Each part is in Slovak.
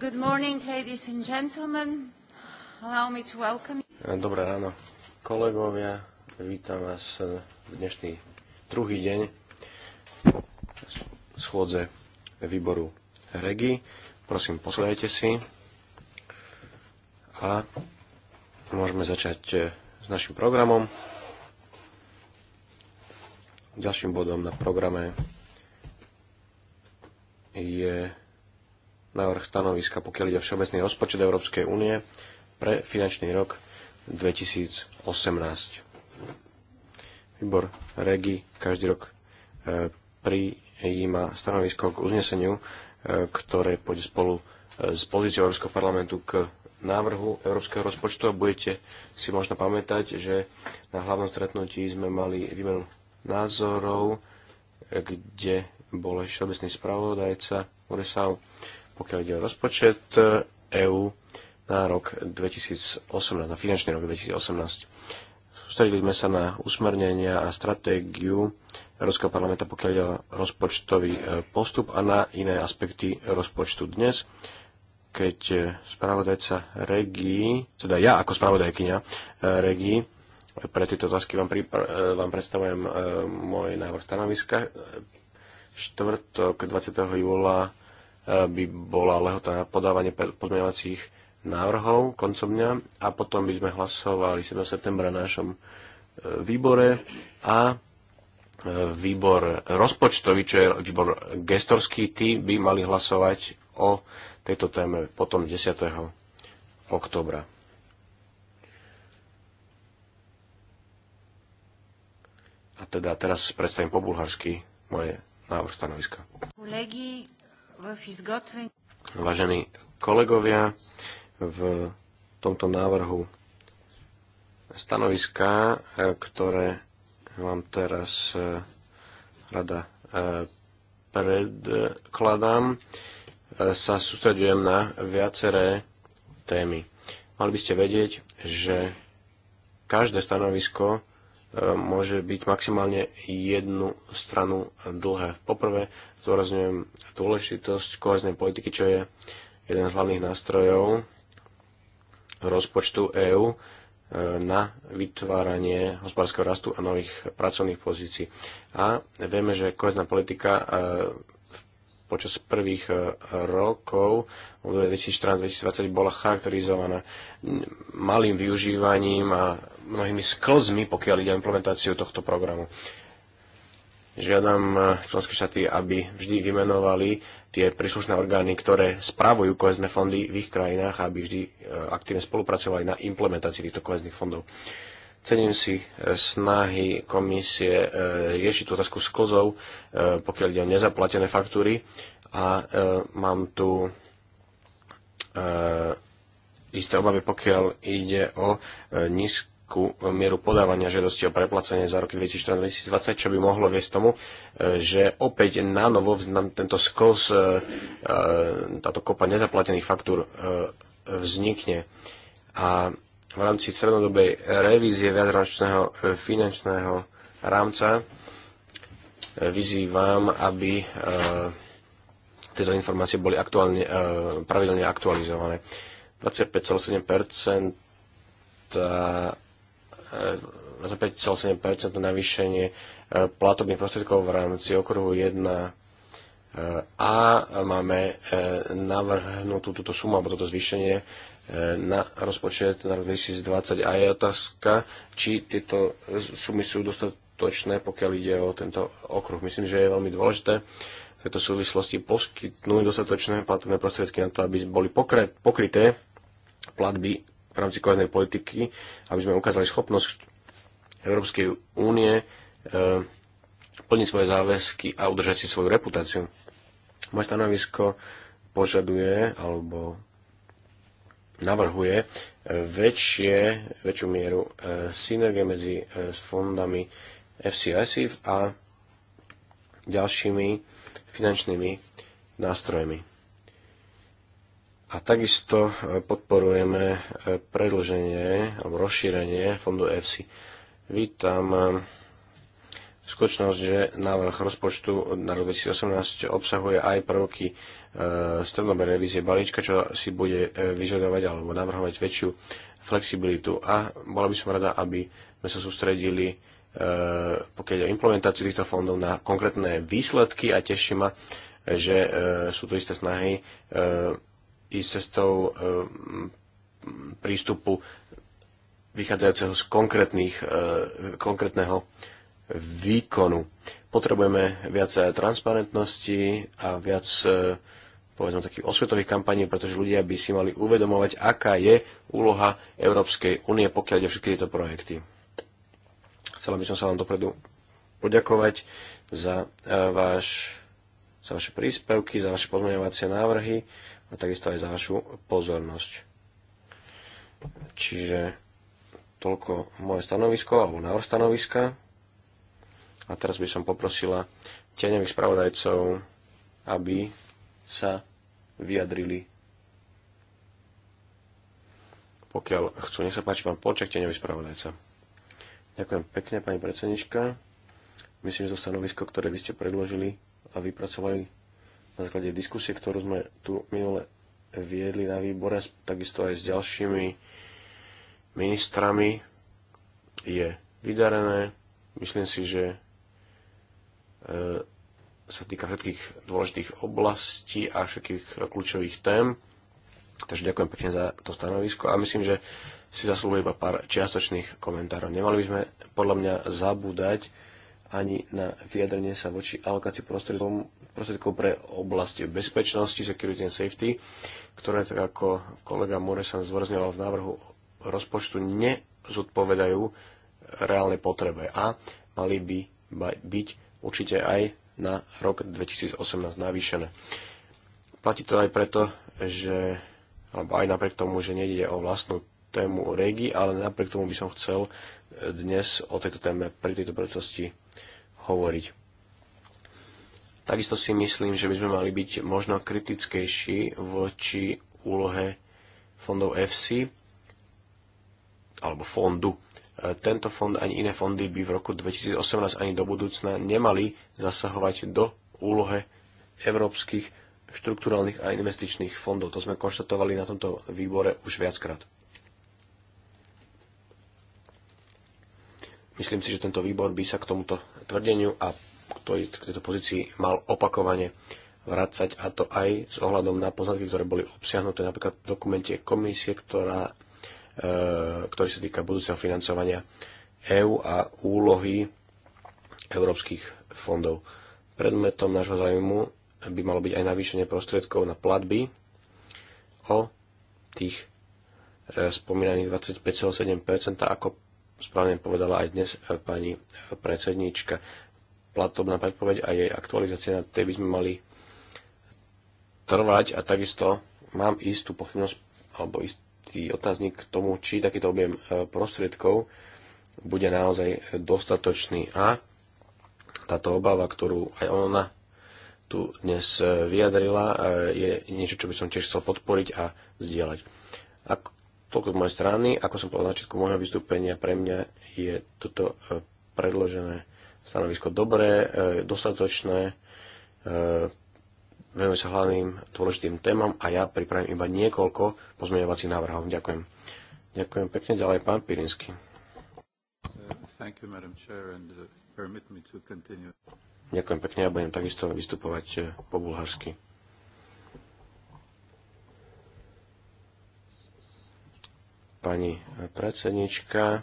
Good morning, ladies and gentlemen. Allow me to welcome Dobré ráno, kolegovia. Vítam vás e, v dnešný druhý deň schôdze výboru REGI. Prosím, posledajte si a môžeme začať e, s našim programom. Ďalším bodom na programe je návrh stanoviska, pokiaľ ide o všeobecný rozpočet Európskej únie pre finančný rok 2018. Výbor REGI každý rok e, prijíma stanovisko k uzneseniu, e, ktoré pôjde spolu e, s pozíciou Európskeho parlamentu k návrhu európskeho rozpočtu a budete si možno pamätať, že na hlavnom stretnutí sme mali výmenu názorov, kde bol všeobecný spravodajca Borisov pokiaľ ide o rozpočet EÚ e na rok 2018, na finančný rok 2018. Sústredili sme sa na usmernenia a stratégiu Európskeho parlamenta, pokiaľ ide o rozpočtový e, postup a na iné aspekty rozpočtu dnes keď e, spravodajca Regi, teda ja ako spravodajkyňa Regi, pre tieto otázky vám, vám predstavujem môj návrh stanoviska. Štvrtok 20. júla by bola lehota na podávanie pozmeňovacích návrhov koncom dňa a potom by sme hlasovali 7. septembra na našom e, výbore a e, výbor rozpočtový, čo je výbor gestorský, tí by mali hlasovať o tejto téme potom 10. oktobra. A teda teraz predstavím po bulharsky moje návrh stanoviska. Kolegi, Vážení kolegovia, v tomto návrhu stanoviska, eh, ktoré vám teraz eh, rada eh, predkladám, sa sústredujem na viaceré témy. Mali by ste vedieť, že každé stanovisko môže byť maximálne jednu stranu dlhé. Poprvé zdôrazňujem dôležitosť koheznej politiky, čo je jeden z hlavných nástrojov rozpočtu EÚ e, na vytváranie hospodárskeho rastu a nových pracovných pozícií. A vieme, že kohezná politika e, počas prvých e, rokov v 2014-2020 bola charakterizovaná malým využívaním a mnohými sklzmi, pokiaľ ide o implementáciu tohto programu. Žiadam e, členské štáty, aby vždy vymenovali tie príslušné orgány, ktoré spravujú kohezné fondy v ich krajinách, aby vždy e, aktívne spolupracovali na implementácii týchto kohezných fondov. Cením si eh, snahy komisie eh, riešiť tú otázku s kozou, eh, pokiaľ ide o nezaplatené faktúry. A mám tu isté obavy, pokiaľ ide o nízku mieru podávania žiadosti o preplacenie za roky 2014-2020, čo by mohlo viesť tomu, že opäť na novo tento skos, táto kopa nezaplatených faktúr vznikne. A v rámci strednodobej revízie viacročného e, finančného rámca e, vyzývam, aby e, tieto informácie boli aktuálne, pravidelne aktualizované. 25,7% 25,7% navýšenie platobných prostriedkov v rámci okruhu 1 a máme navrhnutú túto sumu alebo toto zvýšenie na rozpočet na rok 2020 a je otázka, či tieto sumy sú dostatočné, pokiaľ ide o tento okruh. Myslím, že je veľmi dôležité v tejto súvislosti poskytnúť dostatočné platobné prostriedky na to, aby boli pokryté platby v rámci koheznej politiky, aby sme ukázali schopnosť Európskej únie e, plniť svoje záväzky a udržať si svoju reputáciu. Moje stanovisko požaduje alebo navrhuje väčšie, väčšiu mieru e, synergie medzi e, fondami FCIC a ďalšími finančnými nástrojmi. A takisto e, podporujeme predlženie alebo rozšírenie fondu FC. Vítam skutočnosť, že návrh rozpočtu na rok 2018 obsahuje aj prvky E, strednobé revízie balíčka, čo si bude e, vyžadovať alebo navrhovať väčšiu flexibilitu. A bola by som rada, aby sme sa sústredili e, pokiaľ o implementáciu týchto fondov na konkrétne výsledky a teší ma, že sú tu isté snahy ísť cestou prístupu vychádzajúceho z konkrétnych, konkrétneho výkonu. Potrebujeme viac transparentnosti a viac povedzme takých osvetových kampaní, pretože ľudia by si mali uvedomovať, aká je úloha Európskej únie, pokiaľ ide všetky tieto projekty. Chcela by som sa vám dopredu poďakovať za, e, váš, za vaše príspevky, za vaše pozmeňovacie návrhy a takisto aj za vašu pozornosť. Čiže toľko moje stanovisko alebo návrh stanoviska. A teraz by som poprosila tieňových spravodajcov, aby sa vyjadrili. Pokiaľ chcú, nech sa páči, pán Polček, tenevý spravodajca. Ďakujem pekne, pani predsednička. Myslím, že to stanovisko, ktoré vy ste predložili a vypracovali na základe diskusie, ktorú sme tu minule viedli na výbore, takisto aj s ďalšími ministrami, je vydarené. Myslím si, že e, sa týka všetkých dôležitých oblastí a všetkých kľúčových tém. Takže ďakujem pekne za to stanovisko a myslím, že si zaslúhuje iba pár čiastočných komentárov. Nemali by sme podľa mňa zabúdať ani na vyjadrenie sa voči alokácii prostriedkov pre oblasti bezpečnosti, security and safety, ktoré, tak ako kolega Muresan zdôrazňoval v návrhu rozpočtu, nezodpovedajú reálnej potrebe a mali by byť určite aj na rok 2018 navýšené. Platí to aj preto, že, alebo aj napriek tomu, že nejde o vlastnú tému regi, ale napriek tomu by som chcel dnes o tejto téme pri tejto príležitosti hovoriť. Takisto si myslím, že by sme mali byť možno kritickejší voči úlohe fondov FC alebo fondu tento fond ani iné fondy by v roku 2018 ani do budúcna nemali zasahovať do úlohe európskych štrukturálnych a investičných fondov. To sme konštatovali na tomto výbore už viackrát. Myslím si, že tento výbor by sa k tomuto tvrdeniu a k tejto pozícii mal opakovane vrácať a to aj s ohľadom na poznatky, ktoré boli obsiahnuté napríklad v dokumente komisie, ktorá E, ktorý sa týka budúceho financovania EÚ a úlohy európskych fondov. Predmetom nášho zájmu by malo byť aj navýšenie prostriedkov na platby o tých e, spomínaných 25,7%, ako správne povedala aj dnes e, pani predsednička. Platobná predpoveď a jej aktualizácia, na tej by sme mali trvať a takisto mám istú pochybnosť alebo istú určitý otáznik k tomu, či takýto objem e, prostriedkov bude naozaj dostatočný. A táto obava, ktorú aj ona tu dnes e, vyjadrila, e, je niečo, čo by som tiež chcel podporiť a zdieľať. Ako, toľko z mojej strany, ako som povedal na začiatku môjho vystúpenia, pre mňa je toto predložené stanovisko dobré, dostatočné, Venujem sa hlavným dôležitým témam a ja pripravím iba niekoľko pozmeňovacích návrhov. Ďakujem. Ďakujem pekne. Ďalej pán Pirinsky. Uh, Ďakujem pekne, ja budem takisto vystupovať uh, po bulharsky. Pani eh, predsednička,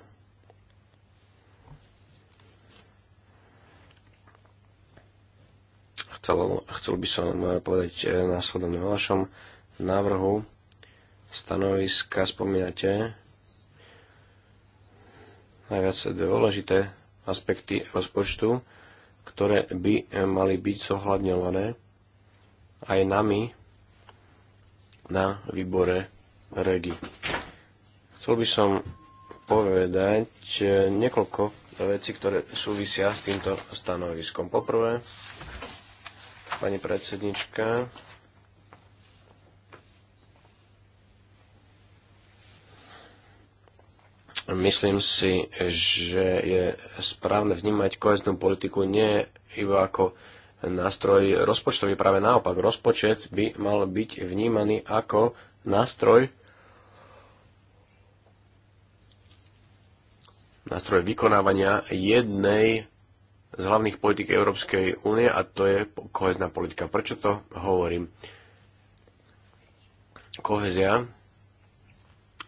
chcel, chcel by som povedať e, následovne o vašom návrhu stanoviska spomínate najviac dôležité aspekty rozpočtu, ktoré by e, mali byť zohľadňované aj nami na výbore REGI. Chcel by som povedať e, niekoľko vecí, ktoré súvisia s týmto stanoviskom. Poprvé, pani predsednička. Myslím si, že je správne vnímať koheznú politiku nie iba ako nástroj rozpočtový, práve naopak. Rozpočet by mal byť vnímaný ako nástroj, nástroj vykonávania jednej z hlavných politik Európskej únie a to je kohezná politika. Prečo to hovorím? Kohezia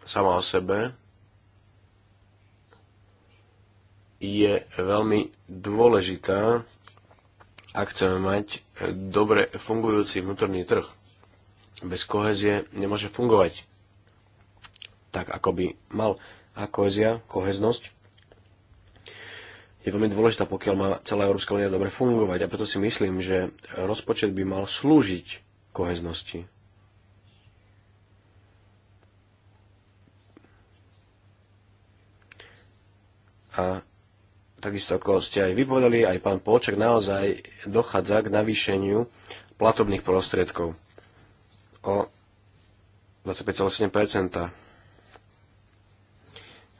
sama o sebe je veľmi dôležitá, ak chceme mať dobre fungujúci vnútorný trh. Bez kohezie nemôže fungovať tak, ako by mal. A kohezia, koheznosť je veľmi dôležitá, pokiaľ má celá Európska únia dobre fungovať. A preto si myslím, že rozpočet by mal slúžiť koheznosti. A takisto ako ste aj vypovedali, aj pán Polček naozaj dochádza k navýšeniu platobných prostriedkov o 25,7%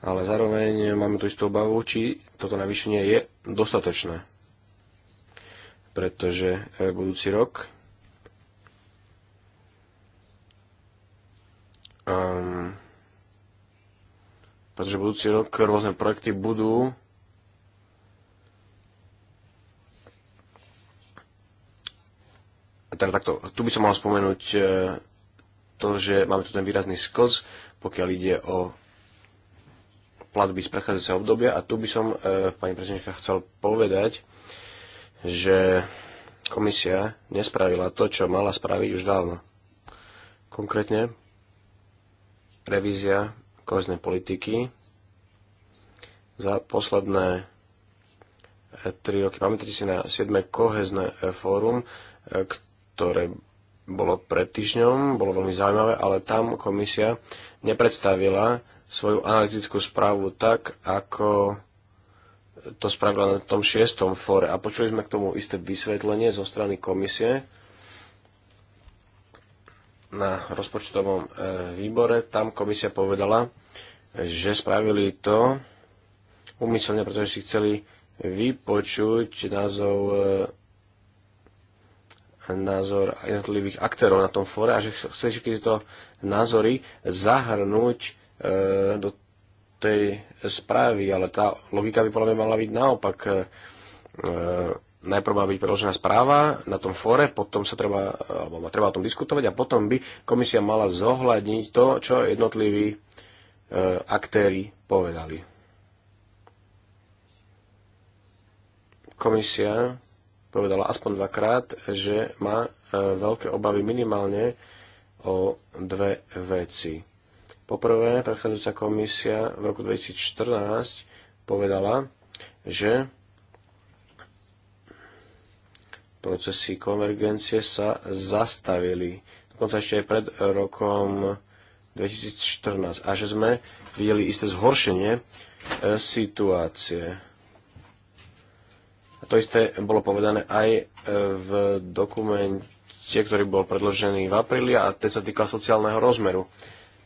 ale zároveň máme tu istú obavu, či toto navýšenie je dostatočné. Pretože e, budúci rok um, pretože budúci rok rôzne projekty budú teda takto, tu by som mal spomenúť e, to, že máme tu ten výrazný skos, pokiaľ ide o platby z prechádzajúceho obdobia a tu by som, e, pani prezidentka, chcel povedať, že komisia nespravila to, čo mala spraviť už dávno. Konkrétne revízia kohezné politiky za posledné 3 e, roky. Pamätáte si na 7. kohezné e, fórum, e, ktoré bolo pred týždňom, bolo veľmi zaujímavé, ale tam komisia nepredstavila svoju analytickú správu tak, ako to spravila na tom šiestom fóre. A počuli sme k tomu isté vysvetlenie zo strany komisie na rozpočtovom e, výbore. Tam komisia povedala, že spravili to umyselne, pretože si chceli vypočuť názov e, názor jednotlivých aktérov na tom fóre a že chceli všetky tieto názory zahrnúť e, do tej správy, ale tá logika by podľa mňa mala byť naopak. E, e, najprv má byť predložená správa na tom fóre, potom sa treba, alebo treba o tom diskutovať a potom by komisia mala zohľadniť to, čo jednotliví aktéry povedali. Komisia povedala aspoň dvakrát, že má veľké obavy minimálne o dve veci. Poprvé, predchádzajúca komisia v roku 2014 povedala, že procesy konvergencie sa zastavili. Dokonca ešte aj pred rokom 2014. A že sme videli isté zhoršenie e, situácie. A to isté bolo povedané aj e, v dokumente texte, ktorý bol predložený v apríli a ten sa týka sociálneho rozmeru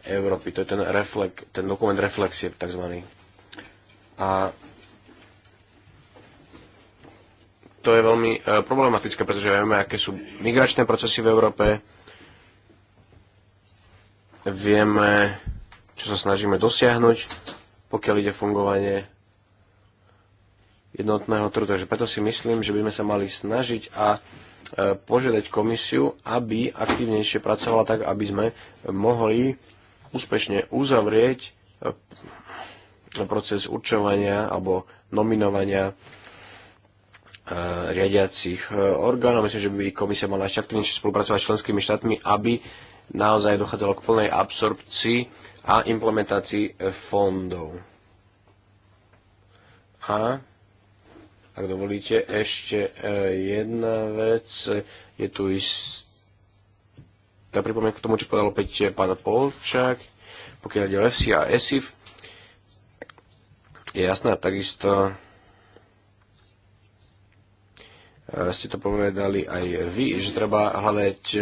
Európy. To je ten, reflek, ten dokument reflexie tzv. A to je veľmi e, problematické, pretože vieme, aké sú migračné procesy v Európe, vieme, čo sa snažíme dosiahnuť, pokiaľ ide fungovanie jednotného trhu. Takže preto si myslím, že by sme sa mali snažiť a E, požiadať komisiu, aby aktívnejšie pracovala tak, aby sme mohli úspešne uzavrieť e, proces určovania alebo nominovania e, riadiacich orgánov. Myslím, že by komisia mala ešte aktivnejšie spolupracovať s členskými štátmi, aby naozaj dochádzalo k plnej absorpcii a implementácii fondov. A ak dovolíte, ešte e, jedna vec. Je tu istá pripomienka k tomu, čo povedal opäť pán Polčák, pokiaľ ide o FC a ESIF. Je jasné, takisto e, ste to povedali aj vy, že treba hľadať e,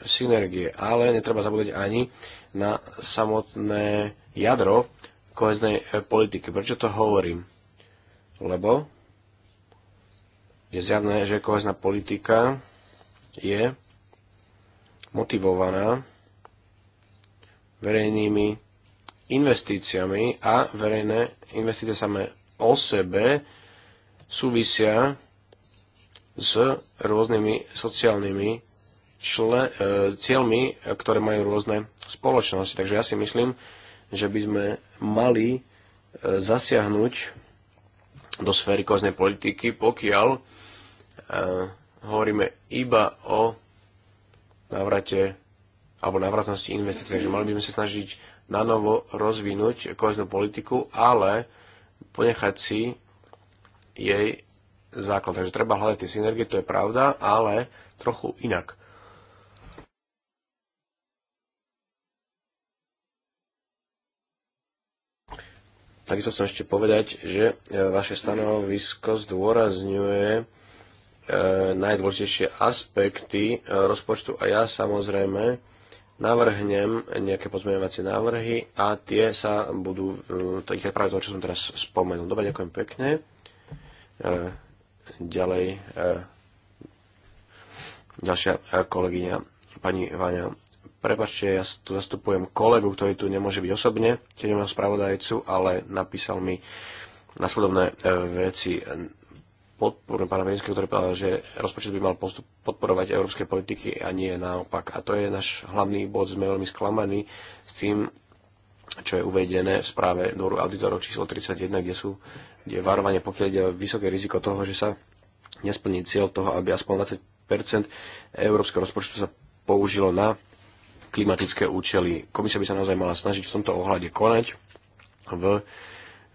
synergie, ale netreba zabúdať ani na samotné jadro koheznej politiky. Prečo to hovorím? Lebo je zjavné, že kohezná politika je motivovaná verejnými investíciami a verejné investície samé o sebe súvisia s rôznymi sociálnymi čle, e, cieľmi, ktoré majú rôzne spoločnosti. Takže ja si myslím, že by sme mali e, zasiahnuť do sféry koznej politiky, pokiaľ hovoríme iba o navrate alebo navratnosti investícií. Takže mali by sme sa snažiť na novo rozvinúť koheznú politiku, ale ponechať si jej základ. Takže treba hľadať tie synergie, to je pravda, ale trochu inak. Takisto chcem ešte povedať, že e, vaše stanovisko zdôrazňuje najdôležitejšie aspekty e, rozpočtu a ja samozrejme navrhnem nejaké pozmeňovacie návrhy a tie sa budú je práve toho, čo som teraz spomenul. Dobre, ďakujem pekne. E, ďalej e, ďalšia kolegyňa, pani Váňa. Prepačte, ja tu zastupujem kolegu, ktorý tu nemôže byť osobne, tieňového spravodajcu, ale napísal mi nasledovné veci podporujem pána Vedenského, ktorý povedal, že rozpočet by mal postup, podporovať európske politiky a nie naopak. A to je náš hlavný bod. Sme veľmi sklamaní s tým, čo je uvedené v správe dvoru auditorov číslo 31, kde sú kde varovanie, pokiaľ ide vysoké riziko toho, že sa nesplní cieľ toho, aby aspoň 20 európskeho rozpočtu sa použilo na klimatické účely. Komisia by sa naozaj mala snažiť v tomto ohľade konať v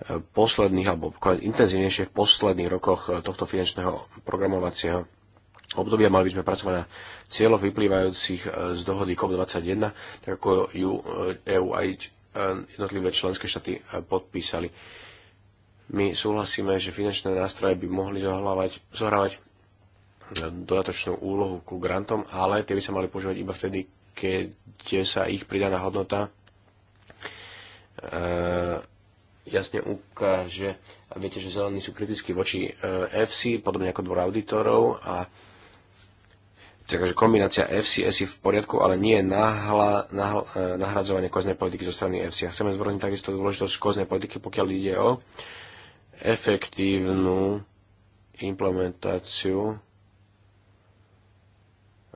posledných, alebo intenzívnejšie v posledných rokoch eh, tohto finančného programovacieho obdobia. Mali by sme pracovať na cieľoch vyplývajúcich eh, z dohody COP21, tak ako ju EU eh, e aj jednotlivé členské štáty podpísali. My súhlasíme, že finančné nástroje by mohli zohľavať, zohrávať dodatočnú úlohu ku grantom, ale tie by sa mali používať iba vtedy, keď sa ich pridaná hodnota jasne ukáže, a viete, že zelení sú kritickí voči e, FC, podobne ako dvor auditorov a Takže kombinácia FC, SI v poriadku, ale nie nahla, nahla, e, nahradzovanie koznej politiky zo strany FC. A chceme zvorniť takisto dôležitosť koznej politiky, pokiaľ ide o efektívnu implementáciu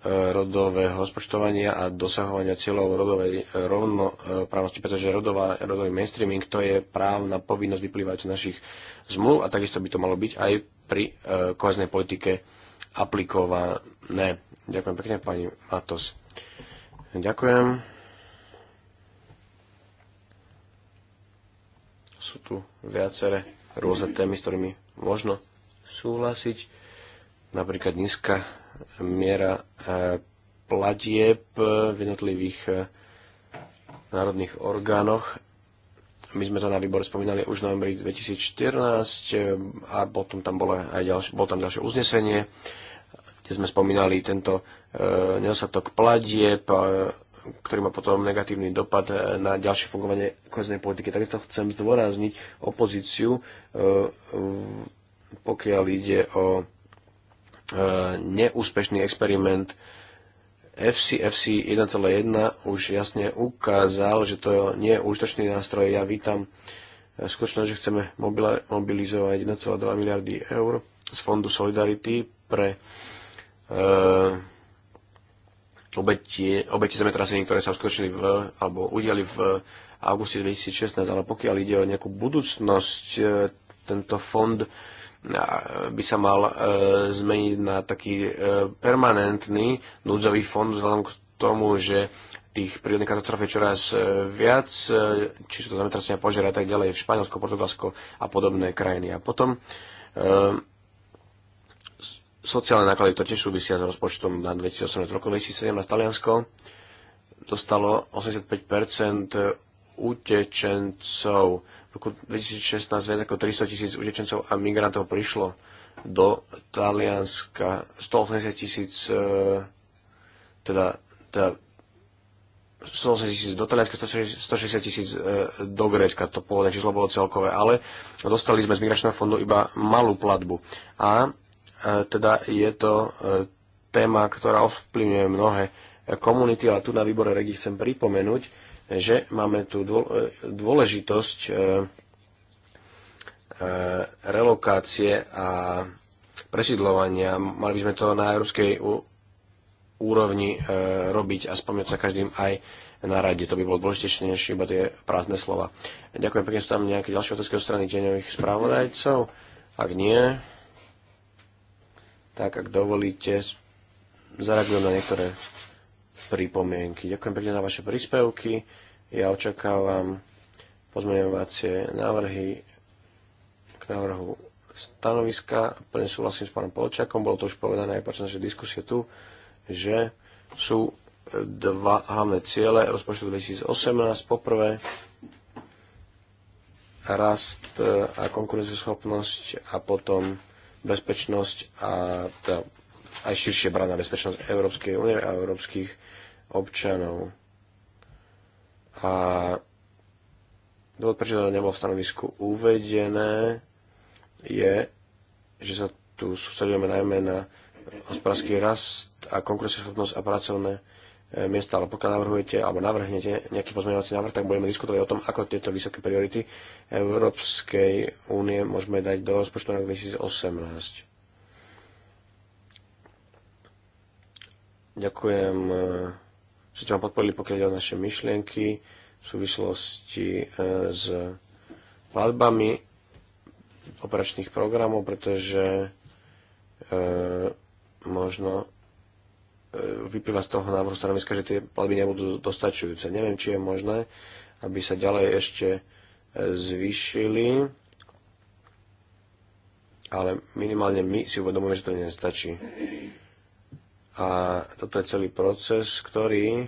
rodového rozpočtovania a dosahovania cieľov rodovej eh, rovnoprávnosti, pretože rodová, rodový mainstreaming to je právna povinnosť vyplývať z našich zmluv a takisto by to malo byť aj pri eh, koheznej politike aplikované. Ďakujem pekne, pani Matos. Ďakujem. Sú tu viaceré rôzne témy, s ktorými možno súhlasiť. Napríklad nízka miera e, platieb e, v jednotlivých e, národných orgánoch. My sme to na výbore spomínali už v novembri 2014 a potom tam bolo aj ďalšie, bolo tam ďalšie uznesenie, kde sme spomínali tento nedostatok platieb, ktorý má potom negatívny dopad na ďalšie fungovanie koheznej politiky. Takisto chcem zdôrazniť opozíciu, pokiaľ ide o E, neúspešný experiment FC, FC 1.1 už jasne ukázal, že to nie je užitočný nástroj. Ja vítam e, skutočnosť, že chceme mobilizovať 1,2 miliardy eur z Fondu Solidarity pre uh, obeti zemetrasení, ktoré sa uskutočnili v, alebo udiali v auguste 2016, ale pokiaľ ide o nejakú budúcnosť, tento fond by sa mal e, zmeniť na taký e, permanentný núdzový fond vzhľadom k tomu, že tých prírodných katastrof je čoraz e, viac, či sú to zametrasenia požiara a tak ďalej v Španielsko, Portugalsko a podobné krajiny. A potom sociálne náklady, to tiež súvisia s rozpočtom na 2018 roku 2017 Taliansko dostalo 85% utečencov roku 2016 viac ako 300 tisíc utečencov a migrantov prišlo do Talianska. 180 tisíc, e, teda, teda 180 tisíc do Talianska, 160 tisíc e, do Grécka, to pôvodné číslo bolo celkové, ale dostali sme z migračného fondu iba malú platbu. A e, teda je to téma, ktorá ovplyvňuje mnohé komunity, ale tu na výbore regi chcem pripomenúť, že máme tu e, dôležitosť e, e, relokácie a presidlovania. Mali by sme to na európskej úrovni robiť a spomínať sa každým aj na rade. To by bolo dôležitejšie než iba tie prázdne slova. Ďakujem pekne, sú tam nejaké ďalšie otázky od strany deňových správodajcov. Ak nie, tak ak dovolíte, zareagujem na niektoré pripomienky. Ďakujem pekne za vaše príspevky. Ja očakávam pozmeňovacie návrhy k návrhu stanoviska. Plne súhlasím s pánom Polčakom, bolo to už povedané aj počas našej diskusie tu, že sú dva hlavné ciele rozpočtu 2018. Poprvé, rast a konkurenceschopnosť a potom bezpečnosť a teda aj širšie brať na bezpečnosť Európskej únie a európskych občanov. A dôvod, prečo to nebolo v stanovisku uvedené, je, že sa tu sústredujeme najmä na hospodársky rast a schopnosť a pracovné e, miesta, ale pokiaľ navrhujete alebo navrhnete nejaký pozmeňovací návrh, tak budeme diskutovať o tom, ako tieto vysoké priority Európskej únie môžeme dať do rozpočtu na 2018. Ďakujem, e, že ste ma podporili, pokiaľ ide o naše myšlienky v súvislosti e, s platbami operačných programov, pretože e, možno e, vyplýva z toho návrhu stanoviska, že tie platby nebudú dostačujúce. Neviem, či je možné, aby sa ďalej ešte e, zvýšili, ale minimálne my si uvedomujeme, že to nestačí. A toto je celý proces, ktorý e,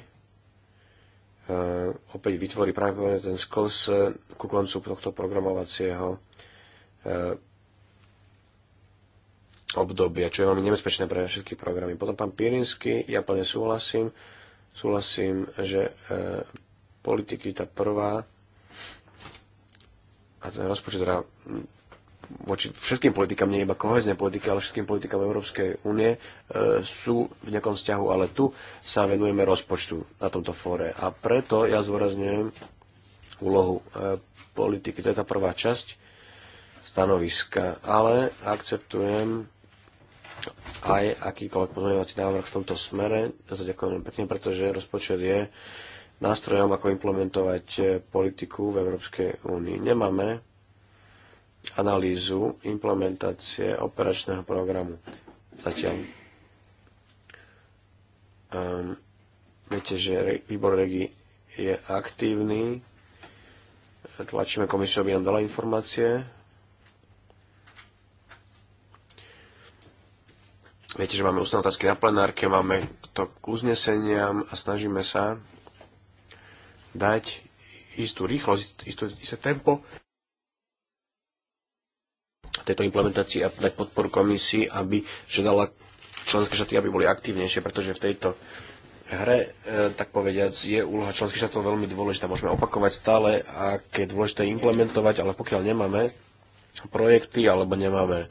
opäť vytvorí práve ten skos e, ku koncu tohto programovacieho e, obdobia, čo je veľmi nebezpečné pre všetky programy. Potom pán Pirinsky, ja plne súhlasím, súhlasím, že politiky tá prvá a ten rozpočet teda voči všetkým politikám, nie iba kohezné politiky, ale všetkým politikám Európskej únie e, sú v nejakom vzťahu, ale tu sa venujeme rozpočtu na tomto fóre. A preto ja zvorazňujem úlohu e, politiky. To je tá prvá časť stanoviska, ale akceptujem aj akýkoľvek pozmeňovací návrh v tomto smere. Ja ďakujem pekne, pretože rozpočet je nástrojom, ako implementovať e, politiku v Európskej únii. Nemáme analýzu implementácie operačného programu zatiaľ. Um, viete, že výbor regi je aktívny, tlačíme komisiu, aby nám dala informácie. Viete, že máme ústne otázky na plenárke, máme to k uzneseniam a snažíme sa dať istú rýchlosť, istú, isté tempo tejto implementácii a dať podporu komisii, aby žiadala členské štáty, aby boli aktívnejšie, pretože v tejto hre, e, tak povediac, je úloha členských štátov veľmi dôležitá. Môžeme opakovať stále, aké je dôležité implementovať, ale pokiaľ nemáme projekty alebo nemáme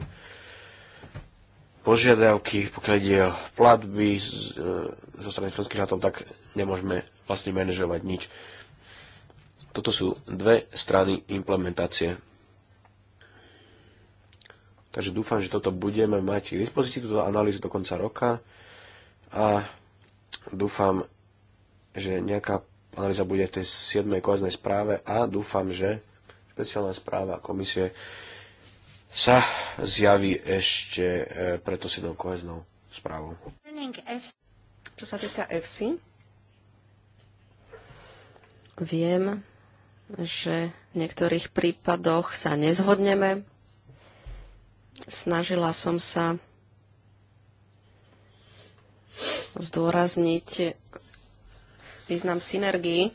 požiadavky, pokiaľ ide o platby e, zo strany členských štátov, tak nemôžeme vlastne manažovať nič. Toto sú dve strany implementácie. Takže dúfam, že toto budeme mať k dispozícii, túto analýzu do konca roka a dúfam, že nejaká analýza bude v tej 7. koheznej správe a dúfam, že špeciálna správa komisie sa zjaví ešte pre to 7. koheznou správou. Čo sa týka FC, viem, že v niektorých prípadoch sa nezhodneme Snažila som sa zdôrazniť význam synergii.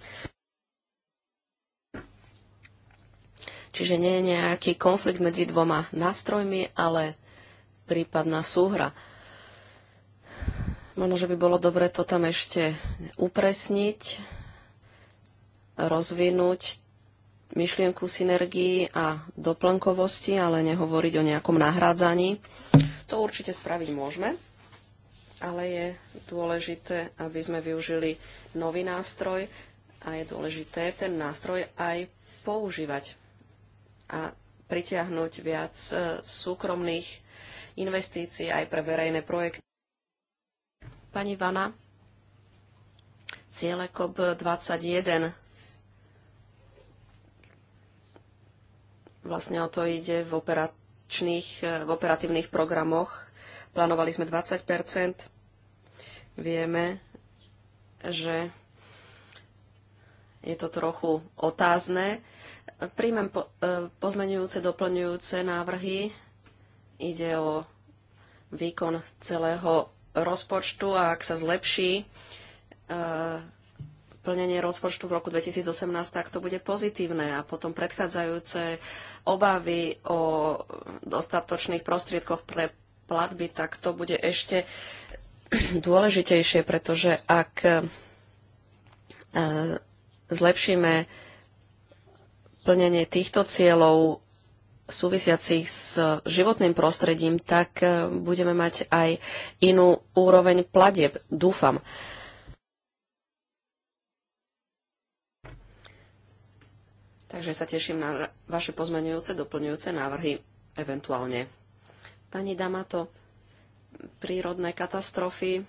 Čiže nie je nejaký konflikt medzi dvoma nástrojmi, ale prípadná súhra. Možno, že by bolo dobre to tam ešte upresniť, rozvinúť myšlienku synergii a doplnkovosti, ale nehovoriť o nejakom nahrádzaní. To určite spraviť môžeme, ale je dôležité, aby sme využili nový nástroj a je dôležité ten nástroj aj používať a pritiahnuť viac e, súkromných investícií aj pre verejné projekty. Pani Vana, ciele COP21 Vlastne o to ide v, operačných, e, v operatívnych programoch. Plánovali sme 20 Vieme, že je to trochu otázne. Príjmem e, pozmenujúce, doplňujúce návrhy. Ide o výkon celého rozpočtu a ak sa zlepší, e, plnenie rozpočtu v roku 2018, tak to bude pozitívne. A potom predchádzajúce obavy o dostatočných prostriedkoch pre platby, tak to bude ešte dôležitejšie, pretože ak e, zlepšíme plnenie týchto cieľov súvisiacich s životným prostredím, tak e, budeme mať aj inú úroveň platieb, dúfam. Takže sa teším na vaše pozmeňujúce, doplňujúce návrhy eventuálne. Pani Damato, prírodné katastrofy.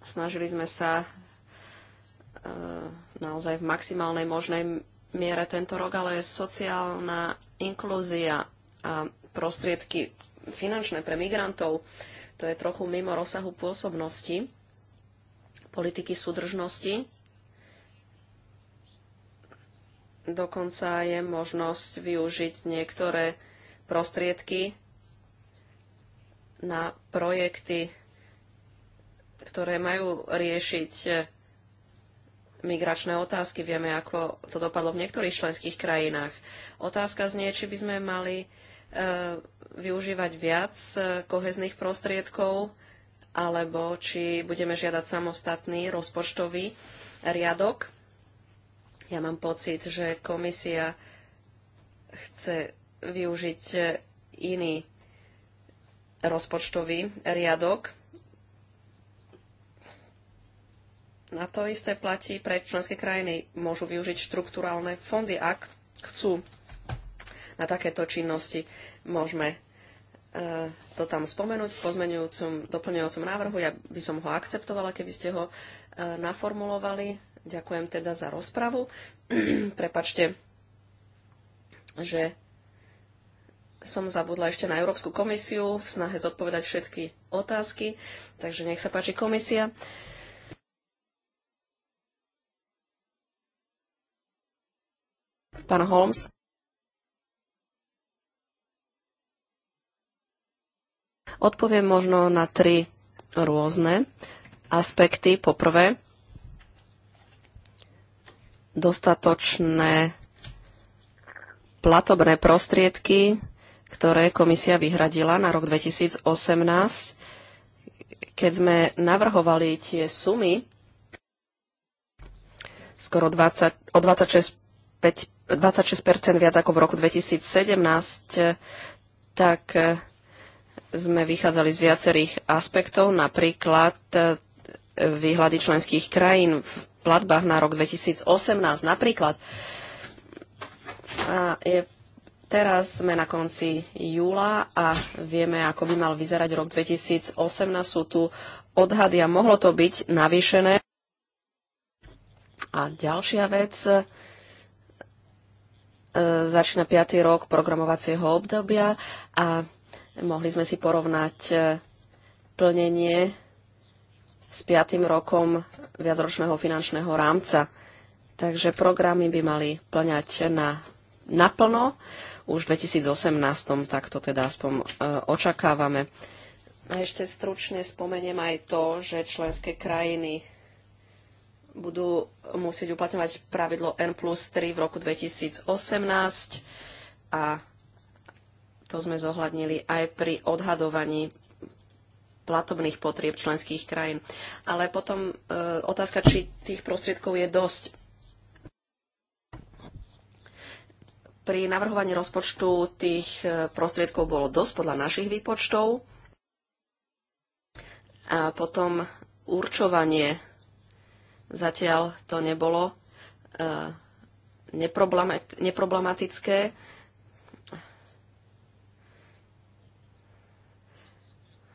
Snažili sme sa e, naozaj v maximálnej možnej miere tento rok, ale sociálna inklúzia a prostriedky finančné pre migrantov, to je trochu mimo rozsahu pôsobnosti politiky súdržnosti, Dokonca je možnosť využiť niektoré prostriedky na projekty, ktoré majú riešiť migračné otázky. Vieme, ako to dopadlo v niektorých členských krajinách. Otázka znie, či by sme mali e, využívať viac e, kohezných prostriedkov, alebo či budeme žiadať samostatný rozpočtový riadok. Ja mám pocit, že komisia chce využiť iný rozpočtový riadok. Na to isté platí pre členské krajiny. Môžu využiť štruktúralne fondy, ak chcú na takéto činnosti. Môžeme e, to tam spomenúť v pozmenujúcom, doplňujúcom návrhu. Ja by som ho akceptovala, keby ste ho e, naformulovali Ďakujem teda za rozpravu. Prepačte, že som zabudla ešte na Európsku komisiu v snahe zodpovedať všetky otázky. Takže nech sa páči komisia. Pán Holmes. Odpoviem možno na tri rôzne aspekty. Poprvé, dostatočné platobné prostriedky, ktoré komisia vyhradila na rok 2018. Keď sme navrhovali tie sumy, skoro 20, o 26, 5, 26 viac ako v roku 2017, tak sme vychádzali z viacerých aspektov, napríklad výhľady členských krajín v platbách na rok 2018 napríklad. A je, teraz sme na konci júla a vieme, ako by mal vyzerať rok 2018. Sú tu odhady a mohlo to byť navýšené. A ďalšia vec, e, začína 5. rok programovacieho obdobia a mohli sme si porovnať e, plnenie s piatým rokom viacročného finančného rámca. Takže programy by mali plňať na, naplno. Už v 2018 takto teda aspoň e, očakávame. A ešte stručne spomeniem aj to, že členské krajiny budú musieť uplatňovať pravidlo N plus 3 v roku 2018 a to sme zohľadnili aj pri odhadovaní platobných potrieb členských krajín. Ale potom e, otázka, či tých prostriedkov je dosť. Pri navrhovaní rozpočtu tých e, prostriedkov bolo dosť podľa našich výpočtov. A potom určovanie zatiaľ to nebolo e, neproblematické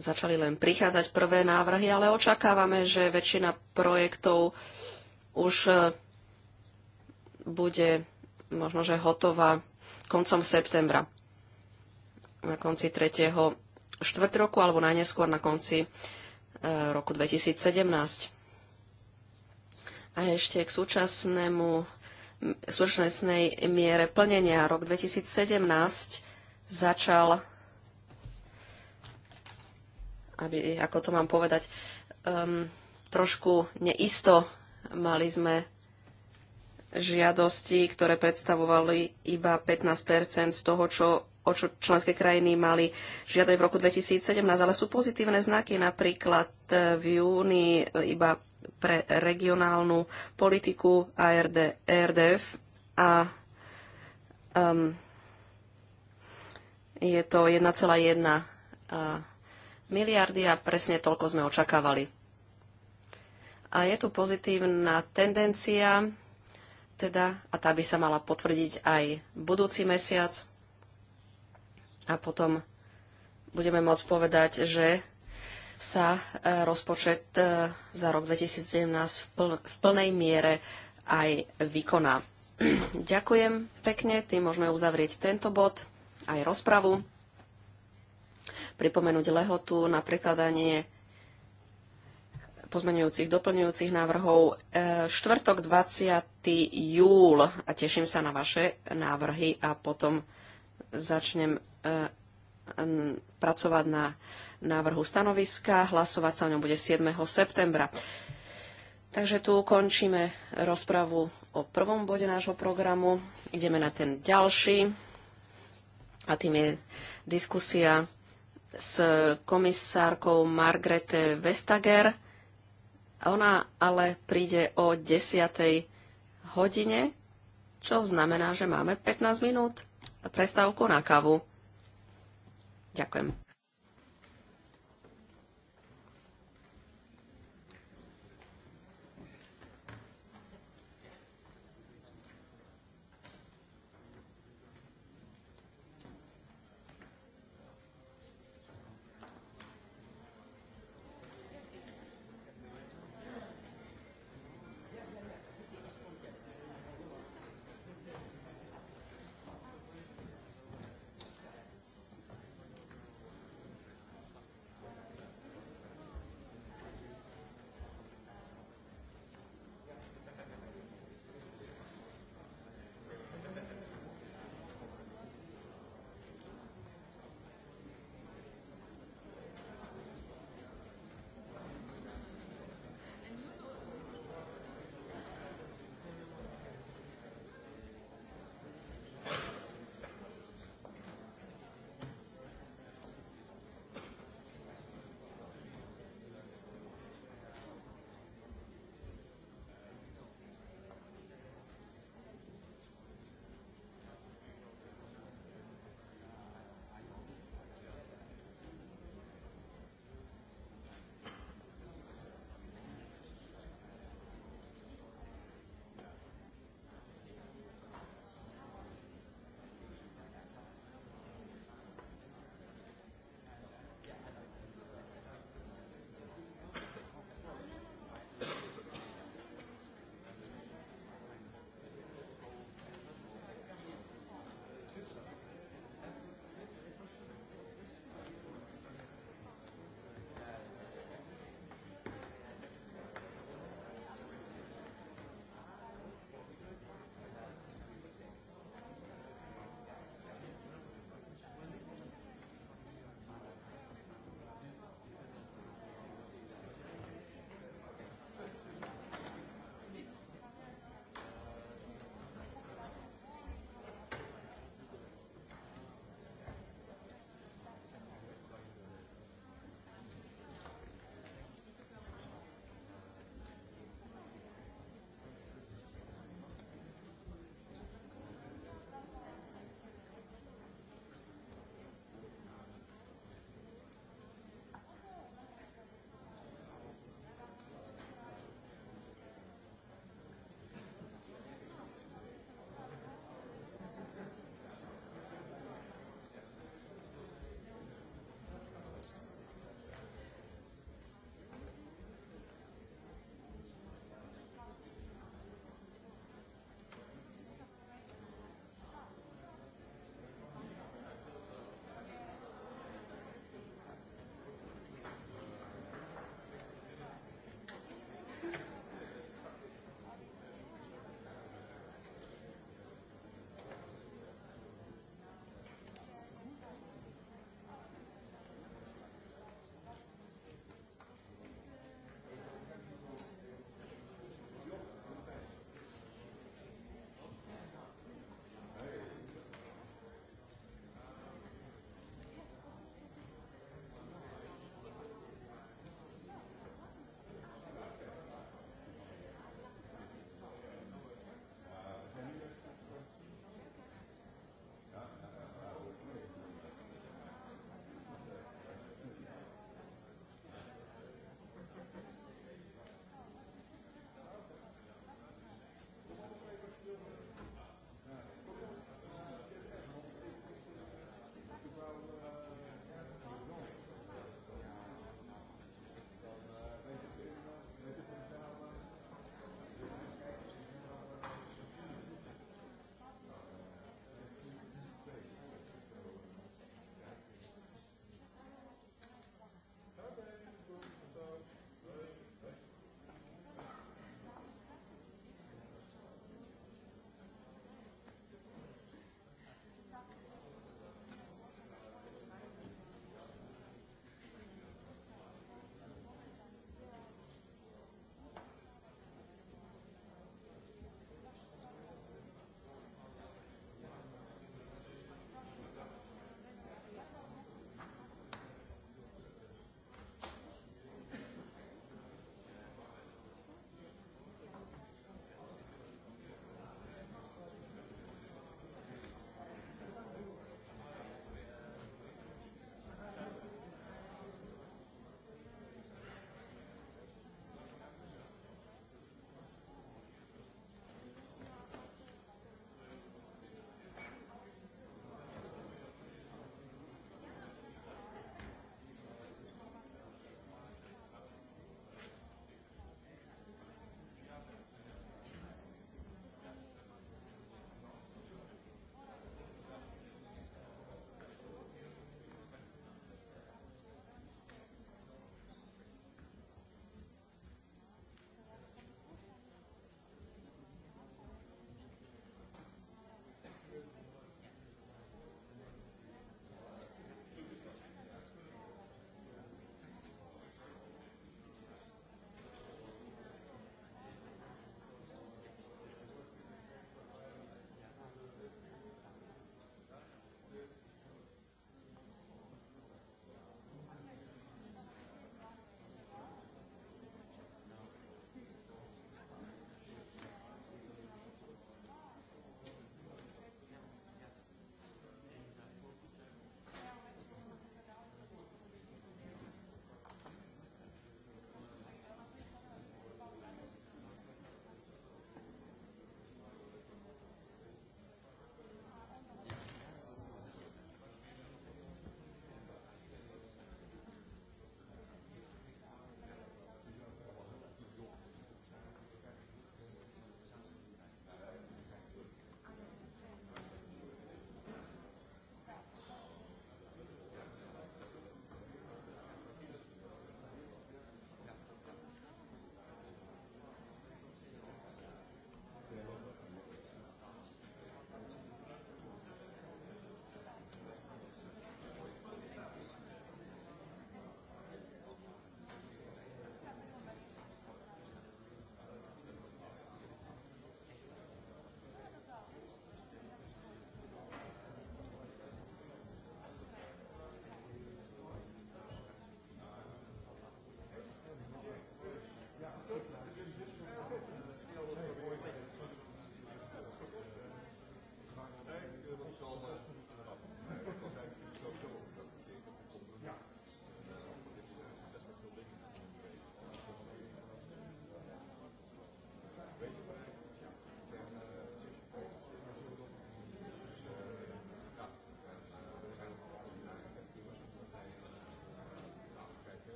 začali len prichádzať prvé návrhy, ale očakávame, že väčšina projektov už e, bude možno, že hotová koncom septembra, na konci 3. štvrt roku alebo najneskôr na konci e, roku 2017. A ešte k súčasnému súčasnej miere plnenia. Rok 2017 začal aby, ako to mám povedať, um, trošku neisto mali sme žiadosti, ktoré predstavovali iba 15 z toho, čo, o čo členské krajiny mali žiadať v roku 2017, ale sú pozitívne znaky, napríklad eh, v júni eh, iba pre regionálnu politiku ARD, ARDF a um, je to 1,1 miliardy a presne toľko sme očakávali. A je tu pozitívna tendencia, teda, a tá by sa mala potvrdiť aj budúci mesiac. A potom budeme môcť povedať, že sa e, rozpočet e, za rok 2017 v plnej miere aj vykoná. Ďakujem pekne, tým môžeme uzavrieť tento bod, aj rozpravu pripomenúť lehotu na prekladanie pozmenujúcich, doplňujúcich návrhov. E, štvrtok 20. júl a teším sa na vaše návrhy a potom začnem e, pracovať na návrhu stanoviska. Hlasovať sa o ňom bude 7. septembra. Takže tu končíme rozpravu o prvom bode nášho programu. Ideme na ten ďalší a tým je diskusia s komisárkou Margrete Vestager. Ona ale príde o 10. hodine, čo znamená, že máme 15 minút prestávku na kavu. Ďakujem.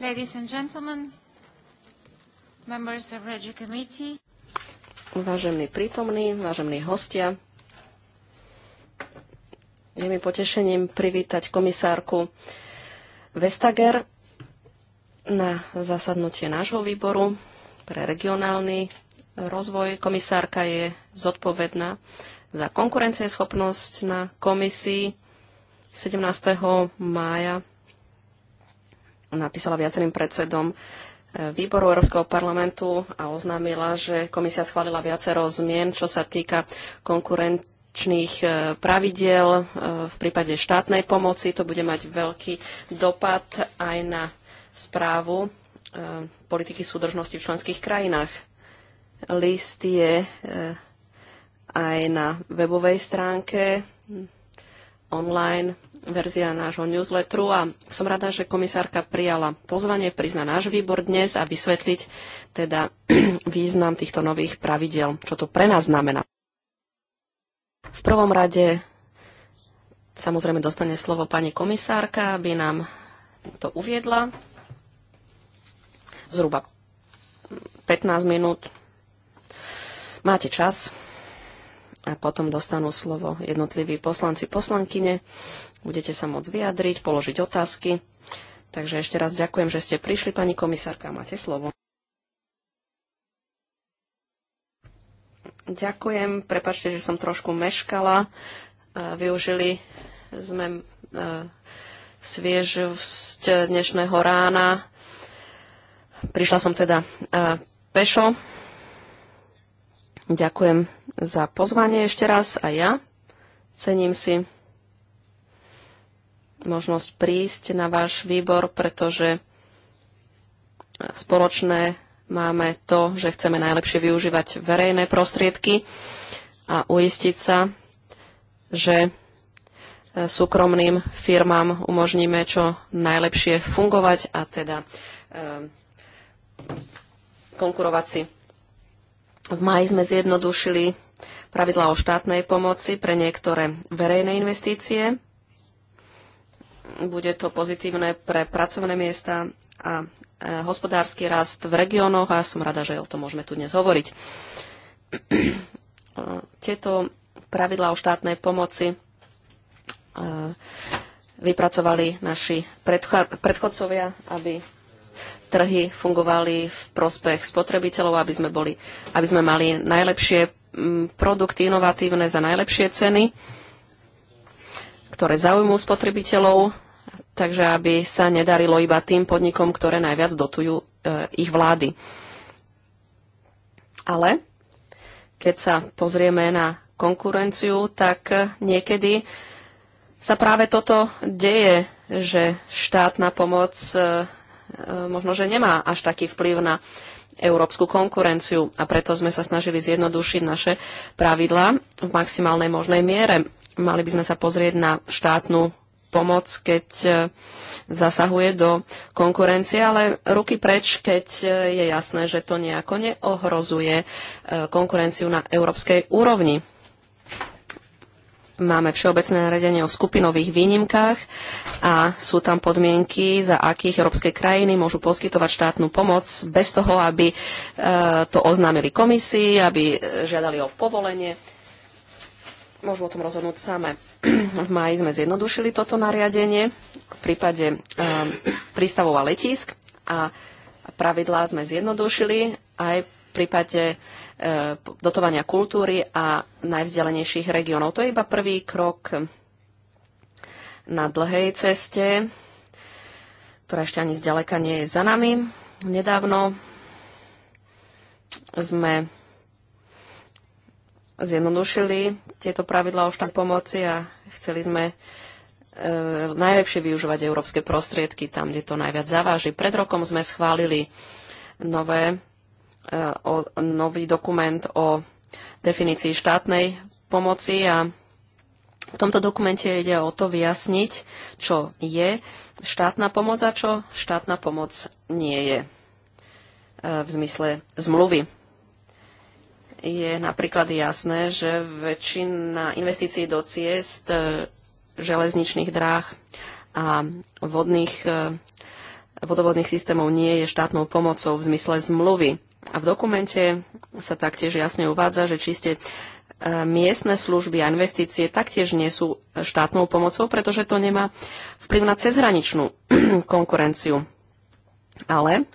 Ladies and gentlemen, members of Regi Committee. Vážení prítomní, vážení hostia, je mi potešením privítať komisárku Vestager na zasadnutie nášho výboru pre regionálny rozvoj. Komisárka je zodpovedná za konkurencieschopnosť na komisii 17. mája napísala viacerým predsedom e, výboru Európskeho parlamentu a oznámila, že komisia schválila viacero zmien, čo sa týka konkurenčných e, pravidiel. E, v prípade štátnej pomoci to bude mať veľký dopad aj na správu politiky súdržnosti v členských krajinách. List je aj na webovej stránke online verzia nášho newsletteru a som rada, že komisárka prijala pozvanie, prizna náš výbor dnes a vysvetliť teda význam týchto nových pravidel, čo to pre nás znamená. V prvom rade samozrejme dostane slovo pani komisárka, aby nám to uviedla. Zhruba 15 minút. Máte čas a potom dostanú slovo jednotliví poslanci, poslankyne. Budete sa môcť vyjadriť, položiť otázky. Takže ešte raz ďakujem, že ste prišli, pani komisárka, máte slovo. Ďakujem, prepačte, že som trošku meškala. E, využili sme e, sviežosť dnešného rána. Prišla som teda e, pešo Ďakujem za pozvanie ešte raz a ja cením si možnosť prísť na váš výbor, pretože spoločné máme to, že chceme najlepšie využívať verejné prostriedky a uistiť sa, že súkromným firmám umožníme čo najlepšie fungovať a teda ehm, konkurovať si v maji sme zjednodušili pravidla o štátnej pomoci pre niektoré verejné investície. Bude to pozitívne pre pracovné miesta a e, hospodársky rast v regiónoch a som rada, že o tom môžeme tu dnes hovoriť. Tieto pravidlá o štátnej pomoci e, vypracovali naši predchodcovia, aby trhy fungovali v prospech spotrebiteľov, aby sme, boli, aby sme mali najlepšie mm, produkty inovatívne za najlepšie ceny, ktoré zaujímujú spotrebiteľov, takže aby sa nedarilo iba tým podnikom, ktoré najviac dotujú e, ich vlády. Ale keď sa pozrieme na konkurenciu, tak niekedy sa práve toto deje, že štátna pomoc e, E, možno, že nemá až taký vplyv na európsku konkurenciu a preto sme sa snažili zjednodušiť naše pravidlá v maximálnej možnej miere. Mali by sme sa pozrieť na štátnu pomoc, keď e, zasahuje do konkurencie, ale ruky preč, keď e, je jasné, že to nejako neohrozuje konkurenciu na európskej úrovni. Máme všeobecné nariadenie o skupinových výnimkách a sú tam podmienky, za akých európske krajiny môžu poskytovať štátnu pomoc bez toho, aby e, to oznámili komisii, aby e, žiadali o povolenie. Môžu o tom rozhodnúť samé. V máji sme zjednodušili toto nariadenie v prípade e, prístavov a letísk a pravidlá sme zjednodušili aj v prípade E, dotovania kultúry a najvzdelenejších regiónov. To je iba prvý krok na dlhej ceste, ktorá ešte ani zďaleka nie je za nami. Nedávno sme zjednodušili tieto pravidlá o štát pomoci a chceli sme e, najlepšie využívať európske prostriedky tam, kde to najviac zaváži. Pred rokom sme schválili nové o nový dokument o definícii štátnej pomoci a v tomto dokumente ide o to vyjasniť, čo je štátna pomoc a čo štátna pomoc nie je e, v zmysle zmluvy. Je napríklad jasné, že väčšina investícií do ciest, e, železničných dráh a vodných, e, vodovodných systémov nie je štátnou pomocou v zmysle zmluvy. A v dokumente sa taktiež jasne uvádza, že čiste e, miestne služby a investície taktiež nie sú štátnou pomocou, pretože to nemá vplyv na cezhraničnú konkurenciu. Ale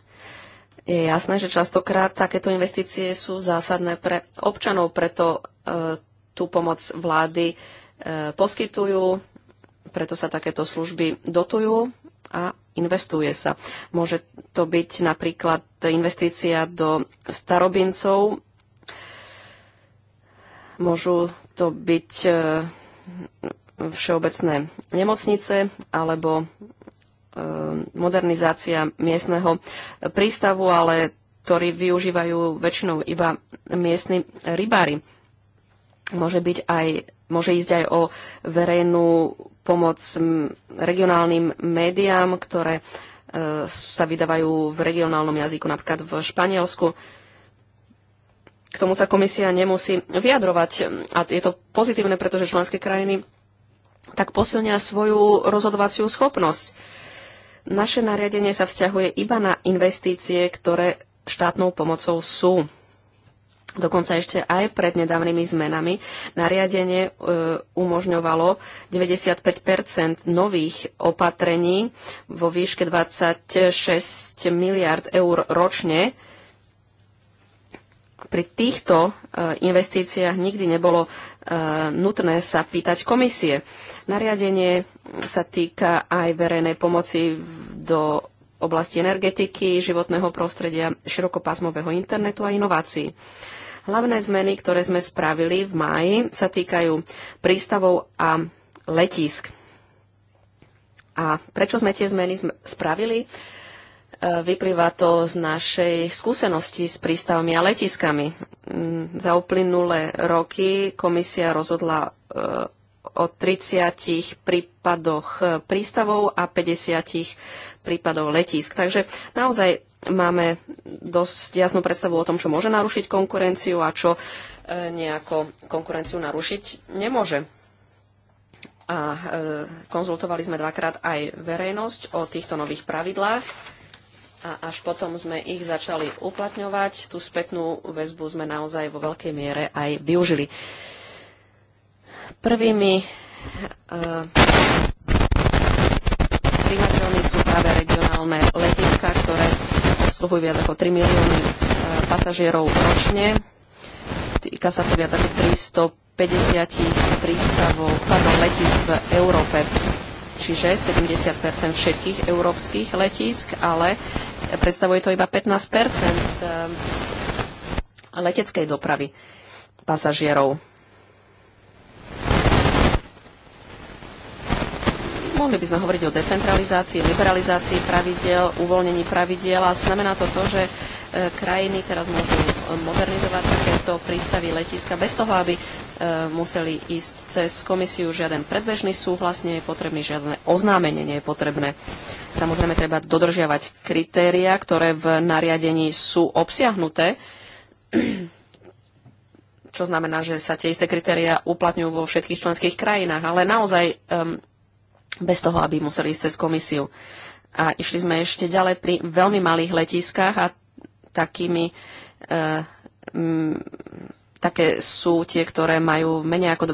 je jasné, že častokrát takéto investície sú zásadné pre občanov, preto e, tú pomoc vlády e, poskytujú, preto sa takéto služby dotujú a investuje sa. Môže to byť napríklad investícia do starobincov, môžu to byť e, všeobecné nemocnice alebo e, modernizácia miestneho prístavu, ale ktorý využívajú väčšinou iba miestni rybári môže, byť aj, môže ísť aj o verejnú pomoc regionálnym médiám, ktoré e, sa vydávajú v regionálnom jazyku, napríklad v Španielsku. K tomu sa komisia nemusí vyjadrovať a je to pozitívne, pretože členské krajiny tak posilnia svoju rozhodovaciu schopnosť. Naše nariadenie sa vzťahuje iba na investície, ktoré štátnou pomocou sú. Dokonca ešte aj pred nedávnymi zmenami nariadenie e, umožňovalo 95 nových opatrení vo výške 26 miliard eur ročne. Pri týchto e, investíciách nikdy nebolo e, nutné sa pýtať komisie. Nariadenie sa týka aj verejnej pomoci do oblasti energetiky, životného prostredia, širokopásmového internetu a inovácií. Hlavné zmeny, ktoré sme spravili v máji, sa týkajú prístavov a letísk. A prečo sme tie zmeny spravili? E, vyplýva to z našej skúsenosti s prístavmi a letiskami. Mm, za uplynulé roky komisia rozhodla e, o 30 prípadoch e, prístavov a 50 prípadov letísk. Takže naozaj máme dosť jasnú predstavu o tom, čo môže narušiť konkurenciu a čo e, nejako konkurenciu narušiť nemôže. A e, konzultovali sme dvakrát aj verejnosť o týchto nových pravidlách a až potom sme ich začali uplatňovať. Tú spätnú väzbu sme naozaj vo veľkej miere aj využili. Prvými e, primateľmi sú práve regionálne letiska, ktoré obsluhujú viac ako 3 milióny e, pasažierov ročne. Týka sa to viac ako 350 prístavov, pardon, letisk v Európe. Čiže 70 všetkých európskych letisk, ale predstavuje to iba 15 e, leteckej dopravy pasažierov. Mohli by sme hovoriť o decentralizácii, liberalizácii pravidel, uvoľnení pravidel a znamená to to, že e, krajiny teraz môžu modernizovať takéto prístavy letiska bez toho, aby e, museli ísť cez komisiu žiaden predbežný súhlas, nie je potrebný žiadne oznámenie, nie je potrebné. Samozrejme, treba dodržiavať kritéria, ktoré v nariadení sú obsiahnuté, čo znamená, že sa tie isté kritéria uplatňujú vo všetkých členských krajinách. Ale naozaj bez toho, aby museli ísť cez komisiu. A išli sme ešte ďalej pri veľmi malých letiskách a takými e, m, mm, také sú tie, ktoré majú menej ako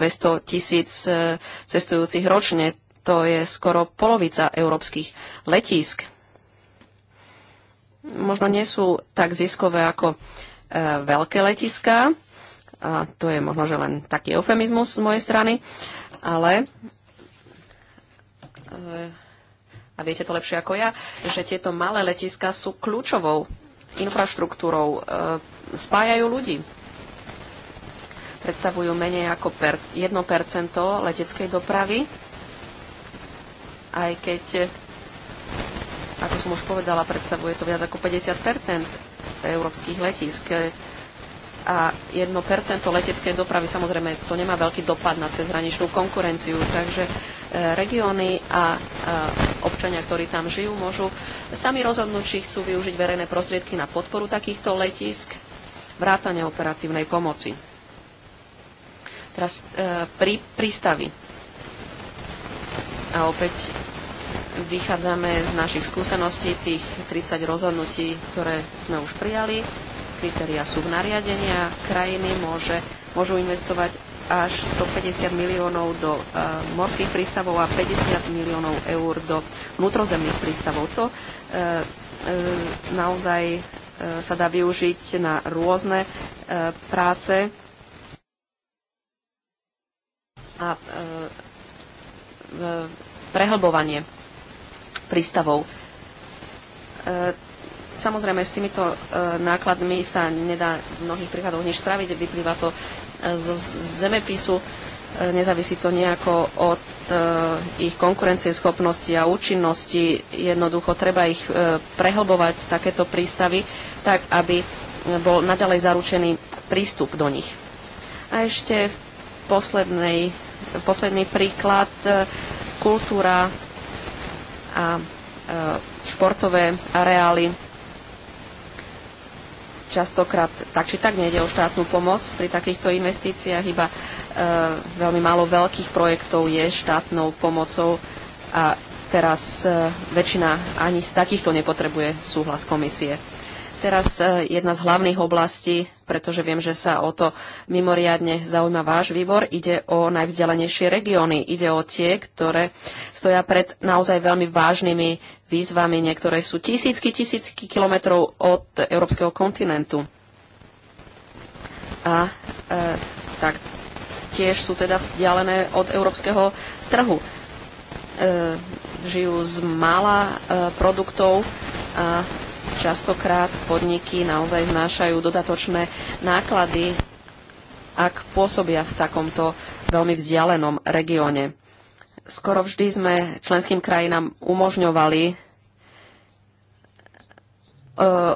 200 tisíc e, cestujúcich ročne. To je skoro polovica európskych letísk. Možno nie sú tak ziskové ako e, veľké letiská. A to je možno, že len taký eufemizmus z mojej strany. Ale Eh, a viete to lepšie ako ja, že tieto malé letiska sú kľúčovou infraštruktúrou, eh, spájajú ľudí. Predstavujú menej ako 1% leteckej dopravy, aj keď, ako som už povedala, predstavuje to viac ako 50 európskych letisk. Eh, a jedno percento leteckej dopravy samozrejme to nemá veľký dopad na cezhraničnú konkurenciu, takže e, regióny a e, občania, ktorí tam žijú, môžu sami rozhodnúť, či chcú využiť verejné prostriedky na podporu takýchto letisk, vrátane operatívnej pomoci. Teraz e, pri prístavy. A opäť vychádzame z našich skúseností, tých 30 rozhodnutí, ktoré sme už prijali Kritéria sú v nariadení a krajiny môže, môžu investovať až 150 miliónov do e, morských prístavov a 50 miliónov eur do vnútrozemných prístavov. To e, e, naozaj sa dá využiť na rôzne práce a prehlbovanie prístavov. Samozrejme, s týmito e, nákladmi sa nedá v mnohých prípadoch nič spraviť, vyplýva to e, zo zemepisu, e, nezávisí to nejako od ich konkurencieschopnosti a účinnosti. Jednoducho treba ich prehlbovať, takéto prístavy, tak aby bol naďalej zaručený prístup do nich. A ešte v poslednej, posledný príklad, kultúra a športové areály častokrát tak či tak nejde o štátnu pomoc pri takýchto investíciách, iba e, veľmi málo veľkých projektov je štátnou pomocou a teraz e, väčšina ani z takýchto nepotrebuje súhlas komisie teraz e, jedna z hlavných oblastí, pretože viem, že sa o to mimoriadne zaujíma váš výbor. Ide o najvzdelanejšie regióny. Ide o tie, ktoré stoja pred naozaj veľmi vážnymi výzvami. Niektoré sú tisícky, tisícky kilometrov od európskeho kontinentu. A e, tak tiež sú teda vzdialené od európskeho trhu. E, žijú z mála e, produktov a Častokrát podniky naozaj znášajú dodatočné náklady, ak pôsobia v takomto veľmi vzdialenom regióne. Skoro vždy sme členským krajinám umožňovali e,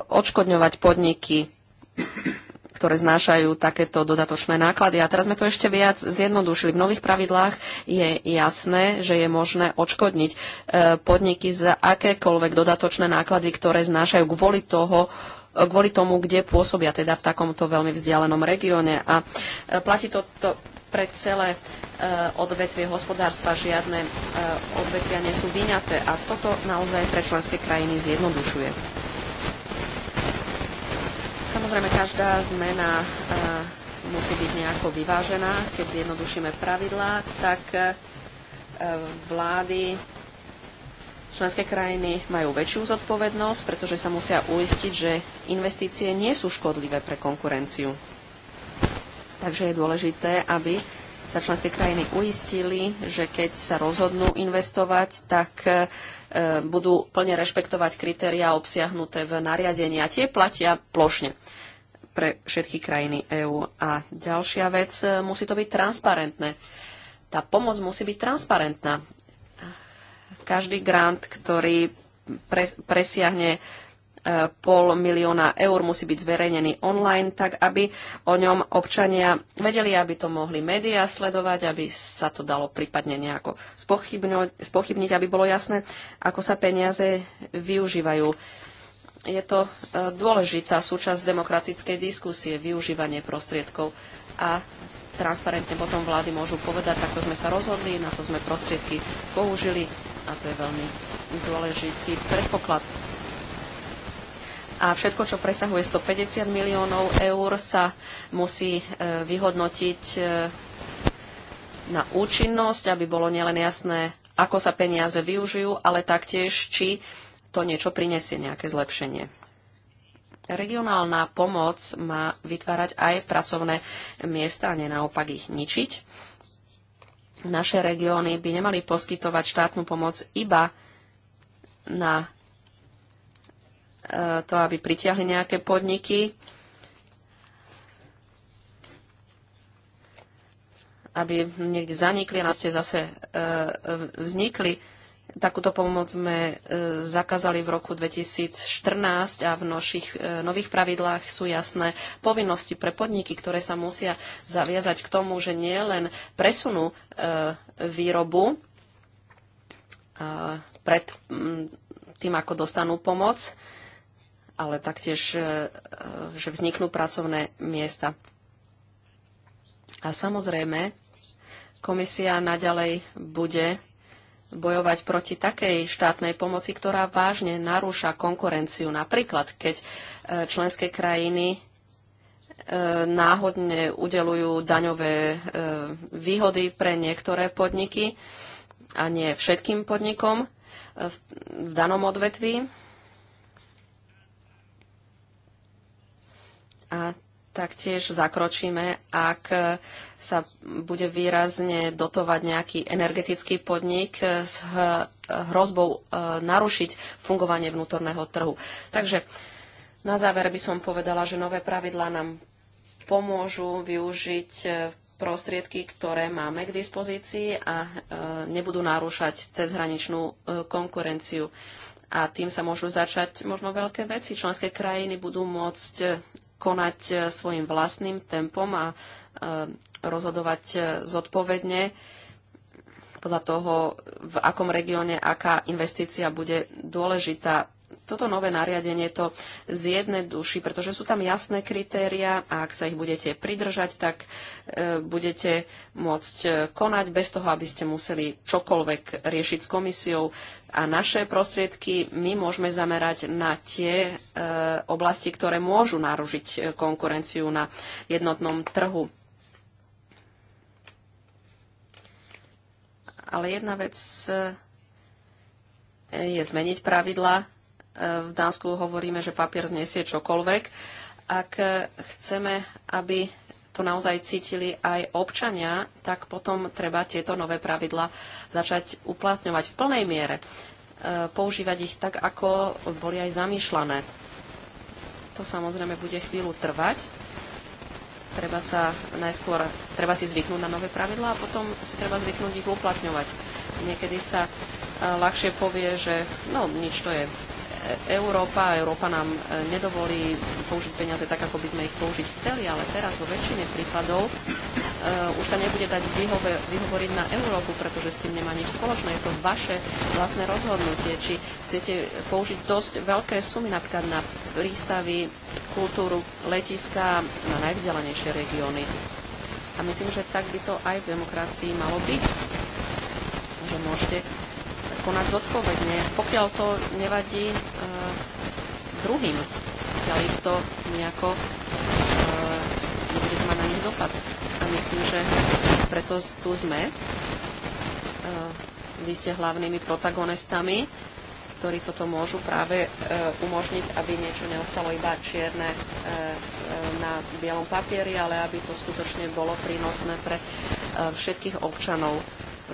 odškodňovať podniky ktoré znášajú takéto dodatočné náklady. A teraz sme to ešte viac zjednodušili. V nových pravidlách je jasné, že je možné odškodniť e, podniky za akékoľvek dodatočné náklady, ktoré znášajú kvôli toho, kvôli tomu, kde pôsobia, teda v takomto veľmi vzdialenom regióne. A e, platí to, to pre celé e, odvetvie hospodárstva, žiadne odvetvia nie sú vyňaté a toto naozaj pre členské krajiny zjednodušuje. Samozrejme, každá zmena eh, musí byť nejako vyvážená. Keď zjednodušíme pravidlá, tak eh, vlády Členské krajiny majú väčšiu zodpovednosť, pretože sa musia uistiť, že investície nie sú škodlivé pre konkurenciu. Takže je dôležité, aby sa členské krajiny uistili, že keď sa rozhodnú investovať, tak e, budú plne rešpektovať kritériá obsiahnuté v nariadení a tie platia plošne pre všetky krajiny EÚ. A ďalšia vec, e, musí to byť transparentné. Tá pomoc musí byť transparentná. Každý grant, ktorý presiahne pol milióna eur musí byť zverejnený online, tak aby o ňom občania vedeli, aby to mohli médiá sledovať, aby sa to dalo prípadne nejako spochybniť, aby bolo jasné, ako sa peniaze využívajú. Je to e, dôležitá súčasť demokratickej diskusie, využívanie prostriedkov a transparentne potom vlády môžu povedať, takto sme sa rozhodli, na to sme prostriedky použili a to je veľmi dôležitý predpoklad a všetko, čo presahuje 150 miliónov eur, sa musí e, vyhodnotiť e, na účinnosť, aby bolo nielen jasné, ako sa peniaze využijú, ale taktiež, či to niečo prinesie nejaké zlepšenie. Regionálna pomoc má vytvárať aj pracovné miesta a nenaopak ich ničiť. Naše regióny by nemali poskytovať štátnu pomoc iba na to, aby pritiahli nejaké podniky, aby niekde zanikli a ste vlastne zase e, e, vznikli. Takúto pomoc sme e, zakázali v roku 2014 a v našich nových pravidlách sú jasné povinnosti pre podniky, ktoré sa musia zaviazať k tomu, že nie len presunú výrobu pred tým, ako dostanú pomoc, ale taktiež, e, e, že vzniknú pracovné miesta. A samozrejme, komisia naďalej bude bojovať proti takej štátnej pomoci, ktorá vážne narúša konkurenciu. Napríklad, keď e, členské krajiny náhodne udelujú daňové výhody pre niektoré podniky a nie všetkým podnikom v danom odvetví A taktiež zakročíme, ak sa bude výrazne dotovať nejaký energetický podnik s hrozbou e, narušiť fungovanie vnútorného trhu. Takže na záver by som povedala, že nové pravidlá nám pomôžu využiť e, prostriedky, ktoré máme k dispozícii a e, nebudú narúšať cezhraničnú konkurenciu a tým sa môžu začať možno veľké veci. Členské krajiny budú môcť konať e, svojim vlastným tempom a e, rozhodovať e, zodpovedne podľa toho, v akom regióne aká investícia bude dôležitá toto nové nariadenie to duši, pretože sú tam jasné kritéria a ak sa ich budete pridržať, tak e, budete môcť e, konať bez toho, aby ste museli čokoľvek riešiť s komisiou. A naše prostriedky my môžeme zamerať na tie e, oblasti, ktoré môžu naružiť e, konkurenciu na jednotnom trhu. Ale jedna vec je zmeniť pravidla v Dánsku hovoríme, že papier znesie čokoľvek. Ak chceme, aby to naozaj cítili aj občania, tak potom treba tieto nové pravidla začať uplatňovať v plnej miere. E, používať ich tak, ako boli aj zamýšľané. To samozrejme bude chvíľu trvať. Treba sa najskôr, treba si zvyknúť na nové pravidlá a potom si treba zvyknúť ich uplatňovať. Niekedy sa e, ľahšie povie, že no nič to je Európa. a Európa nám e, nedovolí použiť peniaze tak, ako by sme ich použiť chceli, ale teraz vo väčšine prípadov uh, už sa nebude dať vyhove, vyhovoriť na Európu, pretože s tým nemá nič spoločné. Je to vaše vlastné rozhodnutie, či chcete použiť dosť veľké sumy napríklad na prístavy, kultúru, letiska, na najvzdelanejšie regióny. A myslím, že tak by to aj v demokracii malo byť. Že môžete konať zodpovedne, pokiaľ to nevadí e, druhým, pokiaľ ich to nejako e, nebude to mať na nich dopad. A myslím, že preto tu sme. E, vy ste hlavnými protagonistami, ktorí toto môžu práve e, umožniť, aby niečo neostalo iba čierne e, e na bielom papieri, ale aby to skutočne bolo prínosné pre e, všetkých občanov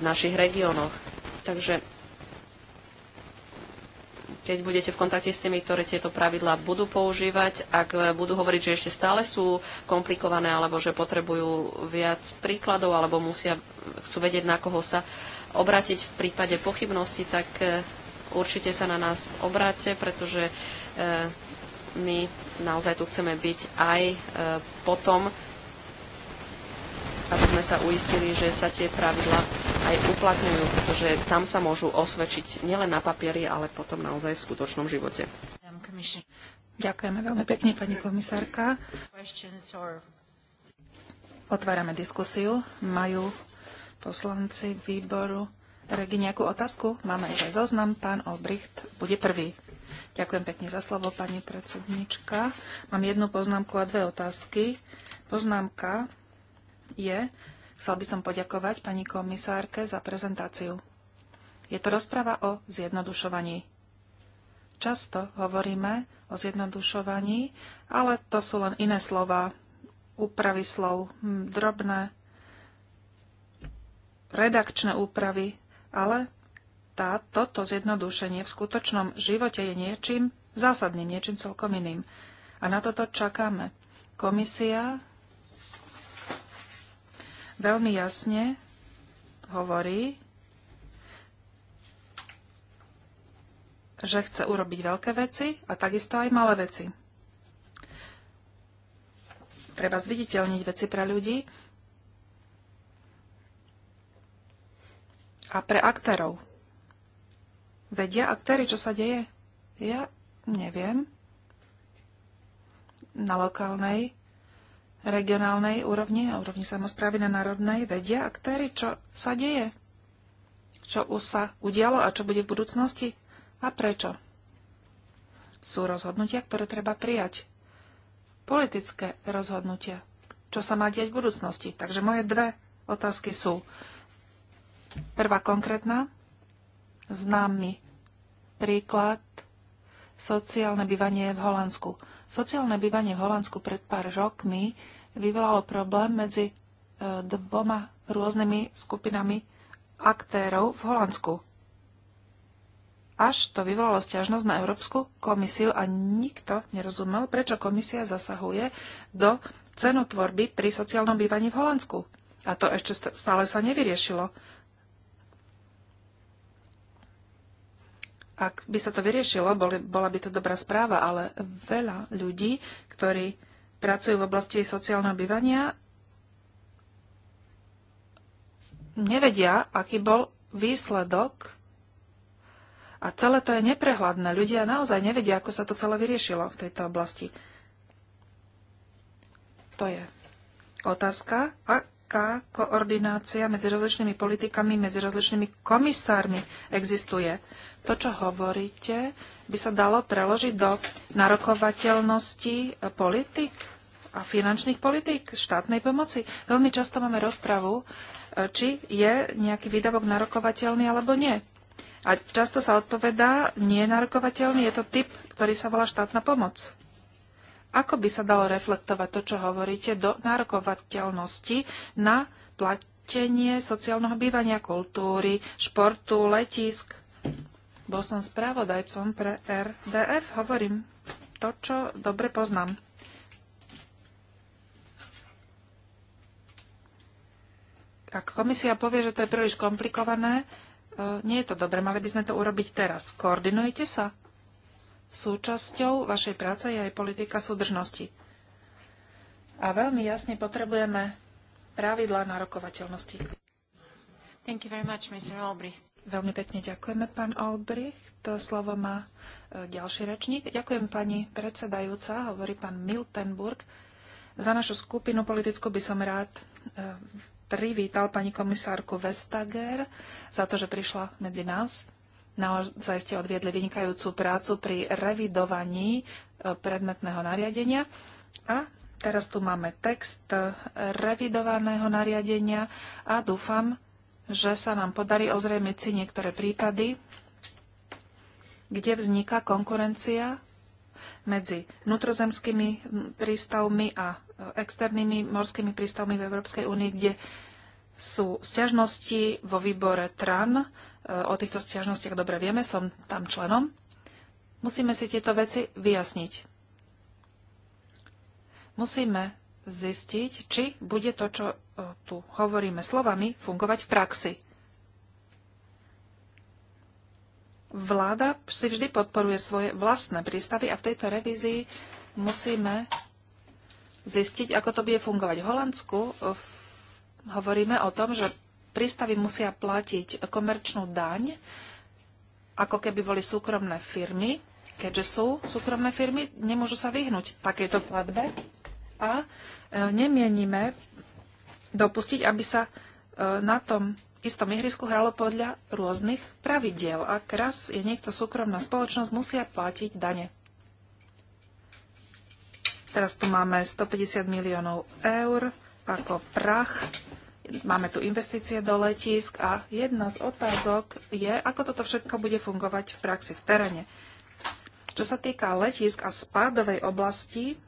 v našich regiónoch. Takže keď budete v kontakte s tými, ktoré tieto pravidlá budú používať, ak budú hovoriť, že ešte stále sú komplikované alebo že potrebujú viac príkladov alebo musia, chcú vedieť, na koho sa obrátiť v prípade pochybnosti, tak e, určite sa na nás obráte, pretože e, my naozaj tu chceme byť aj e, potom, aby sme sa uistili, že sa tie pravidla aj uplatňujú, pretože tam sa môžu osvedčiť nielen na papieri, ale potom naozaj v skutočnom živote. Ďakujeme veľmi pekne, pani komisárka. Otvárame diskusiu. Majú poslanci výboru Regi nejakú otázku? Máme aj zoznam. Pán Olbricht bude prvý. Ďakujem pekne za slovo, pani predsednička. Mám jednu poznámku a dve otázky. Poznámka je, chcel by som poďakovať pani komisárke za prezentáciu. Je to rozpráva o zjednodušovaní. Často hovoríme o zjednodušovaní, ale to sú len iné slova, úpravy slov, hm, drobné, redakčné úpravy, ale tá, toto zjednodušenie v skutočnom živote je niečím zásadným, niečím celkom iným. A na toto čakáme. Komisia veľmi jasne hovorí, že chce urobiť veľké veci a takisto aj malé veci. Treba zviditeľniť veci pre ľudí a pre aktérov. Vedia aktéry, čo sa deje? Ja neviem. Na lokálnej regionálnej úrovni a úrovni samozprávy na národnej vedia aktéry, čo sa deje, čo už sa udialo a čo bude v budúcnosti a prečo. Sú rozhodnutia, ktoré treba prijať. Politické rozhodnutia, čo sa má diať v budúcnosti. Takže moje dve otázky sú. Prvá konkrétna, známy príklad sociálne bývanie v Holandsku Sociálne bývanie v Holandsku pred pár rokmi vyvolalo problém medzi e, dvoma rôznymi skupinami aktérov v Holandsku. Až to vyvolalo stiažnosť na Európsku komisiu a nikto nerozumel, prečo komisia zasahuje do cenotvorby pri sociálnom bývaní v Holandsku. A to ešte stále sa nevyriešilo. Ak by sa to vyriešilo, boli, bola by to dobrá správa, ale veľa ľudí, ktorí pracujú v oblasti sociálneho bývania, nevedia, aký bol výsledok a celé to je neprehľadné. Ľudia naozaj nevedia, ako sa to celé vyriešilo v tejto oblasti. To je otázka, a aká koordinácia medzi rozličnými politikami, medzi rozličnými komisármi existuje. To, čo hovoríte, by sa dalo preložiť do narokovateľnosti politik a finančných politik, štátnej pomoci. Veľmi často máme rozpravu, e, či je nejaký výdavok narokovateľný alebo nie. A často sa odpovedá, nie je narokovateľný, je to typ, ktorý sa volá štátna pomoc. Ako by sa dalo reflektovať to, čo hovoríte, do nárokovateľnosti na platenie sociálneho bývania, kultúry, športu, letisk? Bol som správodajcom pre RDF, hovorím to, čo dobre poznám. Ak komisia povie, že to je príliš komplikované, e, nie je to dobre, mali by sme to urobiť teraz. Koordinujte sa. Súčasťou vašej práce je aj politika súdržnosti. A veľmi jasne potrebujeme pravidlá rokovateľnosti. Thank you very much, Mr. Albrecht. Veľmi pekne ďakujeme, pán Albrecht. To slovo má e, ďalší rečník. Ďakujem, pani predsedajúca, hovorí pán Miltenburg. Za našu skupinu politickú by som rád e, privítal pani komisárku Vestager za to, že prišla medzi nás Naozaj ste odviedli vynikajúcu prácu pri revidovaní e, predmetného nariadenia. A teraz tu máme text e, revidovaného nariadenia a dúfam, že sa nám podarí ozrejmiť si niektoré prípady, kde vzniká konkurencia medzi vnútrozemskými prístavmi a e, externými morskými prístavmi v Európskej únii, kde sú stiažnosti vo výbore TRAN Eh, o týchto stiažnostiach dobre vieme, som tam členom. Musíme si tieto veci vyjasniť. Musíme zistiť, či bude to, čo eh, tu hovoríme slovami, fungovať v praxi. Vláda si vždy podporuje svoje vlastné prístavy a v tejto revízii musíme zistiť, ako to bude fungovať. V Holandsku eh, hovoríme o tom, že prístavy musia platiť komerčnú daň, ako keby boli súkromné firmy. Keďže sú súkromné firmy, nemôžu sa vyhnúť takejto platbe a e, nemienime dopustiť, aby sa e, na tom istom ihrisku hralo podľa rôznych pravidiel. A raz je niekto súkromná spoločnosť, musia platiť dane. Teraz tu máme 150 miliónov eur ako prach Máme tu investície do letisk a jedna z otázok je, ako toto všetko bude fungovať v praxi, v teréne. Čo sa týka letisk a spádovej oblasti,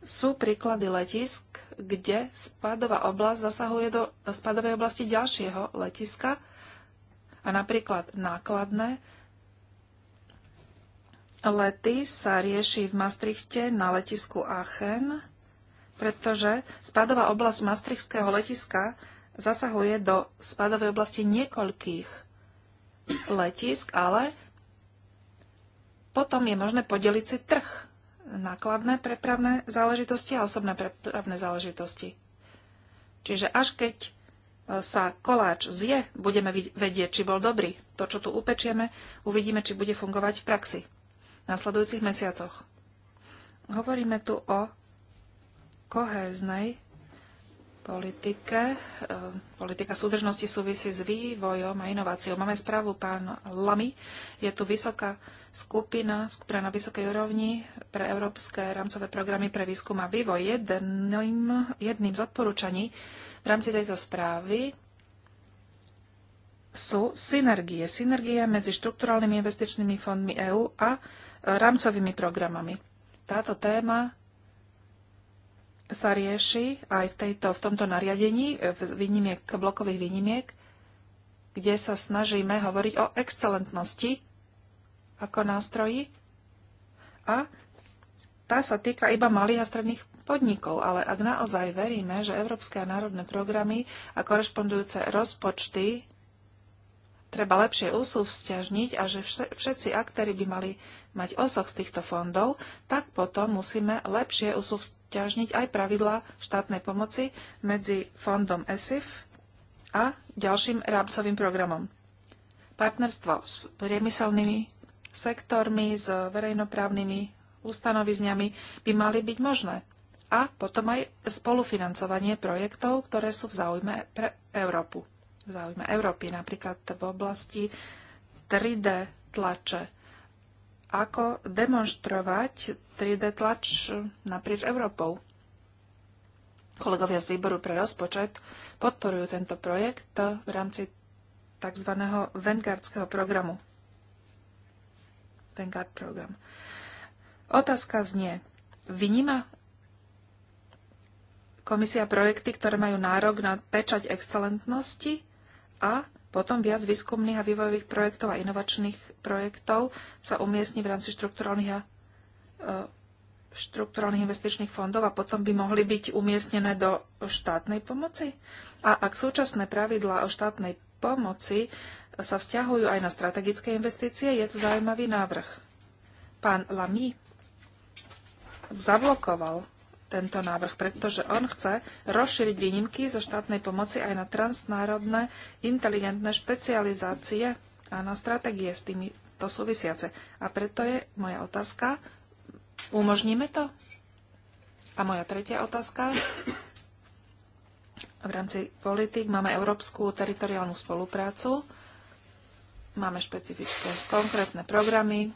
sú príklady letisk, kde spádová oblasť zasahuje do spádovej oblasti ďalšieho letiska a napríklad nákladné lety sa rieši v Maastrichte na letisku Aachen pretože spadová oblasť Maastrichtského letiska zasahuje do spadovej oblasti niekoľkých letisk, ale potom je možné podeliť si trh. Nákladné prepravné záležitosti a osobné prepravné záležitosti. Čiže až keď e, sa koláč zje, budeme vedieť, či bol dobrý. To, čo tu upečieme, uvidíme, či bude fungovať v praxi v nasledujúcich mesiacoch. Hovoríme tu o kohéznej politike. Ehm, politika súdržnosti súvisí s vývojom a inováciou. Máme správu pán Lamy. Je tu vysoká skupina, skupina na vysokej úrovni pre európske rámcové programy pre výskum a vývoj. Jedným, jedným z odporúčaní v rámci tejto správy sú synergie. Synergie medzi štrukturálnymi investičnými fondmi EÚ a rámcovými programami. Táto téma sa rieši aj v, tejto, v tomto nariadení e, výnimiek, blokových výnimiek, kde sa snažíme hovoriť o excelentnosti ako nástroji. A tá sa týka iba malých a stredných podnikov, ale ak naozaj veríme, že európske a národné programy a korešpondujúce rozpočty treba lepšie usúvzťažniť a že všetci aktéry by mali mať osoch z týchto fondov, tak potom musíme lepšie usúťažniť aj pravidlá štátnej pomoci medzi fondom ESIF a ďalším rámcovým programom. Partnerstvo s priemyselnými sektormi, s verejnoprávnymi ustanovizňami by mali byť možné. A potom aj spolufinancovanie projektov, ktoré sú v záujme pre Európu. V záujme Európy napríklad v oblasti 3D tlače ako demonstrovať 3D tlač naprieč Európou. Kolegovia z výboru pre rozpočet podporujú tento projekt v rámci tzv. Vanguardského programu. Vanguard program. Otázka znie, vyníma komisia projekty, ktoré majú nárok na pečať excelentnosti a potom viac výskumných a vývojových projektov a inovačných projektov sa umiestni v rámci štrukturálnych a e, štrukturálnych investičných fondov a potom by mohli byť umiestnené do štátnej pomoci? A ak súčasné pravidlá o štátnej pomoci sa vzťahujú aj na strategické investície, je to zaujímavý návrh. Pán Lamy zablokoval tento návrh, pretože on chce rozšíriť výnimky zo štátnej pomoci aj na transnárodné inteligentné špecializácie a na stratégie s to súvisiace. A preto je moja otázka, umožníme to? A moja tretia otázka. V rámci politik máme európsku teritoriálnu spoluprácu, máme špecifické konkrétne programy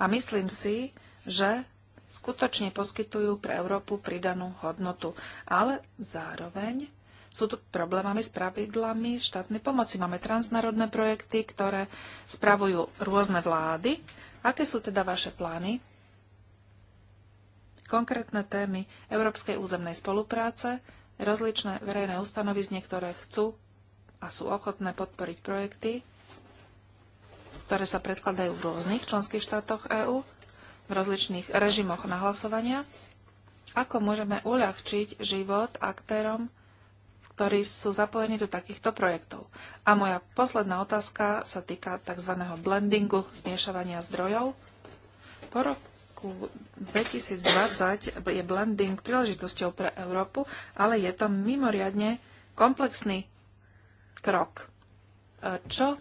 a myslím si, že skutočne poskytujú pre Európu pridanú hodnotu. Ale zároveň sú tu problémami s pravidlami štátnej pomoci. Máme transnárodné projekty, ktoré spravujú rôzne vlády. Aké sú teda vaše plány? Konkrétne témy Európskej územnej spolupráce, rozličné verejné ustanovy, z niektoré chcú a sú ochotné podporiť projekty, ktoré sa predkladajú v rôznych členských štátoch EÚ v rozličných režimoch nahlasovania, ako môžeme uľahčiť život aktérom, ktorí sú zapojení do takýchto projektov. A moja posledná otázka sa týka tzv. blendingu, zmiešavania zdrojov. Po roku 2020 je blending príležitosťou pre Európu, ale je to mimoriadne komplexný krok. E, čo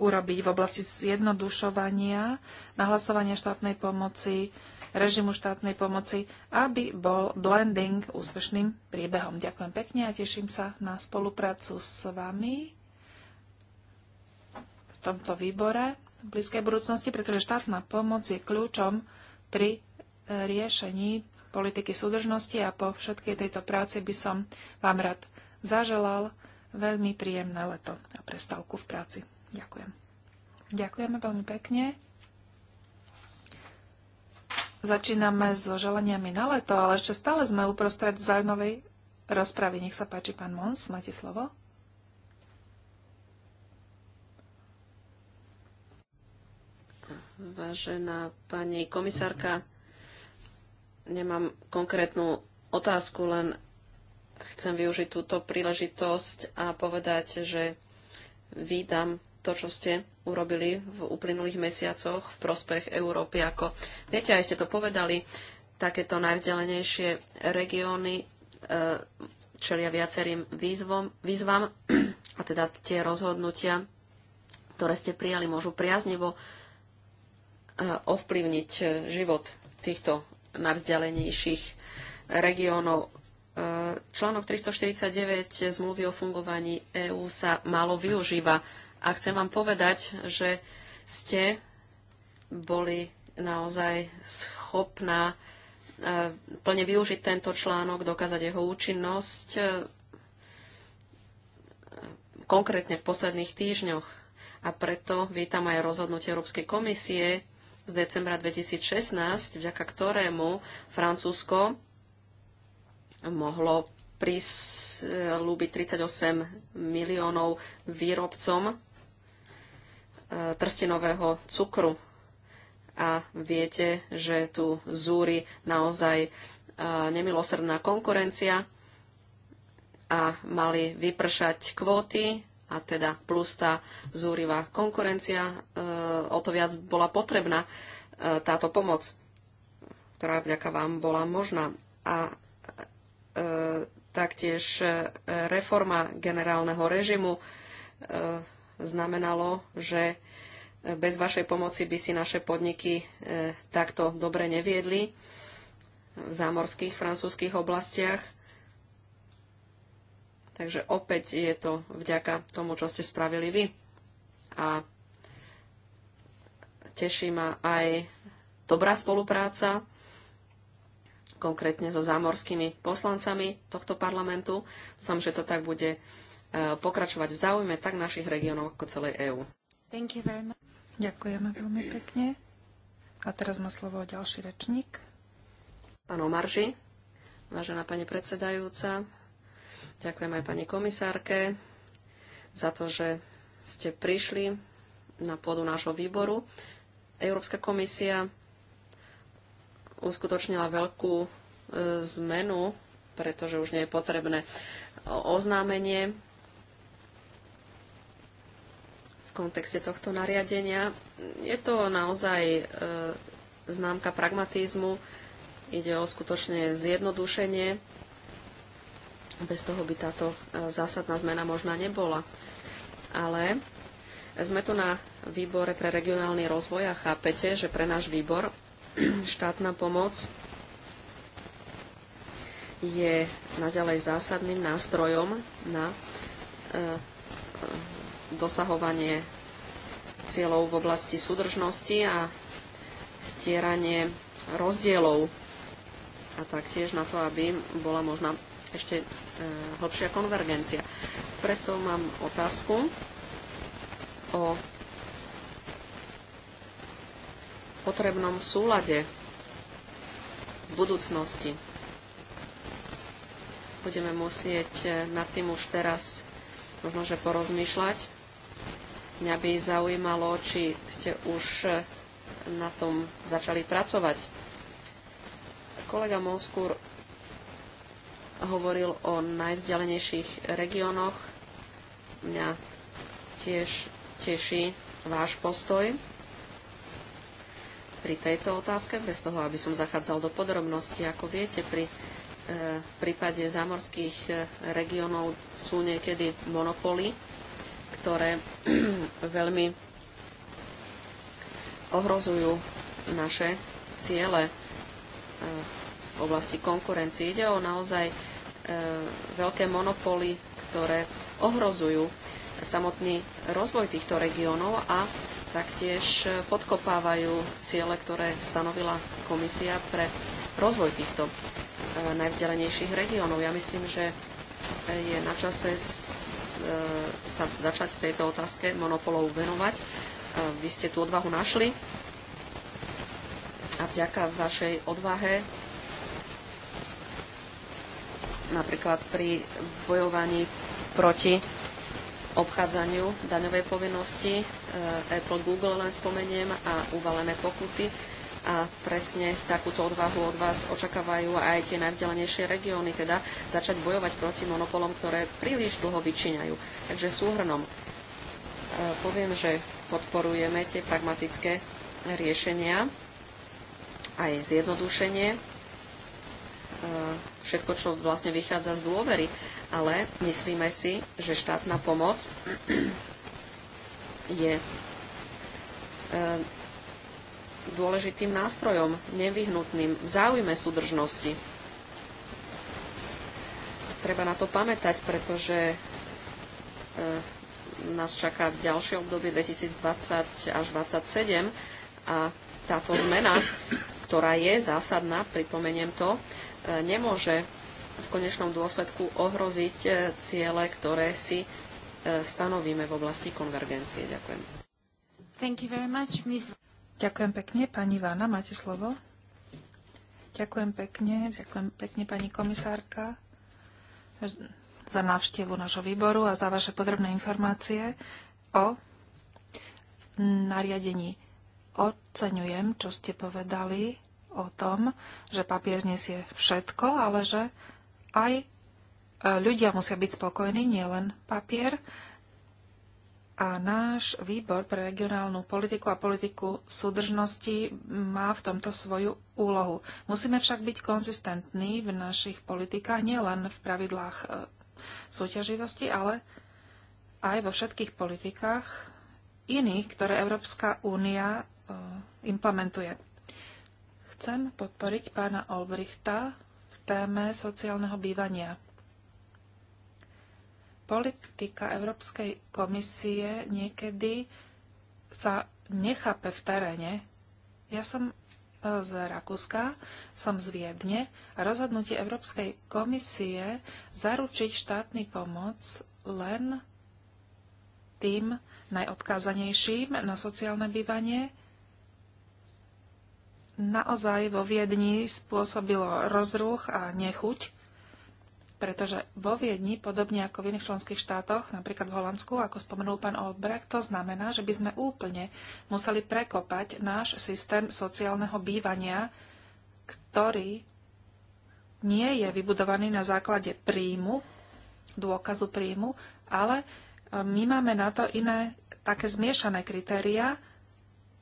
urobiť v oblasti zjednodušovania, nahlasovania štátnej pomoci, režimu štátnej pomoci, aby bol blending úspešným príbehom. Ďakujem pekne a teším sa na spoluprácu s vami v tomto výbore v blízkej budúcnosti, pretože štátna pomoc je kľúčom pri e, riešení politiky súdržnosti a po všetkej tejto práci by som vám rád zaželal veľmi príjemné leto a prestávku v práci. Ďakujem. Ďakujeme veľmi pekne. Začíname s želaniami na leto, ale ešte stále sme uprostred zaujímavej rozpravy. Nech sa páči, pán Mons, máte slovo. Vážená pani komisárka, nemám konkrétnu otázku, len chcem využiť túto príležitosť a povedať, že vítam to, čo ste urobili v uplynulých mesiacoch v prospech Európy. Ako viete, aj ste to povedali, takéto najvzdelenejšie regióny e, čelia viacerým výzvom, výzvam a teda tie rozhodnutia, ktoré ste prijali, môžu priaznivo e, ovplyvniť život týchto najvzdelenejších regiónov. E, článok 349 zmluvy o fungovaní EÚ sa málo využíva a chcem vám povedať, že ste boli naozaj schopná e, plne využiť tento článok, dokázať jeho účinnosť e, konkrétne v posledných týždňoch. A preto vítam aj rozhodnutie Európskej komisie z decembra 2016, vďaka ktorému Francúzsko mohlo prislúbiť 38 miliónov výrobcom trstinového cukru. A viete, že tu zúri naozaj nemilosrdná konkurencia a mali vypršať kvóty a teda plus tá zúrivá konkurencia, e, o to viac bola potrebná e, táto pomoc, ktorá vďaka vám bola možná. A e, taktiež reforma generálneho režimu znamenalo, že e, bez vašej pomoci by si naše podniky e, takto dobre neviedli v zámorských francúzských oblastiach. Takže opäť je to vďaka tomu, čo ste spravili vy. A teší ma aj dobrá spolupráca, konkrétne so zámorskými poslancami tohto parlamentu. Dúfam, že to tak bude pokračovať v záujme tak našich regiónov ako celej EÚ. Ďakujeme veľmi pekne. A teraz má slovo ďalší rečník. Pán Omarži, vážená pani predsedajúca, ďakujem aj pani komisárke za to, že ste prišli na pôdu nášho výboru. Európska komisia uskutočnila veľkú e, zmenu, pretože už nie je potrebné oznámenie v kontexte tohto nariadenia. Je to naozaj e, známka pragmatizmu, ide o skutočne zjednodušenie. Bez toho by táto e, zásadná zmena možná nebola. Ale sme tu na výbore pre regionálny rozvoj a chápete, že pre náš výbor štátna pomoc je naďalej zásadným nástrojom na e, dosahovanie cieľov v oblasti súdržnosti a stieranie rozdielov a taktiež na to, aby bola možná ešte e, hlbšia konvergencia. Preto mám otázku o potrebnom súlade v budúcnosti. Budeme musieť nad tým už teraz možnože porozmýšľať Mňa by zaujímalo, či ste už eh, na tom začali pracovať. Kolega Monskúr hovoril o najvzdialenejších regiónoch. Mňa tiež teší váš postoj pri tejto otázke, bez toho, aby som zachádzal do podrobností. Ako viete, pri e, prípade zamorských eh, regiónov sú niekedy monopoly ktoré veľmi ohrozujú naše ciele eh, v oblasti konkurencie. Ide o naozaj eh, veľké monopoly, ktoré ohrozujú samotný rozvoj týchto regiónov a taktiež eh, podkopávajú ciele, ktoré stanovila komisia pre rozvoj týchto najvzdelenejších regiónov. Ja myslím, že je na čase E, sa začať tejto otázke monopolov venovať. E, vy ste tú odvahu našli a vďaka vašej odvahe napríklad pri bojovaní proti obchádzaniu daňovej povinnosti e, Apple, Google len spomeniem a uvalené pokuty a presne takúto odvahu od vás očakávajú aj tie najvzdelenejšie regióny, teda začať bojovať proti monopolom, ktoré príliš dlho vyčíňajú. Takže súhrnom e, poviem, že podporujeme tie pragmatické riešenia, aj zjednodušenie, e, všetko, čo vlastne vychádza z dôvery, ale myslíme si, že štátna pomoc je e, dôležitým nástrojom, nevyhnutným v záujme súdržnosti. Treba na to pamätať, pretože e, nás čaká ďalšie obdobie 2020 až 2027 a táto zmena, ktorá je zásadná, pripomeniem to, e, nemôže v konečnom dôsledku ohroziť e, ciele, ktoré si e, stanovíme v oblasti konvergencie. Ďakujem. Thank you very much, Ms. Ďakujem pekne. Pani Vána, máte slovo. Ďakujem pekne. Ďakujem pekne, pani komisárka, za návštevu nášho výboru a za vaše podrobné informácie o nariadení. Oceňujem, čo ste povedali o tom, že papier nesie všetko, ale že aj e, ľudia musia byť spokojní, nielen papier. A náš výbor pre regionálnu politiku a politiku súdržnosti má v tomto svoju úlohu. Musíme však byť konzistentní v našich politikách, nielen v pravidlách e, súťaživosti, ale aj vo všetkých politikách iných, ktoré Európska únia e, implementuje. Chcem podporiť pána Olbrichta v téme sociálneho bývania politika Európskej komisie niekedy sa nechápe v teréne. Ja som e, z Rakúska, som z Viedne a rozhodnutie Európskej komisie zaručiť štátny pomoc len tým najodkázanejším na sociálne bývanie naozaj vo Viedni spôsobilo rozruch a nechuť pretože vo Viedni, podobne ako v iných členských štátoch, napríklad v Holandsku, ako spomenul pán Obrecht, to znamená, že by sme úplne museli prekopať náš systém sociálneho bývania, ktorý nie je vybudovaný na základe príjmu, dôkazu príjmu, ale e, my máme na to iné také zmiešané kritéria,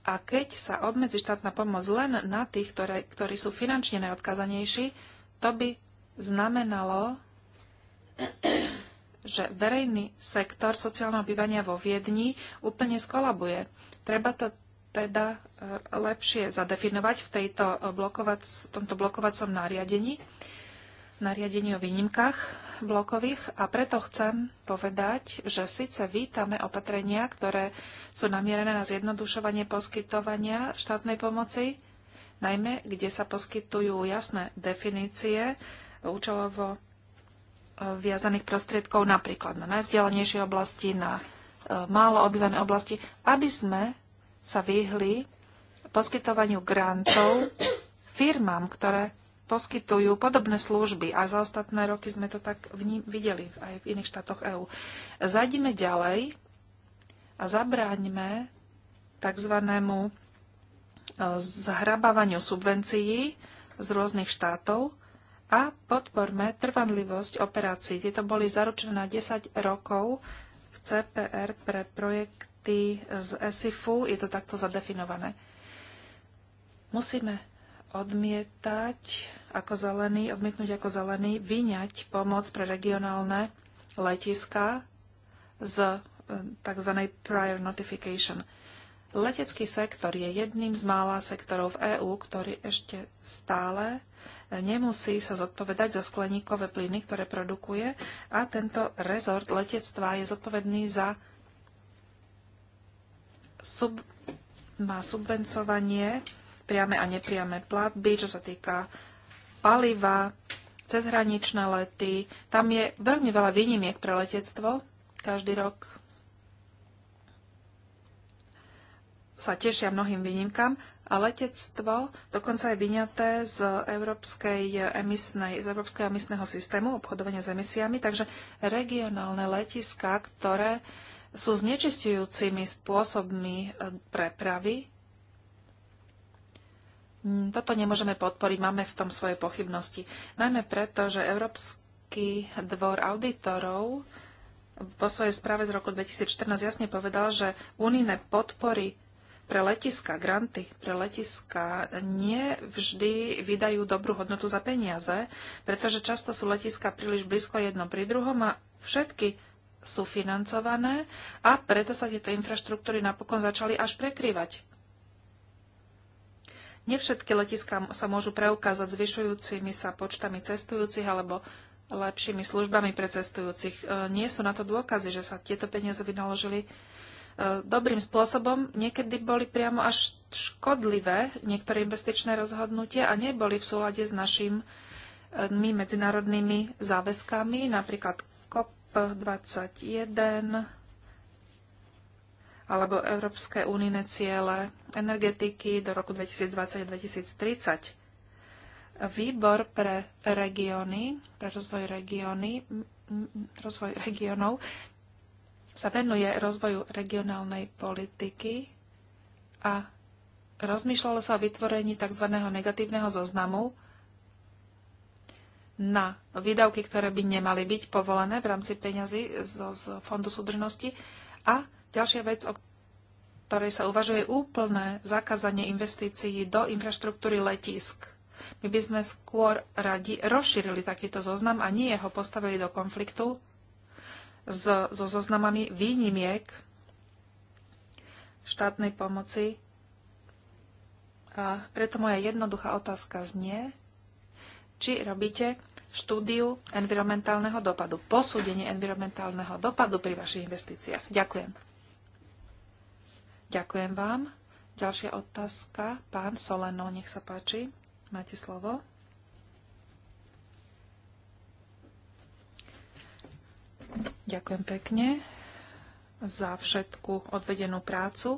a keď sa obmedzi štátna pomoc len na tých, ktoré, ktorí sú finančne najodkázanejší, to by znamenalo, že verejný sektor sociálneho bývania vo Viedni úplne skolabuje. Treba to teda e, lepšie zadefinovať v, tejto e, blokovac, v tomto blokovacom nariadení, nariadení o výnimkách blokových. A preto chcem povedať, že síce vítame opatrenia, ktoré sú namierené na zjednodušovanie poskytovania štátnej pomoci, najmä kde sa poskytujú jasné definície účelovo viazaných prostriedkov napríklad na najvzdialenejšie oblasti, na e, málo obyvané oblasti, aby sme sa vyhli poskytovaniu grantov firmám, ktoré poskytujú podobné služby a za ostatné roky sme to tak v ním videli aj v iných štátoch EÚ. Zajdime ďalej a zabráňme tzv. E, zhrabávaniu subvencií z rôznych štátov a podporme trvanlivosť operácií. Tieto boli zaručené na 10 rokov v CPR pre projekty z ESIFu. Je to takto zadefinované. Musíme odmietať ako zelený, odmietnúť ako zelený, vyňať pomoc pre regionálne letiska z e, tzv. prior notification. Letecký sektor je jedným z mála sektorov v EÚ, ktorý ešte stále nemusí sa zodpovedať za skleníkové plyny, ktoré produkuje a tento rezort letectva je zodpovedný za sub, má subvencovanie priame a nepriame platby, čo sa týka paliva, cezhraničné lety. Tam je veľmi veľa výnimiek pre letectvo každý rok sa tešia mnohým výnimkám a letectvo dokonca je vyňaté z, európskej emisnej, z európskeho emisného systému obchodovania s emisiami, takže regionálne letiska, ktoré sú znečistujúcimi spôsobmi e, prepravy, toto nemôžeme podporiť, máme v tom svoje pochybnosti. Najmä preto, že Európsky dvor auditorov vo svojej správe z roku 2014 jasne povedal, že unijné podpory pre letiska, granty pre letiska nie vždy vydajú dobrú hodnotu za peniaze, pretože často sú letiska príliš blízko jedno pri druhom a všetky sú financované a preto sa tieto infraštruktúry napokon začali až prekrývať. Nevšetky letiská sa môžu preukázať zvyšujúcimi sa počtami cestujúcich alebo lepšími službami pre cestujúcich. E, nie sú na to dôkazy, že sa tieto peniaze vynaložili E, dobrým spôsobom. Niekedy boli priamo až škodlivé niektoré investičné rozhodnutia a neboli v súlade s našimi medzinárodnými záväzkami, napríklad COP21 alebo Európske únine ciele energetiky do roku 2020-2030. Výbor pre regióny, pre rozvoj regióny, rozvoj regionov sa venuje rozvoju regionálnej politiky a rozmýšľalo sa o vytvorení tzv. negatívneho zoznamu na výdavky, ktoré by nemali byť povolené v rámci peňazí z, z Fondu súdržnosti. A ďalšia vec, o ktorej sa uvažuje úplné zakázanie investícií do infraštruktúry letisk. My by sme skôr radi rozšírili takýto zoznam a nie ho postavili do konfliktu so, so zoznamami výnimiek štátnej pomoci. A preto moja jednoduchá otázka znie, či robíte štúdiu environmentálneho dopadu, posúdenie environmentálneho dopadu pri vašich investíciách. Ďakujem. Ďakujem vám. Ďalšia otázka. Pán Soleno, nech sa páči. Máte slovo. Ďakujem pekne za všetku odvedenú prácu.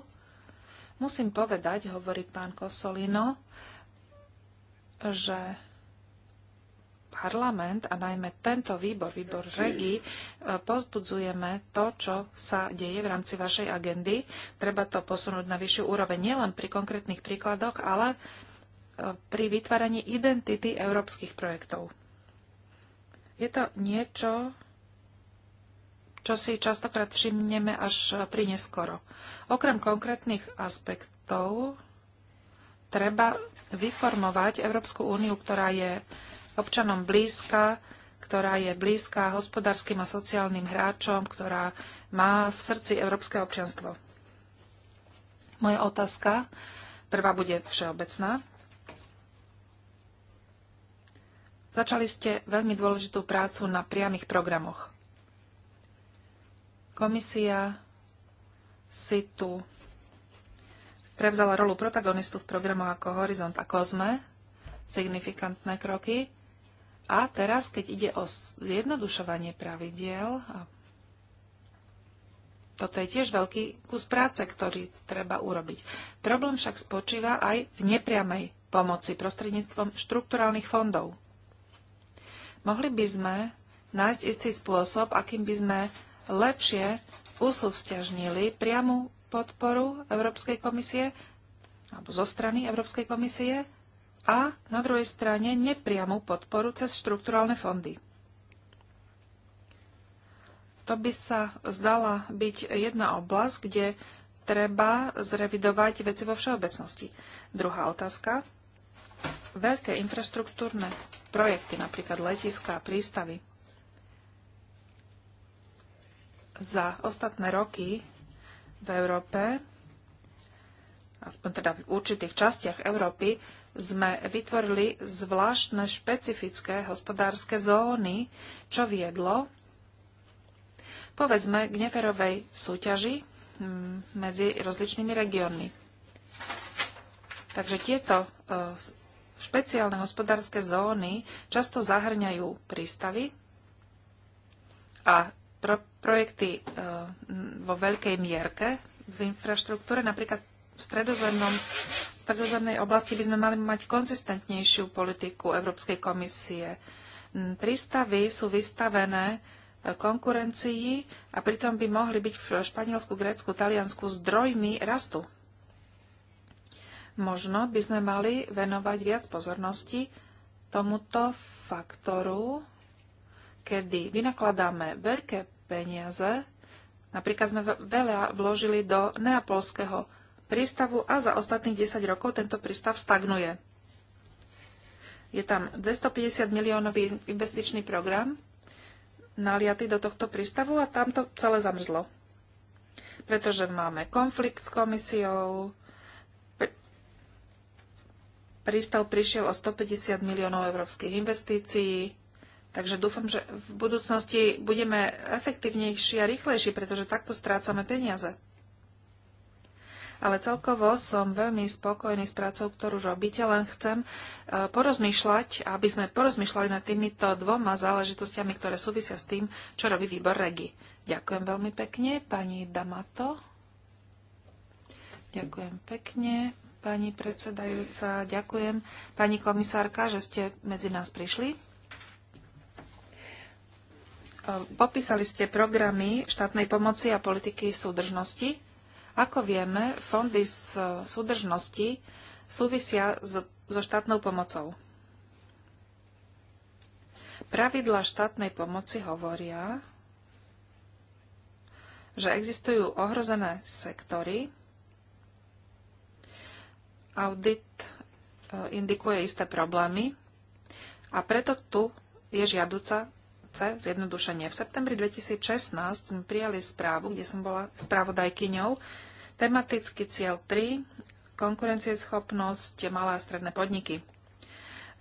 Musím povedať, hovorí pán Kosolino, že parlament a najmä tento výbor, výbor REGI, e, pozbudzujeme to, čo sa deje v rámci vašej agendy. Treba to posunúť na vyššiu úroveň nielen pri konkrétnych príkladoch, ale e, pri vytváraní identity európskych projektov. Je to niečo, čo si častokrát všimneme až pri neskoro. Okrem konkrétnych aspektov treba vyformovať Európsku úniu, ktorá je občanom blízka, ktorá je blízka hospodárskym a sociálnym hráčom, ktorá má v srdci európske občianstvo. Moja otázka prvá bude všeobecná. Začali ste veľmi dôležitú prácu na priamých programoch. Komisia si tu prevzala rolu protagonistu v programoch ako Horizont a Kozme, signifikantné kroky. A teraz, keď ide o zjednodušovanie pravidiel, toto je tiež veľký kus práce, ktorý treba urobiť. Problém však spočíva aj v nepriamej pomoci prostredníctvom štrukturálnych fondov. Mohli by sme nájsť istý spôsob, akým by sme lepšie usúvzťažnili priamu podporu Európskej komisie alebo zo strany Európskej komisie a na druhej strane nepriamu podporu cez štrukturálne fondy. To by sa zdala byť jedna oblasť, kde treba zrevidovať veci vo všeobecnosti. Druhá otázka. Veľké infraštruktúrne projekty, napríklad letiska a prístavy, za ostatné roky v Európe, aspoň teda v určitých častiach Európy, sme vytvorili zvláštne špecifické hospodárske zóny, čo viedlo, povedzme, k neferovej súťaži mm, medzi rozličnými regiónmi. Takže tieto e, špeciálne hospodárske zóny často zahrňajú prístavy a projekty e, vo veľkej mierke v infraštruktúre. Napríklad v stredozemnom, stredozemnej oblasti by sme mali mať konzistentnejšiu politiku Európskej komisie. Prístavy sú vystavené e, konkurencii a pritom by mohli byť v Španielsku, Grécku, Taliansku zdrojmi rastu. Možno by sme mali venovať viac pozornosti tomuto faktoru, kedy vynakladáme veľké peniaze. Napríklad sme veľa vložili do neapolského prístavu a za ostatných 10 rokov tento prístav stagnuje. Je tam 250 miliónový investičný program naliaty do tohto prístavu a tam to celé zamrzlo. Pretože máme konflikt s komisiou, prístav prišiel o 150 miliónov európskych investícií, Takže dúfam, že v budúcnosti budeme efektívnejší a rýchlejší, pretože takto strácame peniaze. Ale celkovo som veľmi spokojný s prácou, ktorú robíte, len chcem e, porozmýšľať, aby sme porozmýšľali nad týmito dvoma záležitostiami, ktoré súvisia s tým, čo robí výbor REGI. Ďakujem veľmi pekne, pani Damato. Ďakujem pekne, pani predsedajúca. Ďakujem, pani komisárka, že ste medzi nás prišli. Ehm, popísali ste programy štátnej pomoci a politiky súdržnosti. Ako vieme, fondy z eh, súdržnosti súvisia so štátnou pomocou. Pravidla štátnej pomoci hovoria, že existujú ohrozené sektory. Audit eh, indikuje isté problémy a preto tu je žiaduca C, zjednodušenie. V septembri 2016 sme prijali správu, kde som bola správodajkyňou. Tematický cieľ 3, konkurencieschopnosť, malé a stredné podniky.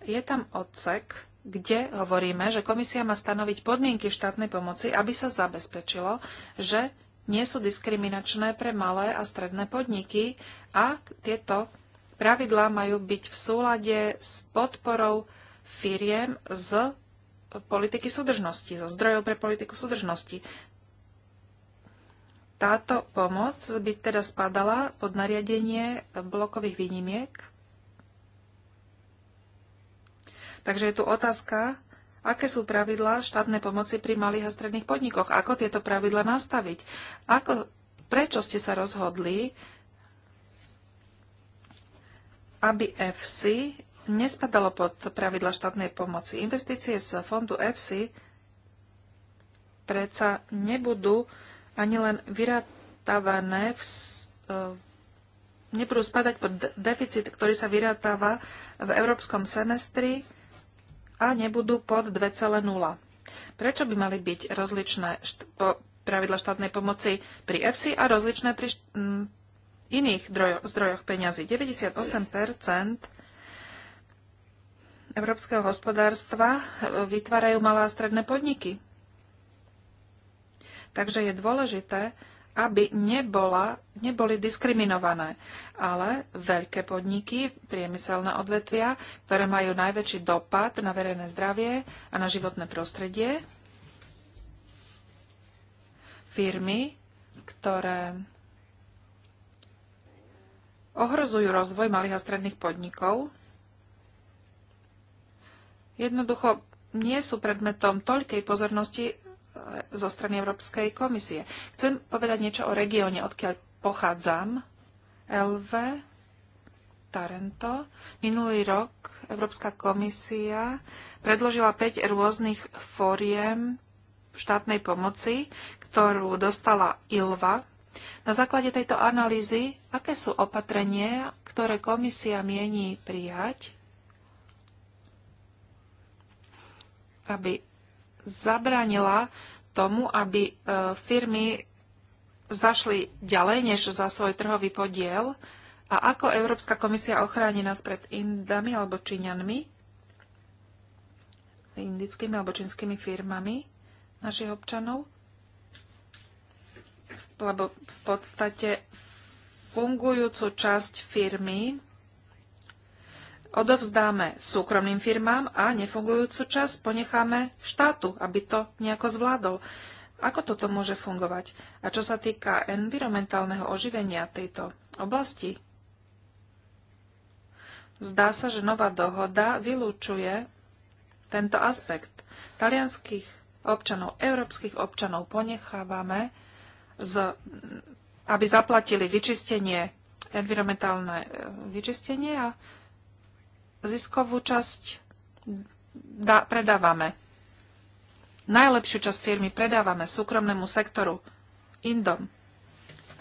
Je tam odsek, kde hovoríme, že komisia má stanoviť podmienky štátnej pomoci, aby sa zabezpečilo, že nie sú diskriminačné pre malé a stredné podniky a tieto pravidlá majú byť v súlade s podporou firiem z politiky súdržnosti, zo zdrojov pre politiku súdržnosti. Táto pomoc by teda spadala pod nariadenie blokových výnimiek. Takže je tu otázka, aké sú pravidlá štátnej pomoci pri malých a stredných podnikoch, ako tieto pravidla nastaviť, ako, prečo ste sa rozhodli, aby FC nespadalo pod pravidla štátnej pomoci. Investície z fondu EFSI predsa nebudú ani len vyratávané v, e, nebudú spadať pod deficit, ktorý sa vyratáva v európskom semestri a nebudú pod 2,0. Prečo by mali byť rozličné pravidla štátnej pomoci pri EFSI a rozličné pri iných zdrojoch peňazí? 98 európskeho hospodárstva e, vytvárajú malé a stredné podniky. Takže je dôležité, aby nebola, neboli diskriminované. Ale veľké podniky, priemyselné odvetvia, ktoré majú najväčší dopad na verejné zdravie a na životné prostredie, firmy, ktoré ohrozujú rozvoj malých a stredných podnikov, jednoducho nie sú predmetom toľkej pozornosti e, zo strany Európskej komisie. Chcem povedať niečo o regióne, odkiaľ pochádzam. LV, Tarento. Minulý rok Európska komisia predložila 5 rôznych fóriem štátnej pomoci, ktorú dostala ILVA. Na základe tejto analýzy, aké sú opatrenia, ktoré komisia mieni prijať aby zabránila tomu, aby e, firmy zašli ďalej než za svoj trhový podiel a ako Európska komisia ochráni nás pred Indami alebo Číňanmi, indickými alebo čínskymi firmami našich občanov, lebo v podstate fungujúcu časť firmy odovzdáme súkromným firmám a nefungujúcu čas ponecháme štátu, aby to nejako zvládol. Ako toto môže fungovať? A čo sa týka environmentálneho oživenia tejto oblasti, zdá sa, že nová dohoda vylúčuje tento aspekt. Talianských občanov, európskych občanov ponechávame, z, aby zaplatili vyčistenie, environmentálne e, vyčistenie a ziskovú časť da, predávame. Najlepšiu časť firmy predávame súkromnému sektoru, Indom.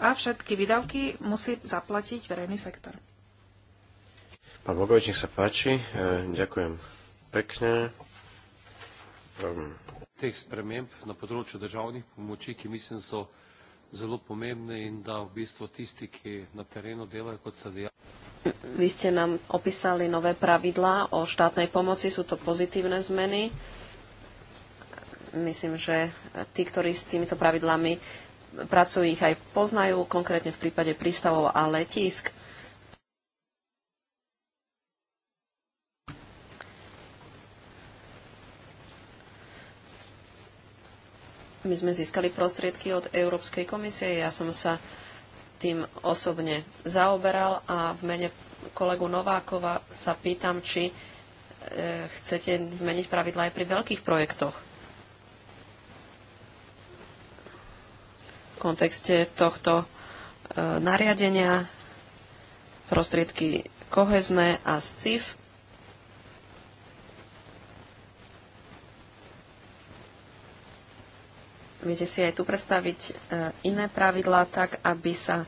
A všetky výdavky musí zaplatiť verejný sektor. Pán Bogovič, nech sa páči. E, ďakujem pekne. Um. Tých spremiemb na području državných pomočí, ki myslím, so zelo pomembne in da v bistvu tisti, ki na terenu delajo kot sadja. Vy ste nám opísali nové pravidlá o štátnej pomoci, sú to pozitívne zmeny. Myslím, že tí, ktorí s týmito pravidlami pracujú, ich aj poznajú, konkrétne v prípade prístavov a letísk. My sme získali prostriedky od Európskej komisie. Ja som sa tým osobne zaoberal a v mene kolegu Novákova sa pýtam, či e, chcete zmeniť pravidla aj pri veľkých projektoch. V kontexte tohto e, nariadenia prostriedky kohezné a SCIF Viete si aj tu predstaviť e, iné pravidlá tak, aby sa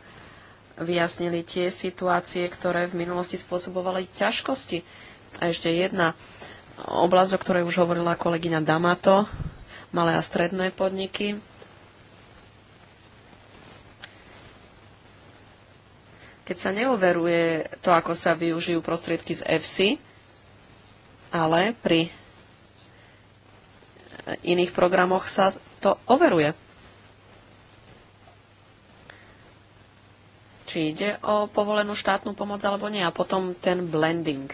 vyjasnili tie situácie, ktoré v minulosti spôsobovali ťažkosti. A ešte jedna oblasť, o ktorej už hovorila kolegyňa Damato, malé a stredné podniky. Keď sa neoveruje to, ako sa využijú prostriedky z EFSI, ale pri iných programoch sa to overuje. Či ide o povolenú štátnu pomoc alebo nie. A potom ten blending.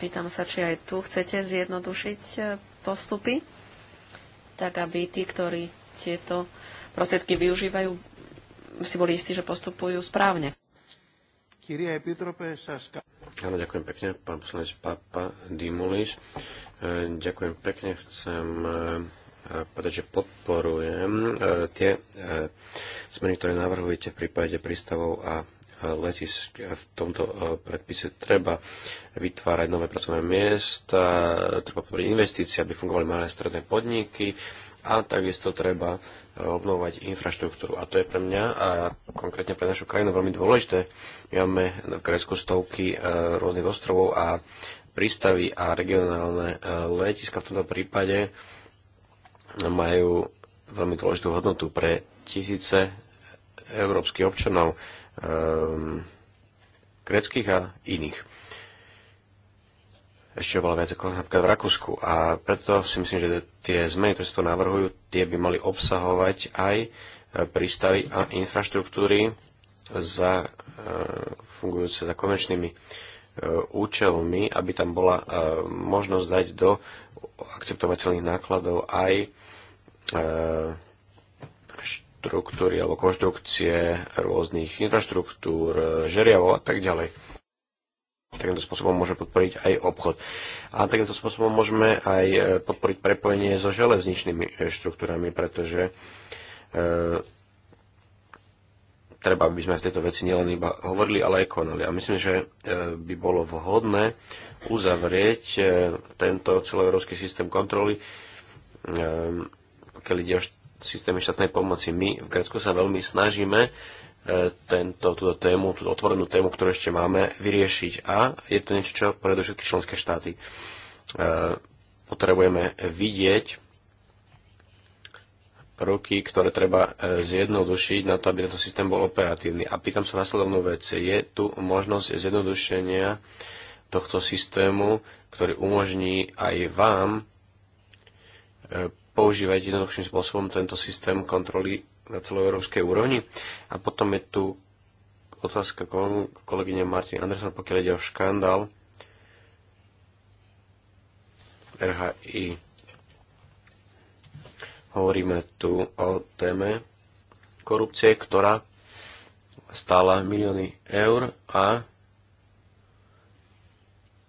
Pýtam sa, či aj tu chcete zjednodušiť e, postupy, tak aby tí, ktorí tieto prostriedky využívajú, si boli istí, že postupujú správne. Áno, ďakujem pekne, pán poslanec Papa Dimulis. Ďakujem pekne. Chcem eh, povedať, že podporujem eh, tie eh, zmeny, ktoré navrhujete v prípade prístavov a letisk v tomto predpise treba vytvárať nové pracovné miesta, treba podporiť investície, aby fungovali malé stredné podniky a takisto treba obnovovať infraštruktúru. A to je pre mňa a konkrétne pre našu krajinu veľmi dôležité. My máme v Grécku stovky rôznych ostrovov a prístavy a regionálne e, letiska v tomto prípade majú veľmi dôležitú hodnotu pre tisíce európskych občanov, um, greckých a iných. Ešte oveľa viac ako napríklad v Rakúsku. A preto si myslím, že tie zmeny, ktoré sa tu navrhujú, tie by mali obsahovať aj e, prístavy a infraštruktúry za, e, fungujúce za konečnými E, účelmi, aby tam bola e, možnosť dať do akceptovateľných nákladov aj e, štruktúry alebo konštrukcie rôznych infraštruktúr, žeriavov a tak ďalej. Takýmto spôsobom môže podporiť aj obchod. A takýmto spôsobom môžeme aj podporiť prepojenie so železničnými štruktúrami, pretože treba, aby sme v tejto veci nielen iba hovorili, ale aj konali. A myslím, že e, by bolo vhodné uzavrieť e, tento celoeurópsky systém kontroly, e, pokiaľ ide o systémy štátnej pomoci. My v Grécku sa veľmi snažíme tento, túto tému, túto otvorenú tému, ktorú ešte máme, vyriešiť. A je to niečo, čo pre všetky členské štáty. Potrebujeme vidieť, kroky, ktoré treba e, zjednodušiť na to, aby tento systém bol operatívny. A pýtam sa nasledovnú vec. Je tu možnosť zjednodušenia tohto systému, ktorý umožní aj vám e, používať jednoduchším spôsobom tento systém kontroly na európskej úrovni. A potom je tu otázka kolegyne Martin Anderson, pokiaľ ide o škandál RHI. Hovoríme tu o téme korupcie, ktorá stála milióny eur a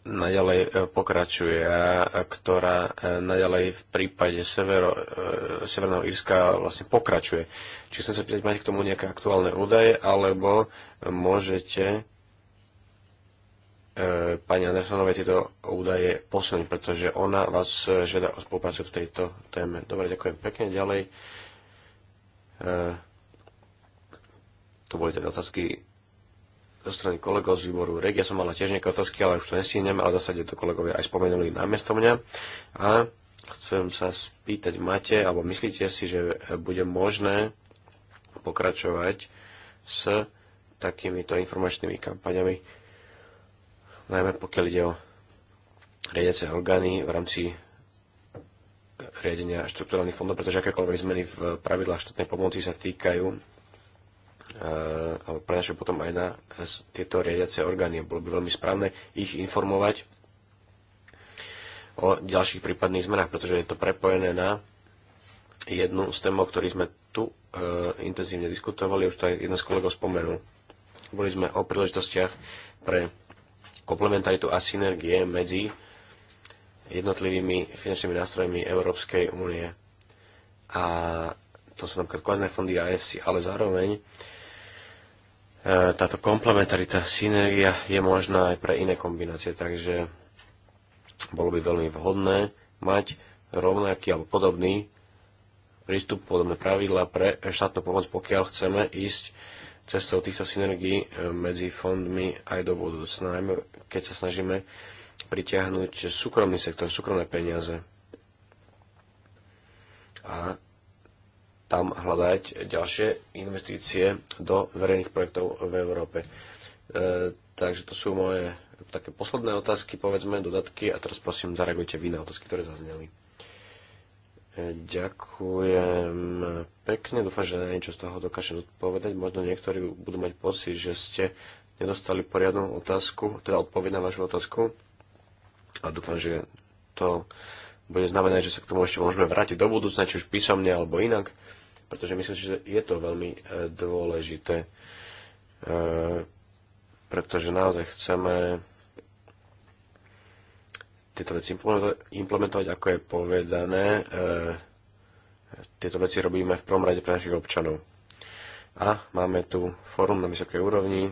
naďalej e, pokračuje a ktorá e, naďalej v prípade severo, e, Severného Írska vlastne pokračuje. Či chcem sa pýtať, máte k tomu nejaké aktuálne údaje, alebo môžete E, pani Andersonovej tieto údaje posunúť, pretože ona vás e, žiada o spoluprácu v tejto téme. Dobre, ďakujem pekne. Ďalej. E, to boli teda otázky zo strany kolegov z výboru REG. Ja som mala tiež nejaké otázky, ale už to nestihnem, ale v zásade to kolegovia aj spomenuli námesto mňa. A chcem sa spýtať, máte, alebo myslíte si, že bude možné pokračovať s takýmito informačnými kampaniami najmä pokiaľ ide o riadiace orgány v rámci e, riadenia štruktúrálnych fondov, pretože akékoľvek zmeny v pravidlách štátnej pomoci sa týkajú e, alebo prenašajú potom aj na tieto riadiace orgány. Bolo by veľmi správne ich informovať o ďalších prípadných zmenách, pretože je to prepojené na jednu z tém, o ktorých sme tu e, intenzívne diskutovali, už to aj jeden z kolegov spomenul. Boli sme o príležitostiach pre komplementaritu a synergie medzi jednotlivými finančnými nástrojmi Európskej únie. A to sú napríklad kvázne fondy a EFSI, ale zároveň e, táto komplementarita, synergia je možná aj pre iné kombinácie, takže bolo by veľmi vhodné mať rovnaký alebo podobný prístup, podobné pravidla pre štátnu pomoc, pokiaľ chceme ísť cestou týchto synergií e, medzi fondmi aj do budúcna, najmä keď sa snažíme pritiahnuť súkromný sektor, súkromné peniaze a tam hľadať ďalšie investície do verejných projektov v Európe. E, takže to sú moje také posledné otázky, povedzme, dodatky a teraz prosím, zareagujte vy na otázky, ktoré zazneli. Ďakujem pekne. Dúfam, že na niečo z toho dokážem odpovedať. Možno niektorí budú mať pocit, že ste nedostali poriadnu otázku, teda odpoveď na vašu otázku. A dúfam, že to bude znamenať, že sa k tomu ešte môžeme vrátiť do budúcna, či už písomne alebo inak, pretože myslím že je to veľmi e, dôležité, e, pretože naozaj chceme tieto veci implementovať, ako je povedané. E, tieto veci robíme v prvom rade pre našich občanov. A máme tu fórum na vysokej úrovni,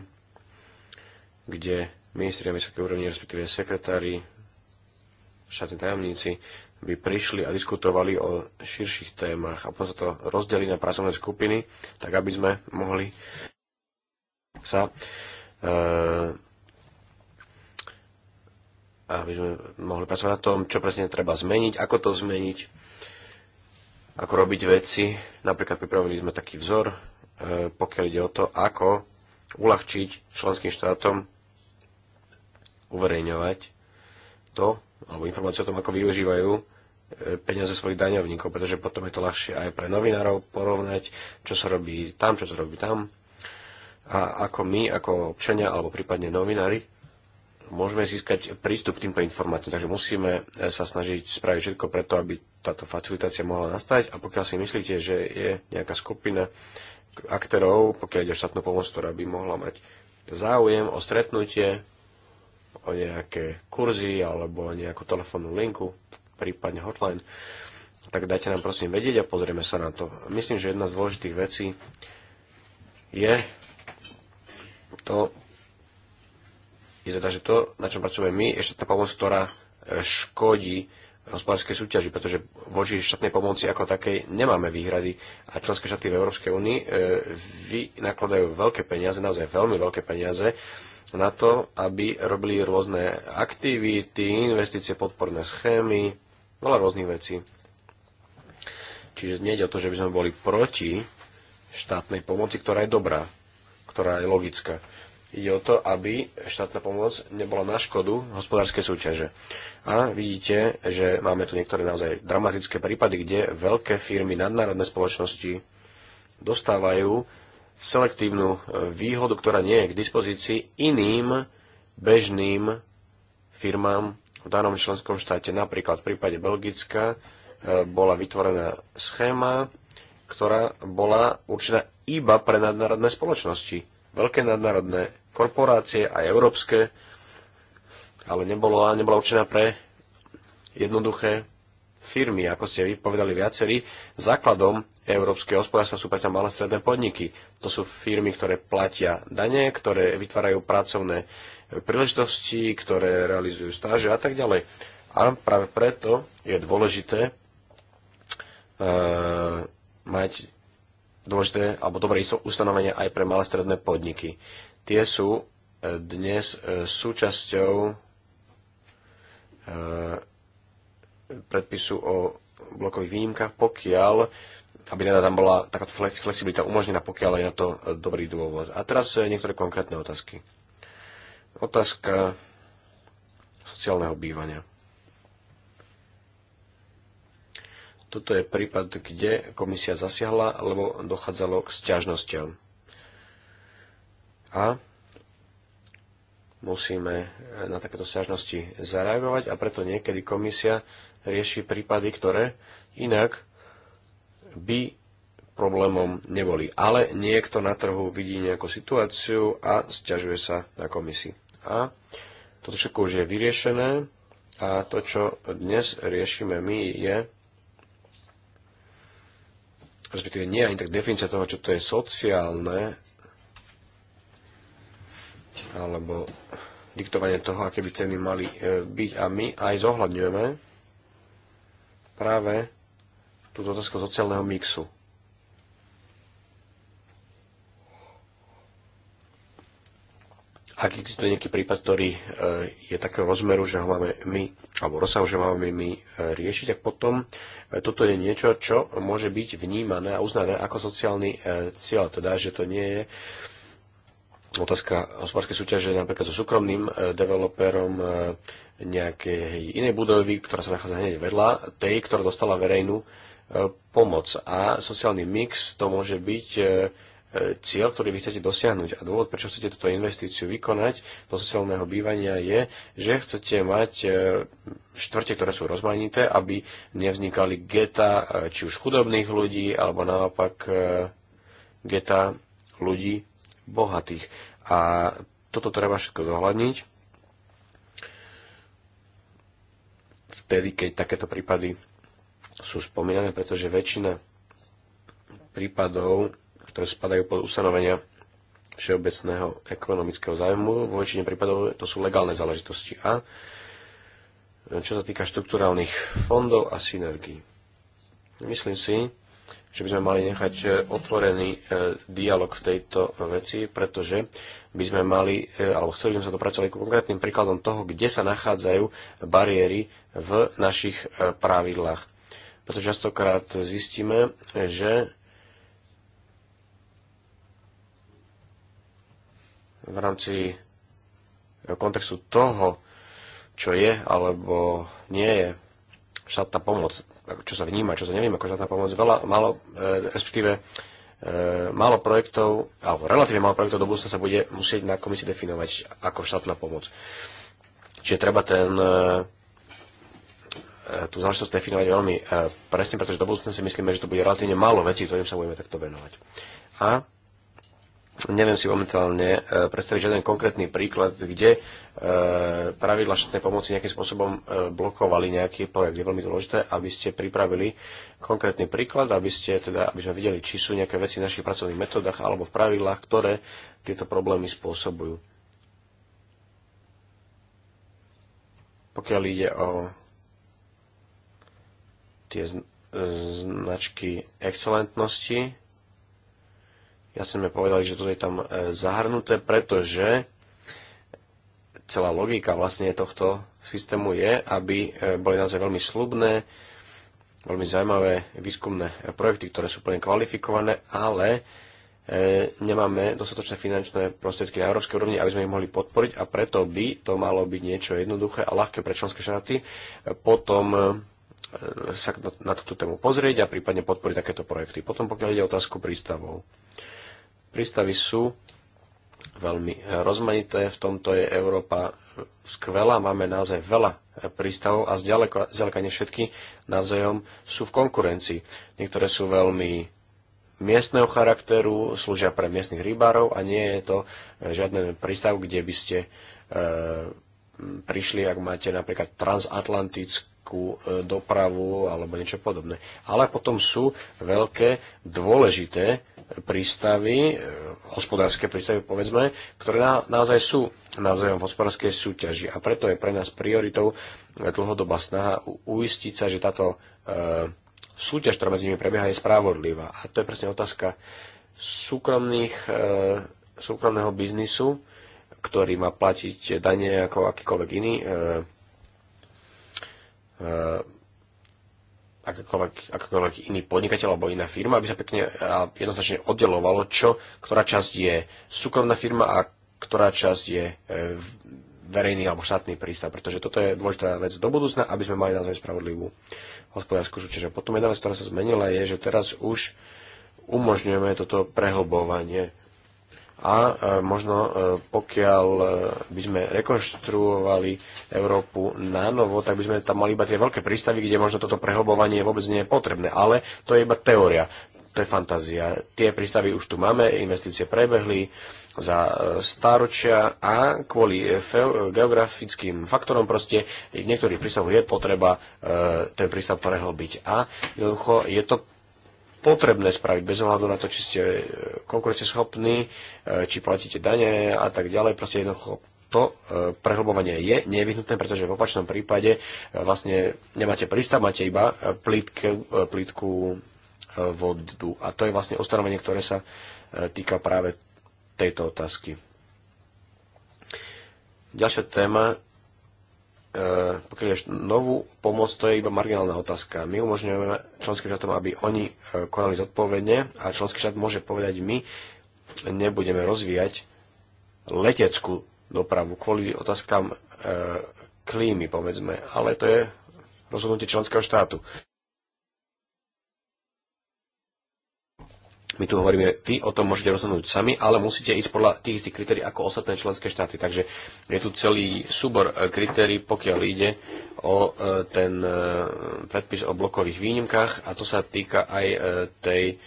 kde ministri na vysokej úrovni, respektíve sekretári, štátni tajomníci by prišli a diskutovali o širších témach a potom sa to rozdeli na pracovné skupiny, tak aby sme mohli sa e, aby sme mohli pracovať na tom, čo presne treba zmeniť, ako to zmeniť, ako robiť veci. Napríklad pripravili sme taký vzor, e, pokiaľ ide o to, ako uľahčiť členským štátom uverejňovať to, alebo informácie o tom, ako využívajú e, peniaze svojich daňovníkov, pretože potom je to ľahšie aj pre novinárov porovnať, čo sa robí tam, čo sa robí tam a ako my, ako občania alebo prípadne novinári môžeme získať prístup k týmto informáciám. Takže musíme e, sa snažiť spraviť všetko preto, aby táto facilitácia mohla nastať. A pokiaľ si myslíte, že je nejaká skupina aktérov, pokiaľ ide o štátnu pomoc, ktorá by mohla mať záujem o stretnutie, o nejaké kurzy alebo o nejakú telefónnu linku, prípadne hotline, tak dajte nám prosím vedieť a pozrieme sa na to. Myslím, že jedna z dôležitých vecí je to, je teda, že to, na čom pracujeme my, je štátna pomoc, ktorá e, škodí hospodárskej súťaži, pretože voči štátnej pomoci ako takej nemáme výhrady a členské štáty v Európskej únii e, vynakladajú veľké peniaze, naozaj veľmi veľké peniaze na to, aby robili rôzne aktivity, investície, podporné schémy, veľa rôznych vecí. Čiže nie je o to, že by sme boli proti štátnej pomoci, ktorá je dobrá, ktorá je logická. Ide o to, aby štátna pomoc nebola na škodu hospodárskej súťaže. A vidíte, že máme tu niektoré naozaj dramatické prípady, kde veľké firmy, nadnárodné spoločnosti dostávajú selektívnu e, výhodu, ktorá nie je k dispozícii iným bežným firmám v danom členskom štáte. Napríklad v prípade Belgicka e, bola vytvorená schéma, ktorá bola určená iba pre nadnárodné spoločnosti veľké nadnárodné korporácie, aj európske, ale nebolo, nebola určená pre jednoduché firmy, ako ste vypovedali viacerí. Základom európskeho hospodárstva sú predsa malé stredné podniky. To sú firmy, ktoré platia dane, ktoré vytvárajú pracovné príležitosti, ktoré realizujú stáže a tak ďalej. A práve preto je dôležité e, mať dôležité alebo dobré ustanovenia aj pre malé stredné podniky. Tie sú e, dnes e, súčasťou e, predpisu o blokových výnimkách, pokiaľ aby teda tam bola taká flexibilita umožnená, pokiaľ je na to dobrý dôvod. A teraz niektoré konkrétne otázky. Otázka sociálneho bývania. Toto je prípad, kde komisia zasiahla, lebo dochádzalo k sťažnostiam a musíme na takéto sťažnosti zareagovať a preto niekedy komisia rieši prípady, ktoré inak by problémom neboli. Ale niekto na trhu vidí nejakú situáciu a sťažuje sa na komisii. A toto všetko už je vyriešené a to, čo dnes riešime my, je respektíve nie ani tak definícia toho, čo to je sociálne alebo diktovanie toho, aké by ceny mali e, byť a my aj zohľadňujeme práve túto otázku sociálneho mixu. Ak existuje nejaký prípad, ktorý e, je takého rozmeru, že ho máme my, alebo rozsahu, že máme my e, riešiť, tak potom toto je niečo, čo môže byť vnímané a uznané ako sociálny cieľ. Teda, že to nie je otázka hospodárskej súťaže napríklad so súkromným e, developerom e, nejakej inej budovy, ktorá sa nachádza hneď vedľa tej, ktorá dostala verejnú e, pomoc. A sociálny mix to môže byť cieľ, ktorý vy chcete dosiahnuť a dôvod, prečo chcete túto investíciu vykonať do sociálneho bývania je, že chcete mať štvrte, ktoré sú rozmanité, aby nevznikali geta či už chudobných ľudí alebo naopak geta ľudí bohatých. A toto treba všetko zohľadniť. Vtedy, keď takéto prípady sú spomínané, pretože väčšina prípadov, ktoré spadajú pod ustanovenia všeobecného ekonomického zájmu, vo väčšine prípadov to sú legálne záležitosti. A čo sa týka štrukturálnych fondov a synergií. Myslím si, že by sme mali nechať e, otvorený e, dialog v tejto veci, pretože by sme mali, e, alebo chceli by sme sa dopracovať konkrétnym príkladom toho, kde sa nachádzajú bariéry v našich pravidlách. Pretože častokrát zistíme, že v rámci kontextu toho, čo je alebo nie je štátna pomoc čo sa vníma, čo sa nevníma ako žiadna pomoc, veľa, malo, e, respektíve e, málo projektov, alebo relatívne málo projektov do budúcna sa bude musieť na komisii definovať ako štátna pomoc. Čiže treba ten, e, e tú záležitosť definovať veľmi e, presne, pretože do budúcna si myslíme, že to bude relatívne málo vecí, ktorým sa budeme takto venovať. A neviem si momentálne e, predstaviť žiaden konkrétny príklad, kde e, pravidla štátnej pomoci nejakým spôsobom e, blokovali nejaký projekt. Je veľmi dôležité, aby ste pripravili konkrétny príklad, aby, ste, teda, aby sme videli, či sú nejaké veci v našich pracovných metodách alebo v pravidlách, ktoré tieto problémy spôsobujú. Pokiaľ ide o tie značky excelentnosti, ja sme povedali, že to je tam e, zahrnuté, pretože celá logika vlastne tohto systému je, aby e, boli naozaj veľmi slubné, veľmi zaujímavé výskumné projekty, ktoré sú plne kvalifikované, ale e, nemáme dostatočné finančné prostriedky na európskej úrovni, aby sme ich mohli podporiť a preto by to malo byť niečo jednoduché a ľahké pre členské štáty potom sa na túto tému pozrieť a prípadne podporiť takéto projekty. Potom pokiaľ ide o otázku prístavov. Prístavy sú veľmi e, rozmanité, v tomto je Európa e, skvelá, máme naozaj veľa e, prístavov a zďaleko, zďaleka ne všetky názejom sú v konkurencii. Niektoré sú veľmi miestneho charakteru, slúžia pre miestnych rybárov a nie je to žiadny prístav, kde by ste e, prišli, ak máte napríklad transatlantickú dopravu alebo niečo podobné. Ale potom sú veľké dôležité prístavy, e, hospodárske prístavy povedzme, ktoré na, naozaj sú navzájom v hospodárskej súťaži. A preto je pre nás prioritou e, dlhodobá snaha uistiť sa, že táto e, súťaž, ktorá medzi nimi prebieha, je spravodlivá. A to je presne otázka súkromných, e, súkromného biznisu, ktorý má platiť dane ako akýkoľvek iný. E, e, akákoľvek, akákoľvek iný podnikateľ alebo iná firma, aby sa pekne a jednoznačne oddelovalo, čo, ktorá časť je súkromná firma a ktorá časť je e, verejný alebo štátny prístav, pretože toto je dôležitá vec do budúcna, aby sme mali naozaj spravodlivú hospodárskú súťaž. potom jedna vec, ktorá sa zmenila, je, že teraz už umožňujeme toto prehlbovanie a e, možno e, pokiaľ e, by sme rekonštruovali Európu na novo, tak by sme tam mali iba tie veľké prístavy, kde možno toto prehlbovanie vôbec nie je potrebné. Ale to je iba teória, to je fantázia. Tie prístavy už tu máme, investície prebehli za staročia a kvôli geografickým faktorom proste v niektorých prístavoch je potreba ten prístav prehlbiť. A jednoducho je to potrebné spraviť bez ohľadu na to, či ste e, konkurenceschopní, e, či platíte dane a tak ďalej. Proste jednoducho to e, prehlbovanie je nevyhnutné, pretože v opačnom prípade vlastne nemáte prístav, máte iba plítke, plítku vodu. A to je vlastne ustanovenie, ktoré sa týka práve tejto otázky. Ďalšia téma E, pokiaľ novú pomoc, to je iba marginálna otázka. My umožňujeme členským štátom, aby oni e, konali zodpovedne a členský štát môže povedať, my nebudeme rozvíjať leteckú dopravu kvôli otázkam e, klímy, povedzme, ale to je rozhodnutie členského štátu. My tu hovoríme, vy o tom môžete rozhodnúť sami, ale musíte ísť podľa tých istých kritérií ako ostatné členské štáty. Takže je tu celý súbor e, kritérií, pokiaľ ide o e, ten e, predpis o blokových výnimkách a to sa týka aj tej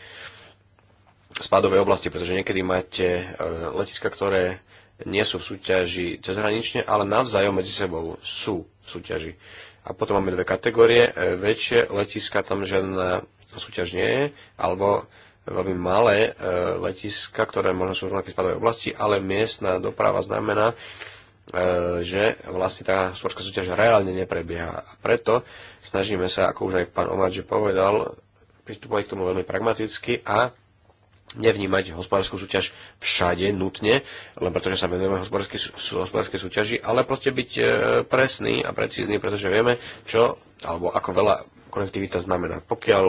spadovej oblasti, pretože niekedy máte letiska, ktoré nie sú v súťaži cezhranične, ale navzájom medzi sebou sú v súťaži. A potom máme dve kategórie. Väčšie letiska tam žiadna súťaž nie je, alebo veľmi malé e, letiska, ktoré možno sú v rovnakej spadovej oblasti, ale miestna doprava znamená, e, že vlastne tá sporská súťaž reálne neprebieha. A preto snažíme sa, ako už aj pán Omadže povedal, pristupovať k tomu veľmi pragmaticky a nevnímať hospodárskú súťaž všade nutne, len pretože sa venujeme hospodárskej, hospodárskej súťaži, ale proste byť e, presný a precízny, pretože vieme, čo alebo ako veľa konektivita znamená. Pokiaľ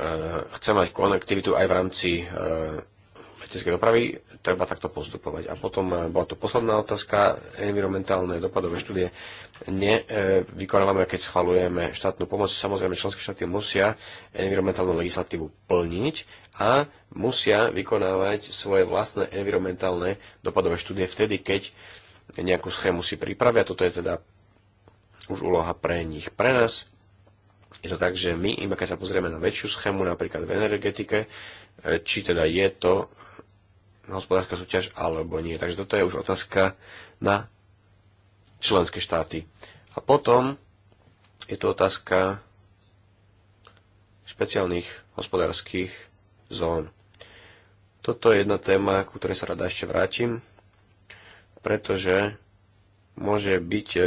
Eh, chce mať konektivitu aj v rámci eh, leteckej dopravy, treba takto postupovať. A potom eh, bola to posledná otázka, environmentálne dopadové štúdie nevykonávame, keď schvalujeme štátnu pomoc. Samozrejme, členské štáty musia environmentálnu legislatívu plniť a musia vykonávať svoje vlastné environmentálne dopadové štúdie vtedy, keď nejakú schému si pripravia. Toto je teda už úloha pre nich. Pre nás je to tak, že my, iba keď sa pozrieme na väčšiu schému, napríklad v energetike, e, či teda je to hospodárska súťaž alebo nie. Takže toto je už otázka na členské štáty. A potom je tu otázka špeciálnych hospodárskych zón. Toto je jedna téma, ku ktorej sa rada ešte vrátim, pretože môže byť e,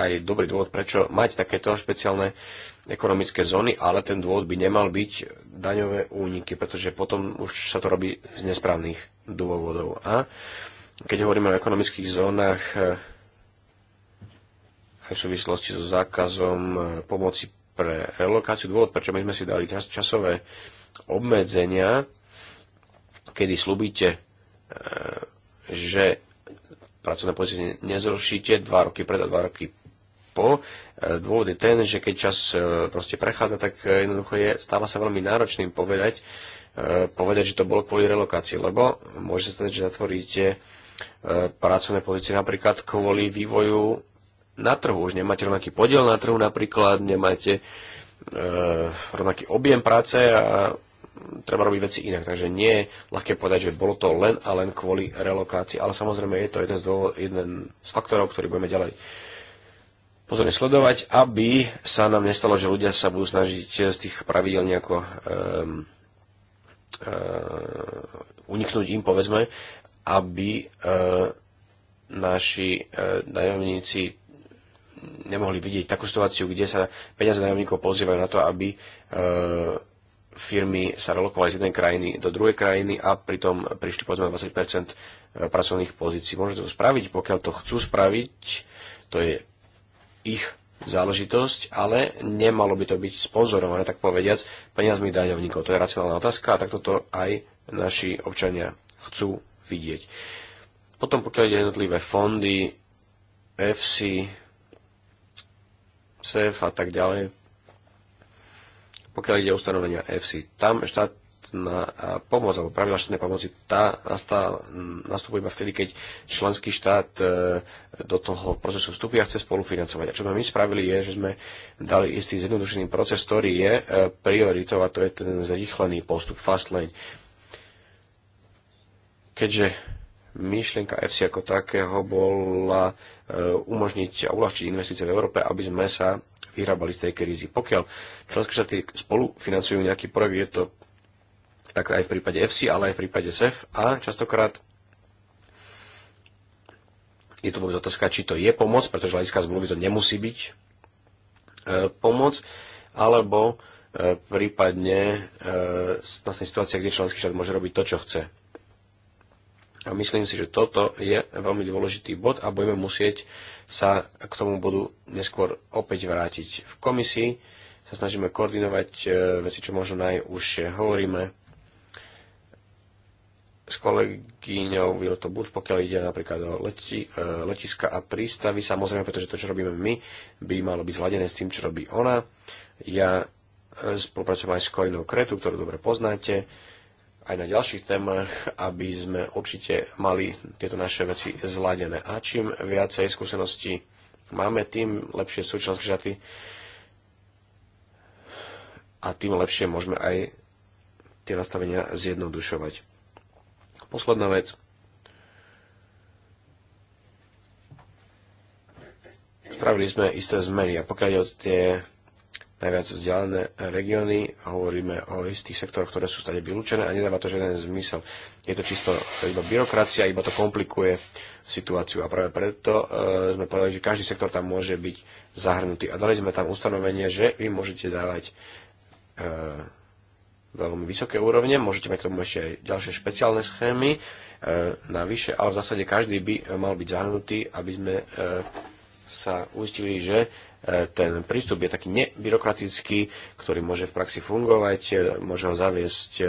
aj dobrý dôvod, prečo mať takéto špeciálne ekonomické zóny, ale ten dôvod by nemal byť daňové úniky, pretože potom už sa to robí z nesprávnych dôvodov. A keď hovoríme o ekonomických zónach e, aj v súvislosti so zákazom e, pomoci pre relokáciu, dôvod, prečo my sme si dali čas, časové obmedzenia, kedy slúbite, e, že pracovné pozície nezrušíte 2 roky pred a dva roky po. E, dôvod je ten, že keď čas e, proste prechádza, tak e, jednoducho je, stáva sa veľmi náročným povedať, povedať, že to bolo kvôli relokácii, lebo môže sa stať, že zatvoríte pracovné pozície napríklad kvôli vývoju na trhu. Už nemáte rovnaký podiel na trhu napríklad, nemáte rovnaký objem práce a treba robiť veci inak. Takže nie je ľahké povedať, že bolo to len a len kvôli relokácii, ale samozrejme je to jeden z, dôvod, jeden z faktorov, ktorý budeme ďalej pozorne sledovať, aby sa nám nestalo, že ľudia sa budú snažiť z tých pravidel nejako um, uh, uniknúť im, povedzme, aby uh, naši uh, najomníci nemohli vidieť takú situáciu, kde sa peniaze najomníkov pozývajú na to, aby e, firmy sa relokovali z jednej krajiny do druhej krajiny a pritom prišli povedzme 20 eh, pracovných pozícií. Môžete to spraviť, pokiaľ to chcú spraviť, to je ich záležitosť, ale nemalo by to byť sponzorované, tak povediac, peniazmi daňovníkov. To je racionálna otázka a takto to aj naši občania chcú vidieť. Potom pokiaľ ide jednotlivé fondy, FC, CF e a tak ďalej, pokiaľ ide o ustanovenia FC, tam štát štátna pomoc alebo pravidla štátnej pomoci, tá nastupuje iba vtedy, keď členský štát e, do toho procesu vstupí a chce spolufinancovať. A čo sme my spravili je, že sme dali istý zjednodušený proces, ktorý je e, prioritou a to je ten zrýchlený postup, fast lane. Keďže myšlienka EFSI ako takého bola e, umožniť a uľahčiť investície v Európe, aby sme sa vyhrábali z tej krízy. Pokiaľ členské štáty spolu financujú nejaký projekt, je to tak aj v prípade FC, ale aj v prípade SEF a častokrát je tu vôbec otázka, či to je pomoc, pretože hľadiska zmluvy to nemusí byť e, pomoc, alebo e, prípadne e, vlastne situácia, kde členský štát môže robiť to, čo chce. A myslím si, že toto je veľmi dôležitý bod a budeme musieť sa k tomu bodu neskôr opäť vrátiť. V komisii sa snažíme koordinovať e, veci, čo možno najúžšie hovoríme s kolegyňou Vilto Buč, pokiaľ ide napríklad o leti, e, letiska a prístavy, samozrejme, pretože to, čo robíme my, by malo byť zladené s tým, čo robí ona. Ja e, spolupracujem aj s Korinou Kretu, ktorú dobre poznáte, aj na ďalších témach, aby sme určite mali tieto naše veci zladené. A čím viacej skúseností máme, tým lepšie sú členské žaty a tým lepšie môžeme aj tie nastavenia zjednodušovať. Posledná vec. Spravili sme isté zmeny a pokiaľ je o tie najviac vzdialené regióny hovoríme o istých sektoroch, ktoré sú stade vylúčené a nedáva to žiaden zmysel. Je to čisto iba byrokracia, iba to komplikuje situáciu a práve preto e, sme povedali, že každý sektor tam môže byť zahrnutý a dali sme tam ustanovenie, že vy môžete dávať e, veľmi vysoké úrovne. Môžete mať k tomu ešte aj ďalšie špeciálne schémy e, navyše, ale v zásade každý by mal byť zahrnutý, aby sme e, sa uistili, že e, ten prístup je taký nebyrokratický, ktorý môže v praxi fungovať, e, môže ho zaviesť e,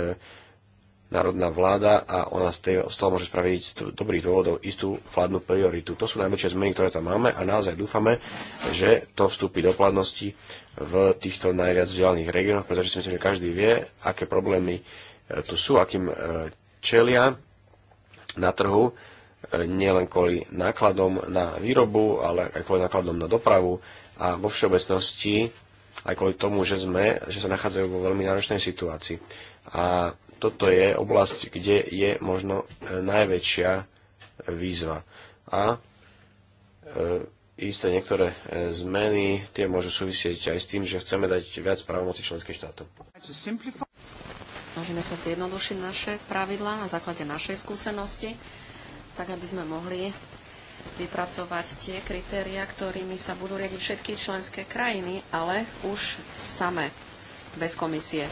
národná vláda a ona z, tej, z toho môže spraviť z dobrých dôvodov istú vládnu prioritu. To sú najväčšie zmeny, ktoré tam máme a naozaj dúfame, že to vstúpi do platnosti v týchto najviac vzdialených regiónoch, pretože si myslím, že každý vie, aké problémy e, tu sú, akým e, čelia na trhu, e, nielen kvôli nákladom na výrobu, ale aj kvôli nákladom na dopravu a vo všeobecnosti aj kvôli tomu, že, sme, že sa nachádzajú vo veľmi náročnej situácii. A toto je oblasť, kde je možno e, najväčšia výzva. A e, isté niektoré e, zmeny, tie môžu súvisieť aj s tým, že chceme dať viac právomocí členským štátom. Snažíme sa zjednodušiť naše pravidlá na základe našej skúsenosti, tak aby sme mohli vypracovať tie kritéria, ktorými sa budú riadiť všetky členské krajiny, ale už same, bez komisie.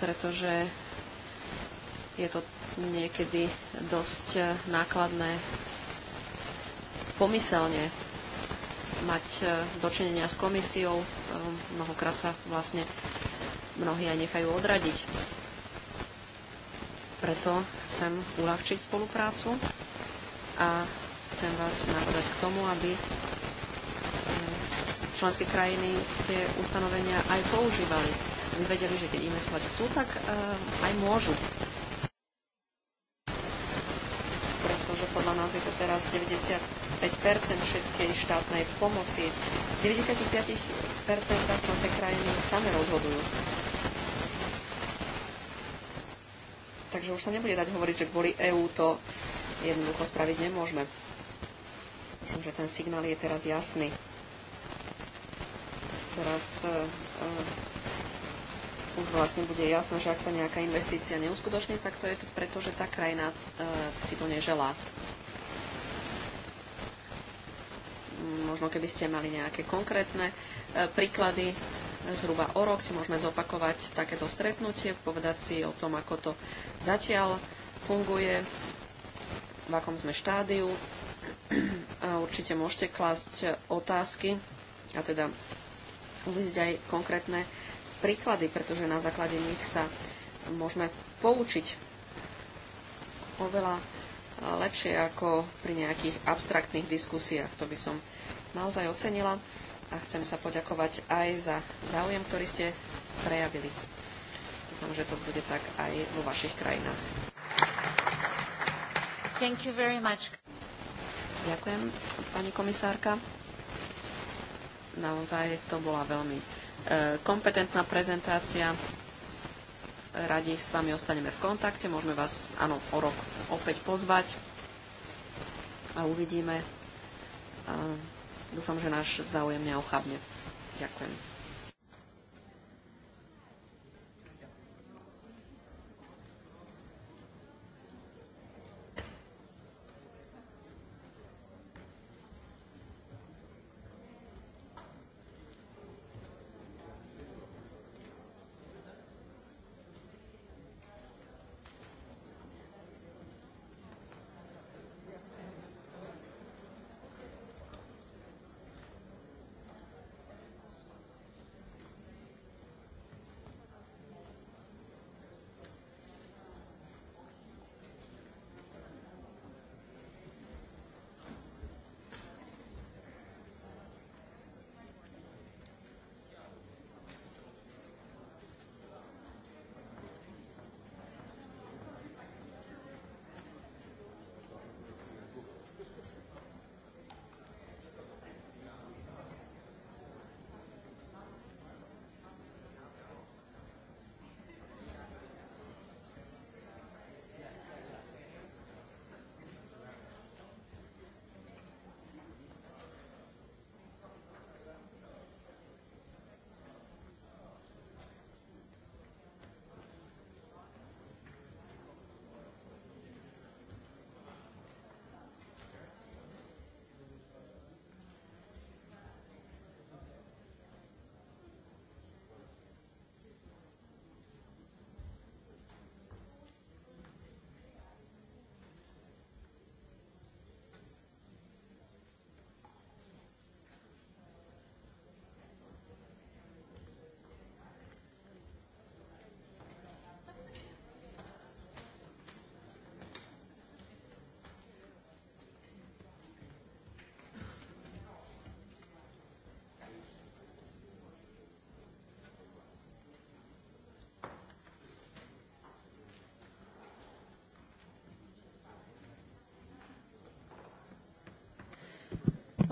pretože je to niekedy dosť eh, nákladné pomyselne mať eh, dočinenia s komisiou. Eh, mnohokrát sa vlastne mnohí aj nechajú odradiť. Preto chcem uľahčiť spoluprácu a chcem vás napadať k tomu, aby členské krajiny tie ustanovenia aj používali aby vedeli, že keď investovať chcú, tak e, aj môžu. Pretože podľa nás je to teraz 95 všetkej štátnej pomoci. 95 tam sa krajiny same rozhodujú. Takže už sa nebude dať hovoriť, že kvôli EÚ to jednoducho spraviť nemôžeme. Myslím, že ten signál je teraz jasný. Teraz e, e, už vlastne bude jasné, že ak sa nejaká investícia neuskutoční, tak to je to preto, že tá krajina e, si to neželá. Možno keby ste mali nejaké konkrétne e, príklady, e, zhruba o rok si môžeme zopakovať takéto stretnutie, povedať si o tom, ako to zatiaľ funguje, v akom sme štádiu. A určite môžete klásť otázky a teda uvízť aj konkrétne príklady, pretože na základe nich sa môžeme poučiť oveľa e, lepšie ako pri nejakých abstraktných diskusiách. To by som naozaj ocenila a chcem sa poďakovať aj za záujem, ktorý ste prejavili. Dúfam, že to bude tak aj vo vašich krajinách. Thank you very much. Ďakujem, pani komisárka. Naozaj to bola veľmi E, kompetentná prezentácia. Radi s vami ostaneme v kontakte, môžeme vás áno, o rok opäť pozvať a uvidíme. Dúfam, že náš záujem neochabne. Ďakujem.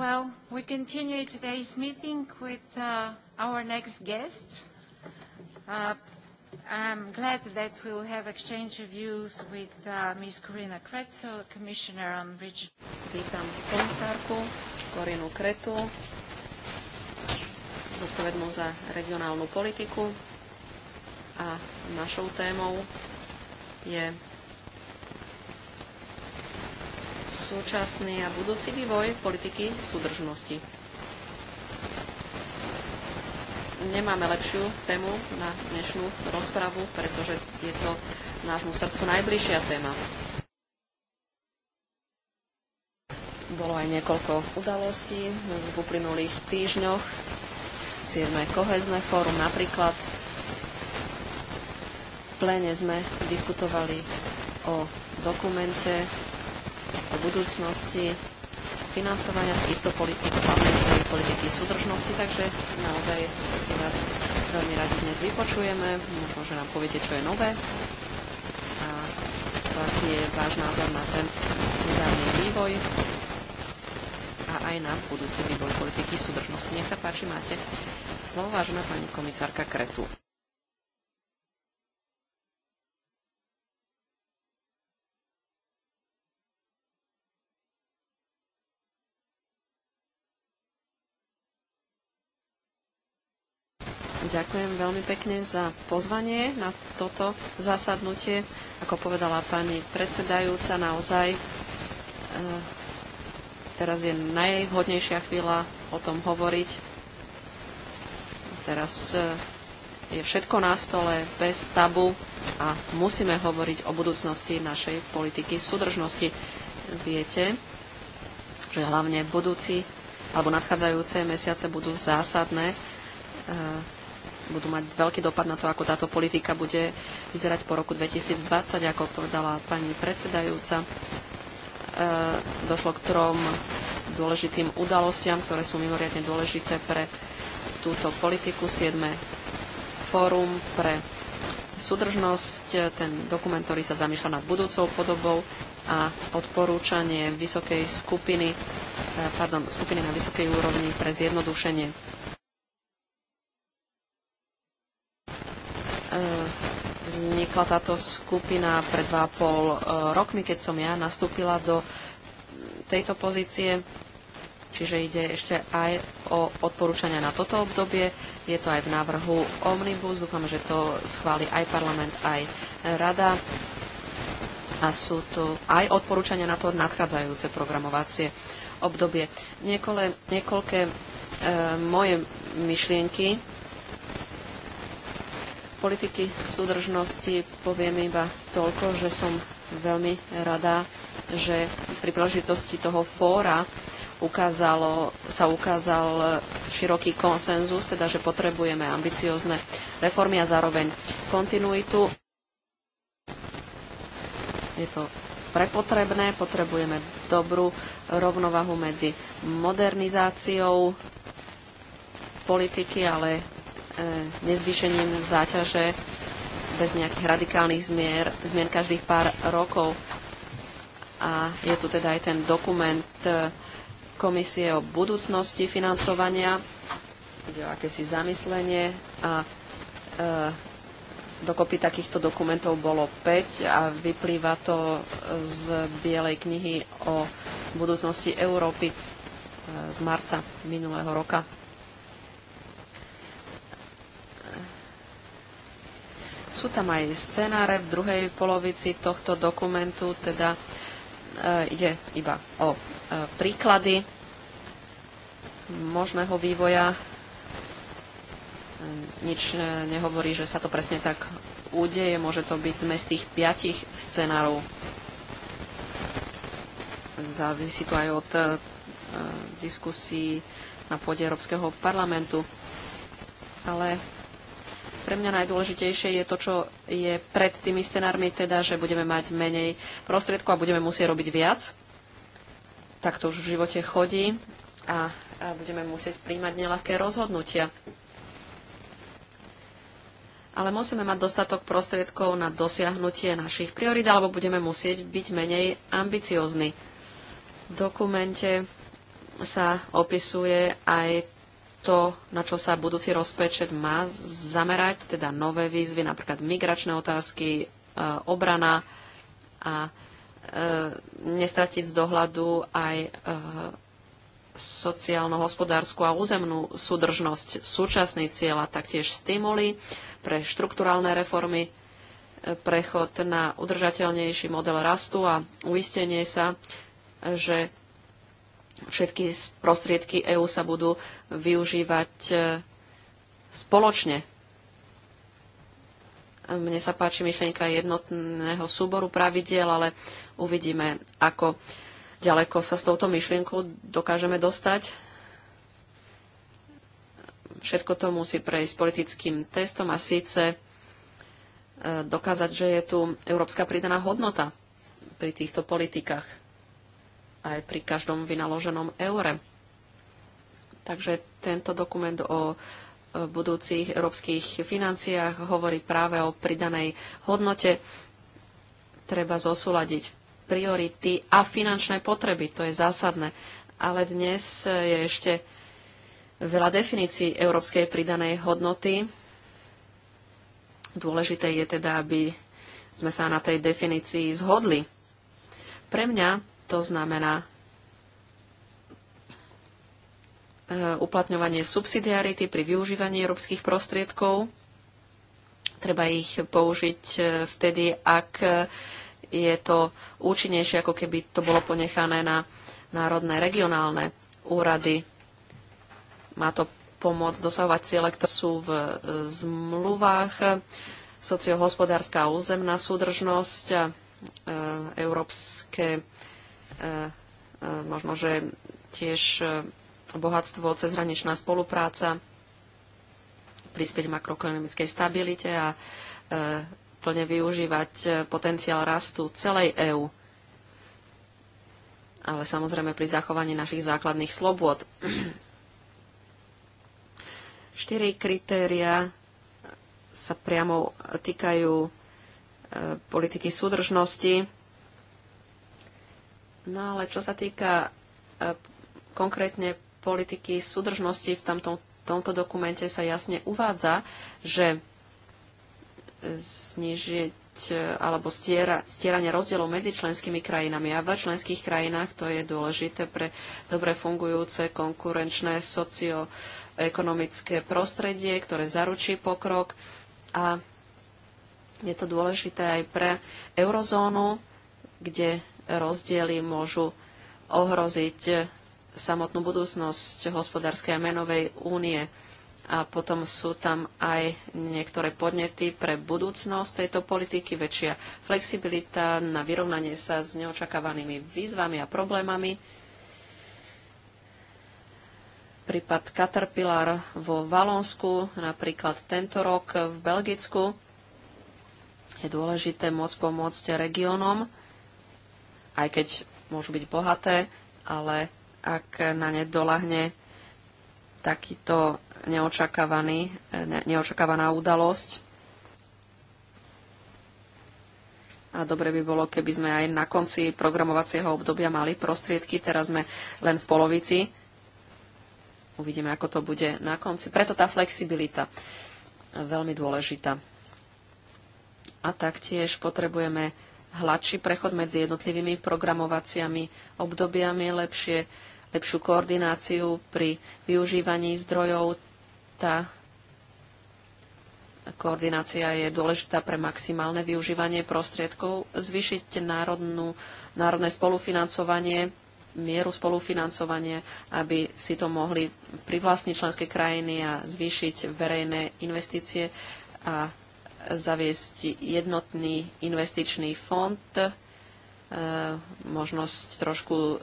Well, we continue today's meeting with uh, our next guest. Uh, I'm glad that we will have exchange of views with uh, Ms. Corina Kretsu, Commissioner on Regional... Vítam komisárku Corinu Kretu, zodpovednú za regionálnu politiku. A našou témou je súčasný a budúci vývoj politiky súdržnosti. Nemáme lepšiu tému na dnešnú rozpravu, pretože je to nášmu srdcu najbližšia téma. Bolo aj niekoľko udalostí v uplynulých týždňoch. 7. kohezné fórum napríklad. V pléne sme diskutovali o dokumente budúcnosti financovania týchto politik, hlavne politiky súdržnosti, takže naozaj si vás veľmi radi dnes vypočujeme, možno, že nám poviete, čo je nové a aký je váš názor na ten nedávny vývoj a aj na budúci vývoj politiky súdržnosti. Nech sa páči, máte slovo, vážená pani komisárka Kretu. Ďakujem veľmi pekne za pozvanie na toto zasadnutie. Ako povedala pani predsedajúca, naozaj e, teraz je najvhodnejšia chvíľa o tom hovoriť. Teraz e, je všetko na stole bez tabu a musíme hovoriť o budúcnosti našej politiky súdržnosti. Viete, že hlavne budúci alebo nadchádzajúce mesiace budú zásadné e, budú mať veľký dopad na to, ako táto politika bude vyzerať po roku 2020, ako povedala pani predsedajúca. E, došlo k trom dôležitým udalostiam, ktoré sú mimoriadne dôležité pre túto politiku. 7. fórum pre súdržnosť, ten dokument, ktorý sa zamýšľa nad budúcou podobou a odporúčanie vysokej skupiny, e, pardon, skupiny na vysokej úrovni pre zjednodušenie Eh, vznikla táto skupina pred 2,5 eh, rokmi, keď som ja nastúpila do tejto pozície. Čiže ide ešte aj o odporúčania na toto obdobie. Je to aj v návrhu Omnibus. Dúfam, že to schváli aj parlament, aj rada. A sú to aj odporúčania na to nadchádzajúce programovacie obdobie. Niekole, niekoľké e, moje myšlienky politiky súdržnosti poviem iba toľko, že som veľmi rada, že pri príležitosti toho fóra ukázalo, sa ukázal široký konsenzus, teda že potrebujeme ambiciozne reformy a zároveň kontinuitu. Je to prepotrebné, potrebujeme dobrú rovnovahu medzi modernizáciou politiky, ale E, nezvýšením záťaže bez nejakých radikálnych zmier, zmien každých pár rokov. A je tu teda aj ten dokument e, Komisie o budúcnosti financovania, kde o akési zamyslenie a e, dokopy takýchto dokumentov bolo 5 a vyplýva to e, z Bielej knihy o budúcnosti Európy z marca minulého roka. Sú tam aj scenáre v druhej polovici tohto dokumentu, teda e, ide iba o e, príklady možného vývoja. E, nič e, nehovorí, že sa to presne tak udeje. Môže to byť z tých piatich scenárov. Závisí to aj od e, diskusí na pôde Európskeho parlamentu. Ale pre mňa najdôležitejšie je to, čo je pred tými scenármi, teda, že budeme mať menej prostriedkov a budeme musieť robiť viac. Tak to už v živote chodí a, a budeme musieť príjmať nelahké rozhodnutia. Ale musíme mať dostatok prostriedkov na dosiahnutie našich priorít, alebo budeme musieť byť menej ambiciozni. V dokumente sa opisuje aj to, na čo sa budúci rozpečet má zamerať, teda nové výzvy, napríklad migračné otázky, e, obrana a e, nestratiť z dohľadu aj e, sociálno-hospodárskú a územnú súdržnosť, súčasný cieľ a taktiež stimuly pre štrukturálne reformy, prechod na udržateľnejší model rastu a uistenie sa, že všetky prostriedky EÚ sa budú využívať e, spoločne. Mne sa páči myšlienka jednotného súboru pravidiel, ale uvidíme, ako ďaleko sa s touto myšlienkou dokážeme dostať. Všetko to musí prejsť politickým testom a síce e, dokázať, že je tu európska pridaná hodnota pri týchto politikách aj pri každom vynaloženom eure. Takže tento dokument o e, budúcich európskych financiách hovorí práve o pridanej hodnote. Treba zosúľadiť priority a finančné potreby, to je zásadné. Ale dnes je ešte veľa definícií európskej pridanej hodnoty. Dôležité je teda, aby sme sa na tej definícii zhodli. Pre mňa to znamená Eh, uplatňovanie subsidiarity pri využívaní európskych prostriedkov. Treba ich použiť eh, vtedy, ak eh, je to účinnejšie, ako keby to bolo ponechané na národné regionálne úrady. Má to pomôcť dosahovať ciele, ktoré sú v zmluvách, sociohospodárska a územná súdržnosť, a európske, možno, že tiež bohatstvo, cezhraničná spolupráca, prispieť makroekonomickej stabilite a e, plne využívať e, potenciál rastu celej EÚ. Ale samozrejme pri zachovaní našich základných slobôd. Štyri kritéria sa priamo týkajú e, politiky súdržnosti. No ale čo sa týka e, konkrétne politiky súdržnosti. V tomto, tomto dokumente sa jasne uvádza, že znižiť e, alebo stiera, stieranie rozdielov medzi členskými krajinami a v členských krajinách to je dôležité pre dobre fungujúce konkurenčné socioekonomické prostredie, ktoré zaručí pokrok a je to dôležité aj pre eurozónu, kde rozdiely môžu ohroziť samotnú budúcnosť hospodárskej a menovej únie. A potom sú tam aj niektoré podnety pre budúcnosť tejto politiky, väčšia flexibilita na vyrovnanie sa s neočakávanými výzvami a problémami. Prípad Caterpillar vo Valonsku, napríklad tento rok v Belgicku. Je dôležité môcť pomôcť regiónom, aj keď môžu byť bohaté, ale ak na ne dolahne takýto neočakávaný, ne, neočakávaná udalosť. A dobre by bolo, keby sme aj na konci programovacieho obdobia mali prostriedky, teraz sme len v polovici. Uvidíme, ako to bude na konci. Preto tá flexibilita veľmi dôležitá. A taktiež potrebujeme hladší prechod medzi jednotlivými programovaciami obdobiami, lepšie lepšiu koordináciu pri využívaní zdrojov. Tá koordinácia je dôležitá pre maximálne využívanie prostriedkov, zvyšiť národnú, národné spolufinancovanie, mieru spolufinancovania, aby si to mohli privlastniť členské krajiny a zvýšiť verejné investície a zaviesť jednotný investičný fond E, možnosť trošku e,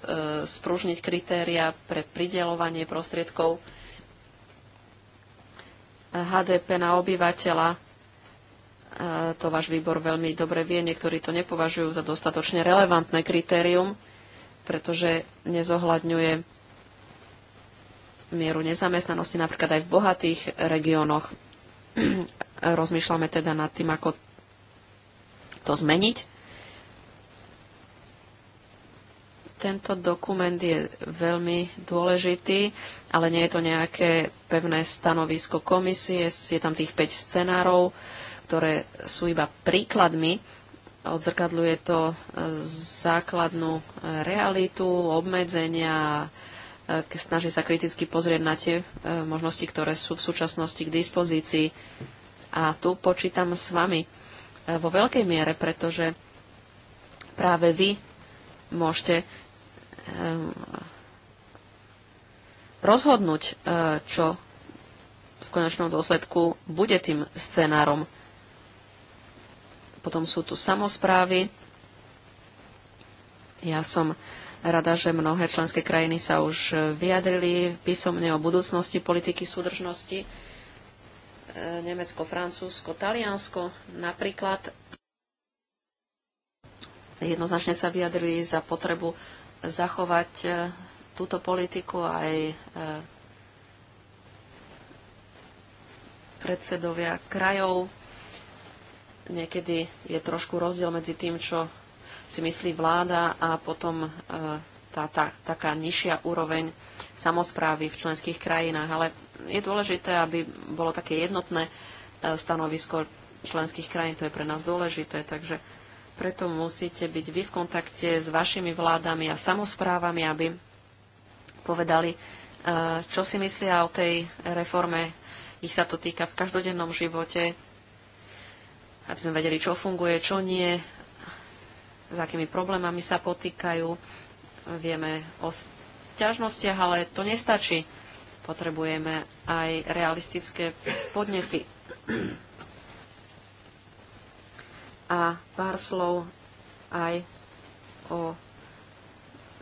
spružniť kritéria pre pridelovanie prostriedkov HDP na obyvateľa. E, to váš výbor veľmi dobre vie, niektorí to nepovažujú za dostatočne relevantné kritérium, pretože nezohľadňuje mieru nezamestnanosti napríklad aj v bohatých regiónoch. Rozmýšľame teda nad tým, ako to zmeniť Tento dokument je veľmi dôležitý, ale nie je to nejaké pevné stanovisko komisie. Je tam tých 5 scenárov, ktoré sú iba príkladmi. Odzrkadľuje to e, základnú e, realitu, obmedzenia, e, snaží sa kriticky pozrieť na tie možnosti, ktoré sú v súčasnosti k dispozícii. A tu počítam s vami vo veľkej miere, pretože práve vy môžete Ehm, rozhodnúť, ehm, čo v konečnom dôsledku bude tým scenárom. Potom sú tu samozprávy. Ja som rada, že mnohé členské krajiny sa už vyjadrili písomne o budúcnosti politiky súdržnosti. Ehm, Nemecko, Francúzsko, Taliansko napríklad jednoznačne sa vyjadrili za potrebu zachovať e, túto politiku aj e, predsedovia krajov. Niekedy je trošku rozdiel medzi tým, čo si myslí vláda a potom e, tá, tá taká nižšia úroveň samozprávy v členských krajinách. Ale je dôležité, aby bolo také jednotné stanovisko členských krajín, to je pre nás dôležité, takže preto musíte byť vy v kontakte s vašimi vládami a samozprávami, aby povedali, e, čo si myslia o tej reforme. Ich sa to týka v každodennom živote, aby sme vedeli, čo funguje, čo nie, s akými problémami sa potýkajú. Vieme o ťažnostiach, ale to nestačí. Potrebujeme aj realistické podnety a pár slov aj o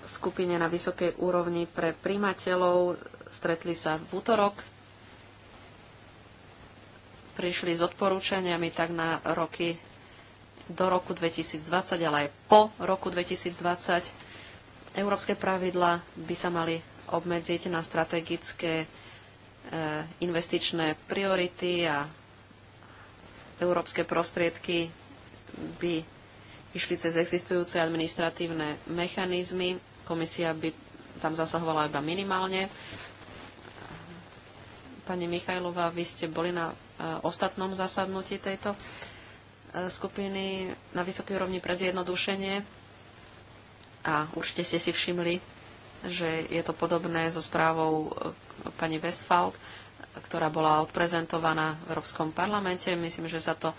skupine na vysokej úrovni pre primateľov. Stretli sa v útorok. Prišli s odporúčaniami tak na roky do roku 2020, ale aj po roku 2020. Európske pravidla by sa mali obmedziť na strategické e, investičné priority a európske prostriedky by išli cez existujúce administratívne mechanizmy. Komisia by tam zasahovala iba minimálne. Pani Michajlová, vy ste boli na e, ostatnom zasadnutí tejto e, skupiny na vysokej úrovni pre zjednodušenie a určite ste si všimli, že je to podobné so správou e, pani Westfald, ktorá bola odprezentovaná v Európskom parlamente. Myslím, že sa to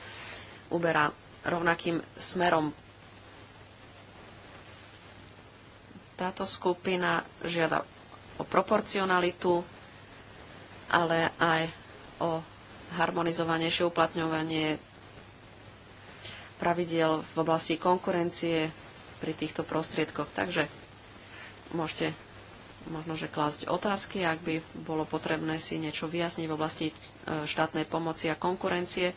uberá rovnakým smerom. Táto skupina žiada o proporcionalitu, ale aj o harmonizovanejšie uplatňovanie pravidiel v oblasti konkurencie pri týchto prostriedkoch. Takže môžete možno, že klásť otázky, ak by bolo potrebné si niečo vyjasniť v oblasti e, štátnej pomoci a konkurencie.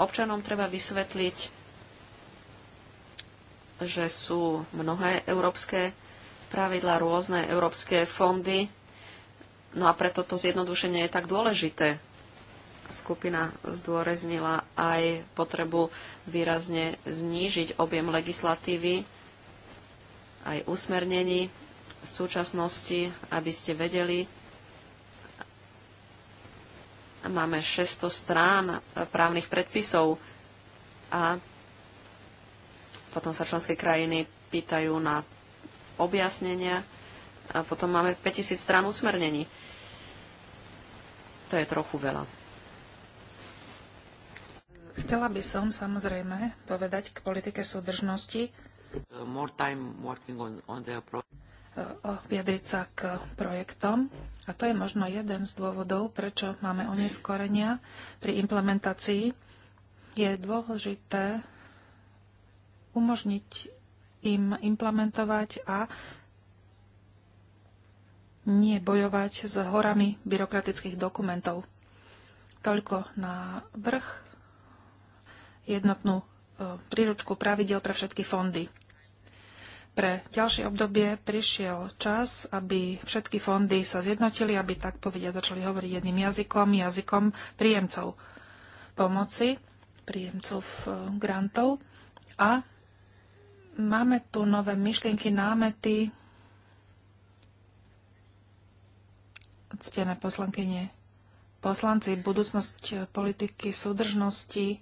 Občanom treba vysvetliť, že sú mnohé európske pravidla, rôzne európske fondy, no a preto to zjednodušenie je tak dôležité. Skupina zdôreznila aj potrebu výrazne znížiť objem legislatívy, aj usmernení v súčasnosti, aby ste vedeli, Máme 600 strán právnych predpisov a potom sa členské krajiny pýtajú na objasnenia a potom máme 5000 strán usmernení. To je trochu veľa. Chcela by som samozrejme povedať k politike súdržnosti, on, on Eh, vyjadriť sa k projektom. A to je možno jeden z dôvodov, prečo máme oneskorenia pri implementácii. Je dôležité umožniť im implementovať a nie bojovať s horami byrokratických dokumentov. Toľko na vrch jednotnú eh, príručku pravidel pre všetky fondy pre ďalšie obdobie prišiel čas, aby všetky fondy sa zjednotili, aby tak povedia začali hovoriť jedným jazykom, jazykom príjemcov pomoci, príjemcov eh, grantov. A máme tu nové myšlienky, námety. Ctené poslankyne, poslanci, budúcnosť eh, politiky súdržnosti,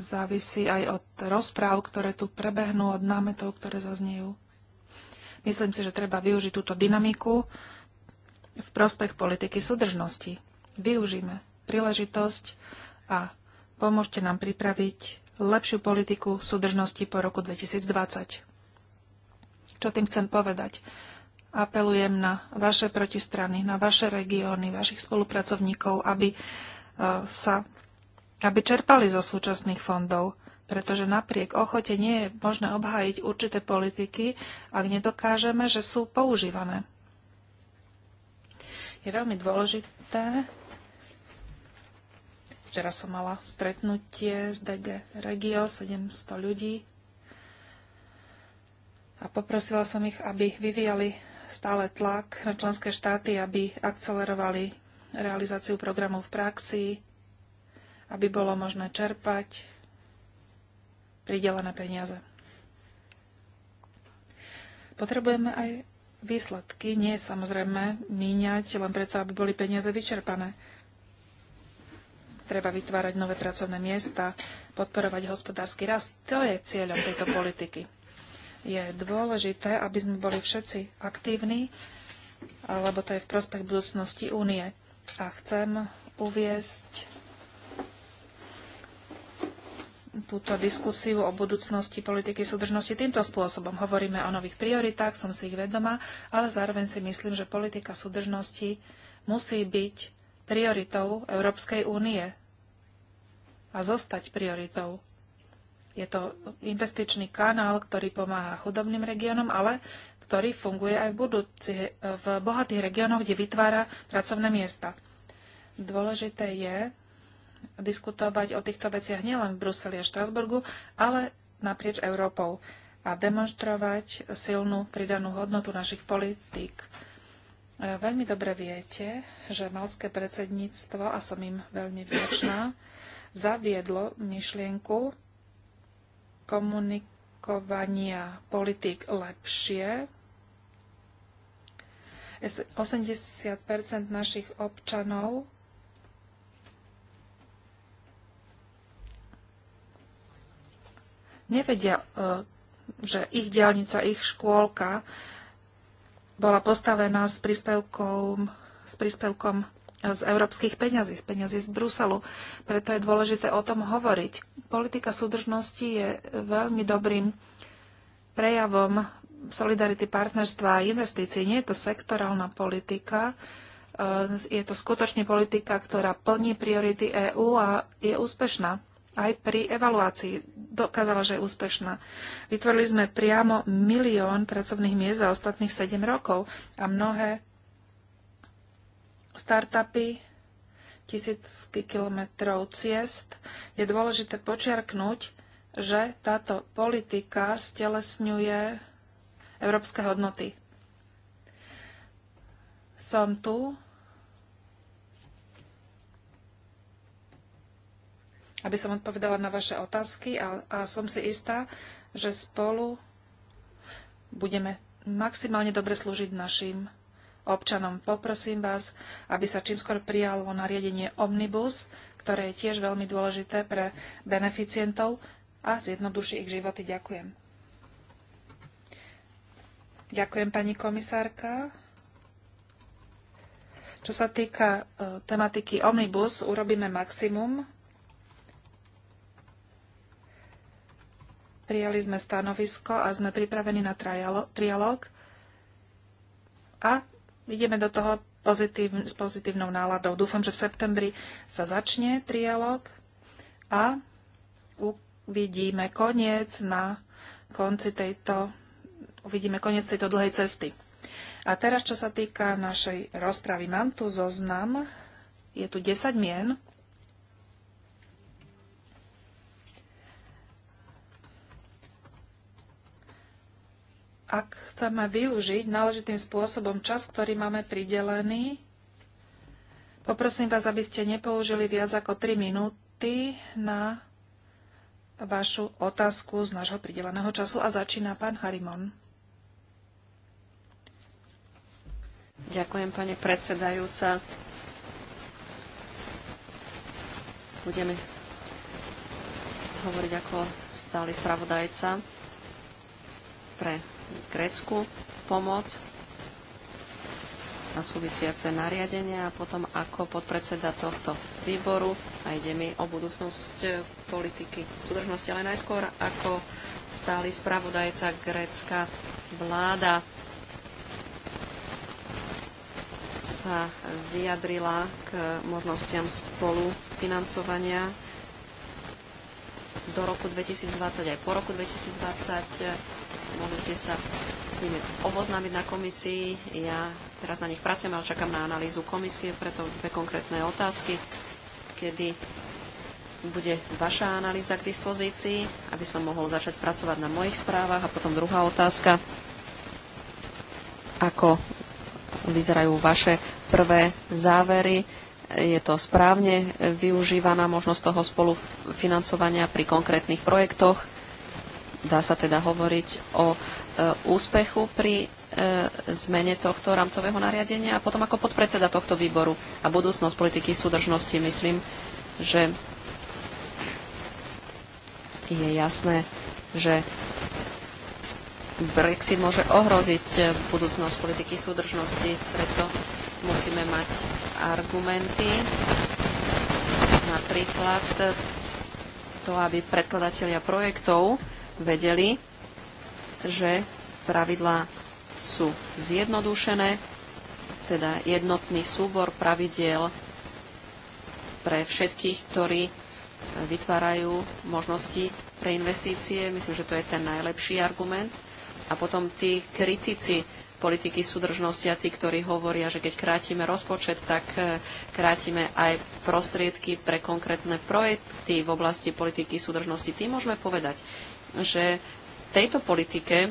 závisí aj od rozpráv, ktoré tu prebehnú, od námetov, ktoré zaznejú. Myslím si, že treba využiť túto dynamiku v prospech politiky súdržnosti. Využíme príležitosť a pomôžte nám pripraviť lepšiu politiku súdržnosti po roku 2020. Čo tým chcem povedať? Apelujem na vaše protistrany, na vaše regióny, vašich spolupracovníkov, aby e, sa aby čerpali zo súčasných fondov, pretože napriek ochote nie je možné obhájiť určité politiky, ak nedokážeme, že sú používané. Je veľmi dôležité. Včera som mala stretnutie z DG Regio, 700 ľudí. A poprosila som ich, aby vyvíjali stále tlak na členské štáty, aby akcelerovali realizáciu programov v praxi, aby bolo možné čerpať pridelené peniaze. Potrebujeme aj výsledky. Nie samozrejme míňať len preto, aby boli peniaze vyčerpané. Treba vytvárať nové pracovné miesta, podporovať hospodársky rast. To je cieľom tejto politiky. Je dôležité, aby sme boli všetci aktívni, lebo to je v prospech budúcnosti únie. A chcem uviesť túto diskusiu o budúcnosti politiky súdržnosti týmto spôsobom. Hovoríme o nových prioritách, som si ich vedoma, ale zároveň si myslím, že politika súdržnosti musí byť prioritou Európskej únie a zostať prioritou. Je to investičný kanál, ktorý pomáha chudobným regiónom, ale ktorý funguje aj v, budúci, v bohatých regiónoch, kde vytvára pracovné miesta. Dôležité je, diskutovať o týchto veciach nielen v Bruseli a Štrasburgu, ale naprieč Európou a demonstrovať silnú pridanú hodnotu našich politík. E, veľmi dobre viete, že malské predsedníctvo, a som im veľmi vďačná, zaviedlo myšlienku komunikovania politik lepšie. 80 našich občanov nevedia, e, že ich diálnica, ich škôlka bola postavená s príspevkom, s príspevkom z európskych peňazí, z peňazí z Bruselu. Preto je dôležité o tom hovoriť. Politika súdržnosti je veľmi dobrým prejavom solidarity partnerstva a investícií. Nie je to sektorálna politika, e, je to skutočne politika, ktorá plní priority EÚ a je úspešná aj pri evaluácii. Dokázala, že je úspešná. Vytvorili sme priamo milión pracovných miest za ostatných 7 rokov a mnohé startupy, tisícky kilometrov ciest. Je dôležité počiarknúť, že táto politika stelesňuje európske hodnoty. Som tu aby som odpovedala na vaše otázky a, a som si istá, že spolu budeme maximálne dobre slúžiť našim občanom. Poprosím vás, aby sa čím skôr prijalo nariadenie Omnibus, ktoré je tiež veľmi dôležité pre beneficientov a zjednoduší ich životy. Ďakujem. Ďakujem, pani komisárka. Čo sa týka e, tematiky Omnibus, urobíme maximum Prijali sme stanovisko a sme pripravení na trialog. A ideme do toho pozitív, s pozitívnou náladou. Dúfam, že v septembri sa začne trialog a uvidíme koniec na konci tejto, uvidíme koniec tejto dlhej cesty. A teraz, čo sa týka našej rozpravy, mám tu zoznam, je tu 10 mien, ak chceme využiť náležitým spôsobom čas, ktorý máme pridelený, poprosím vás, aby ste nepoužili viac ako 3 minúty na vašu otázku z nášho prideleného času a začína pán Harimon. Ďakujem, pani predsedajúca. Budeme hovoriť ako stály spravodajca pre Grécku pomoc a súvisiace nariadenia a potom ako podpredseda tohto výboru a ide mi o budúcnosť eh, politiky súdržnosti, ale najskôr ako stály spravodajca grécka vláda sa vyjadrila k možnostiam spolufinancovania do roku 2020 aj po roku 2020. Eh, mohli ste sa nimi oboznámiť na komisii. Ja teraz na nich pracujem, ale čakám na analýzu komisie, preto dve konkrétne otázky, kedy bude vaša analýza k dispozícii, aby som mohol začať pracovať na mojich správach. A potom druhá otázka, ako vyzerajú vaše prvé závery. Je to správne využívaná možnosť toho spolufinancovania pri konkrétnych projektoch dá sa teda hovoriť o e, úspechu pri e, zmene tohto rámcového nariadenia a potom ako podpredseda tohto výboru a budúcnosť politiky súdržnosti myslím, že je jasné, že Brexit môže ohroziť e, budúcnosť politiky súdržnosti, preto musíme mať argumenty. Napríklad to, aby predkladatelia projektov vedeli, že pravidlá sú zjednodušené, teda jednotný súbor pravidiel pre všetkých, ktorí e, vytvárajú možnosti pre investície. Myslím, že to je ten najlepší argument. A potom tí kritici politiky súdržnosti a tí, ktorí hovoria, že keď krátime rozpočet, tak e, krátime aj prostriedky pre konkrétne projekty v oblasti politiky súdržnosti. Tým môžeme povedať, že v tejto politike e,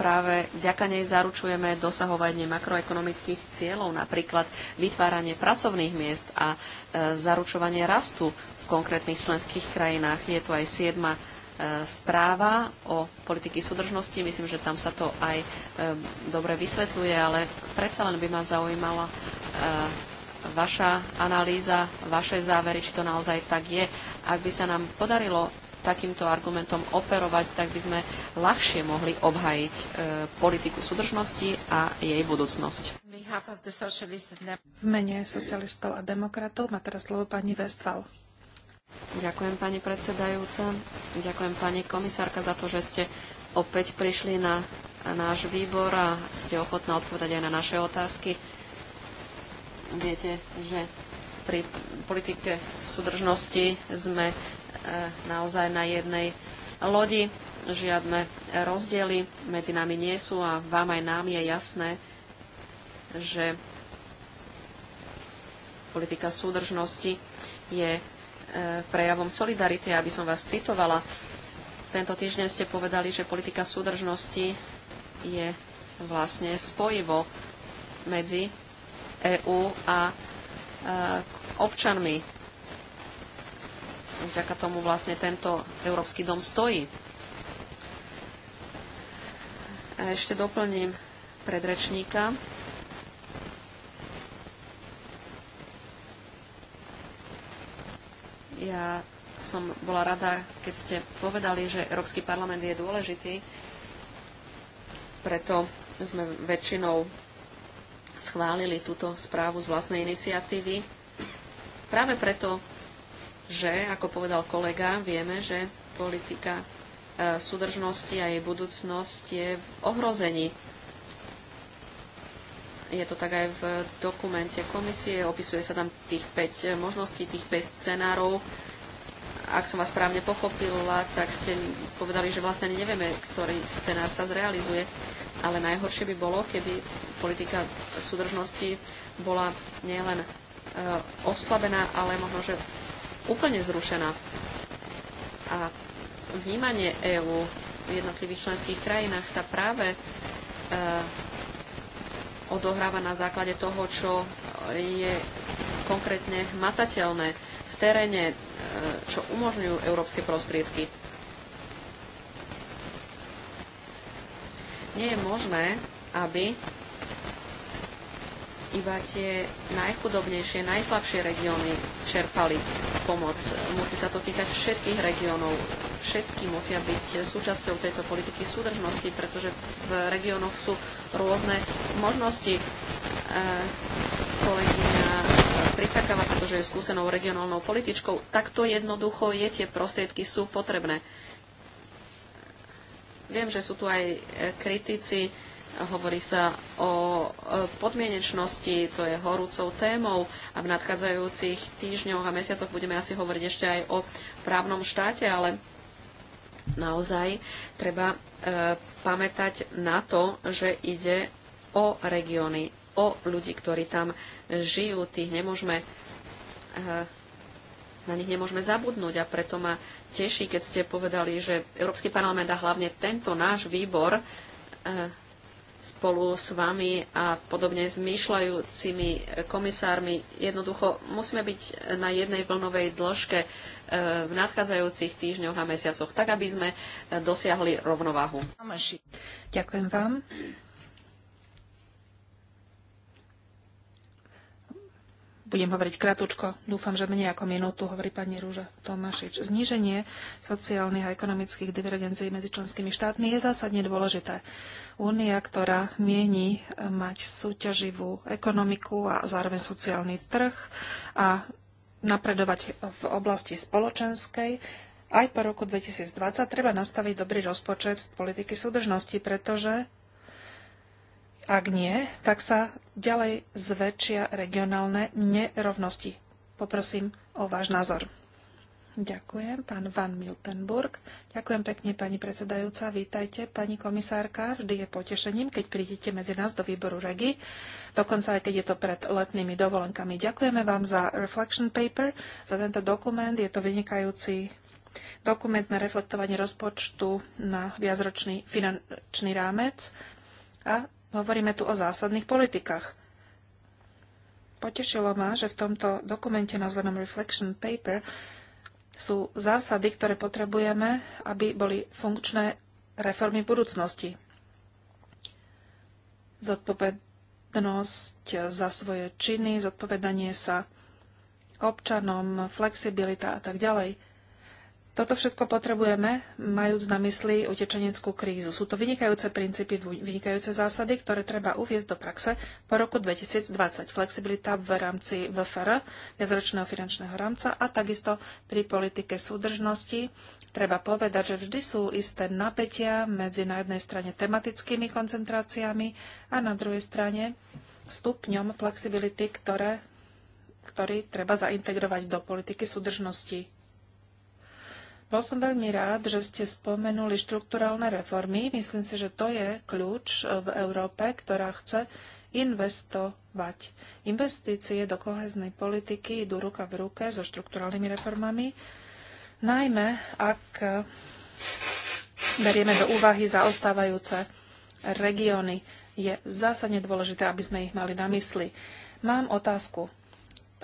práve vďaka nej zaručujeme dosahovanie makroekonomických cieľov, napríklad vytváranie pracovných miest a e, zaručovanie rastu v konkrétnych členských krajinách. Je tu aj siedma e, správa o politiky súdržnosti. Myslím, že tam sa to aj dobre vysvetľuje, ale predsa len by ma zaujímala vaša analýza, vaše závery, či to naozaj tak je. Ak by sa nám podarilo takýmto argumentom operovať, tak by sme ľahšie mohli obhajiť e, politiku súdržnosti a jej budúcnosť. V mene socialistov a demokratov má teraz slovo pani Westphal. Ďakujem pani predsedajúca, ďakujem pani komisárka za to, že ste opäť prišli na náš výbor a ste ochotná odpovedať aj na naše otázky. Viete, že pri politike súdržnosti sme e, naozaj na jednej lodi. Žiadne rozdiely medzi nami nie sú a vám aj nám je jasné, že politika súdržnosti je e, prejavom solidarity. Aby som vás citovala, tento týždeň ste povedali, že politika súdržnosti je vlastne spojivo medzi EÚ a e, občanmi. Vďaka tomu vlastne tento Európsky dom stojí. A ešte doplním predrečníka. Ja som bola rada, keď ste povedali, že Európsky parlament je dôležitý, preto sme väčšinou schválili túto správu z vlastnej iniciatívy. Práve preto, že, ako povedal kolega, vieme, že politika e, súdržnosti a jej budúcnosť je v ohrození. Je to tak aj v dokumente komisie, opisuje sa tam tých 5 možností, tých 5 scenárov, ak som vás správne pochopila, tak ste povedali, že vlastne nevieme, ktorý scenár sa zrealizuje, ale najhoršie by bolo, keby politika súdržnosti bola nielen e, oslabená, ale možno, že úplne zrušená. A vnímanie EÚ v jednotlivých členských krajinách sa práve e, odohráva na základe toho, čo je konkrétne matateľné teréne, e, čo umožňujú európske prostriedky. Nie je možné, aby iba tie najchudobnejšie, najslabšie regióny čerpali pomoc. Musí sa to týkať všetkých regiónov. Všetky musia byť súčasťou tejto politiky súdržnosti, pretože v regiónoch sú rôzne možnosti. E, kolegyňa pritakáva, pretože je skúsenou regionálnou političkou. Takto jednoducho je, tie prostriedky sú potrebné. Viem, že sú tu aj e, kritici, hovorí sa o e, podmienečnosti, to je horúcou témou a v nadchádzajúcich týždňoch a mesiacoch budeme asi hovoriť ešte aj o právnom štáte, ale naozaj treba e, pamätať na to, že ide o regióny, o ľudí, ktorí tam žijú, tých nemôžeme, eh, na nich nemôžeme zabudnúť a preto ma teší, keď ste povedali, že Európsky parlament a hlavne tento náš výbor eh, spolu s vami a podobne s myšľajúcimi komisármi. Jednoducho musíme byť na jednej vlnovej dĺžke eh, v nadchádzajúcich týždňoch a mesiacoch, tak aby sme dosiahli rovnováhu. Ďakujem vám. Budem hovoriť kratučko, dúfam, že menej ako minútu, hovorí pani Rúža Tomášič. Zníženie sociálnych a ekonomických divergencií medzi členskými štátmi je zásadne dôležité. Únia, ktorá mieni mať súťaživú ekonomiku a zároveň sociálny trh a napredovať v oblasti spoločenskej, aj po roku 2020 treba nastaviť dobrý rozpočet z politiky súdržnosti, pretože ak nie, tak sa ďalej zväčšia regionálne nerovnosti. Poprosím o váš názor. Ďakujem, pán Van Miltenburg. Ďakujem pekne, pani predsedajúca. Vítajte, pani komisárka. Vždy je potešením, keď prídete medzi nás do výboru REGI, dokonca aj keď je to pred letnými dovolenkami. Ďakujeme vám za Reflection Paper, za tento dokument. Je to vynikajúci dokument na reflektovanie rozpočtu na viacročný finančný rámec a Hovoríme tu o zásadných politikách. Potešilo ma, že v tomto dokumente nazvanom Reflection Paper sú zásady, ktoré potrebujeme, aby boli funkčné reformy budúcnosti. Zodpovednosť za svoje činy, zodpovedanie sa občanom, flexibilita a tak ďalej. Toto všetko potrebujeme, majúc na mysli utečeneckú krízu. Sú to vynikajúce princípy, vynikajúce zásady, ktoré treba uviezť do praxe po roku 2020. Flexibilita v rámci VFR, viacročného finančného rámca a takisto pri politike súdržnosti. Treba povedať, že vždy sú isté napätia medzi na jednej strane tematickými koncentráciami a na druhej strane stupňom flexibility, ktoré, ktorý treba zaintegrovať do politiky súdržnosti. Bol som veľmi rád, že ste spomenuli štrukturálne reformy. Myslím si, že to je kľúč v Európe, ktorá chce investovať. Investície do koheznej politiky idú ruka v ruke so štrukturálnymi reformami, najmä ak berieme do úvahy zaostávajúce regióny. Je zásadne dôležité, aby sme ich mali na mysli. Mám otázku,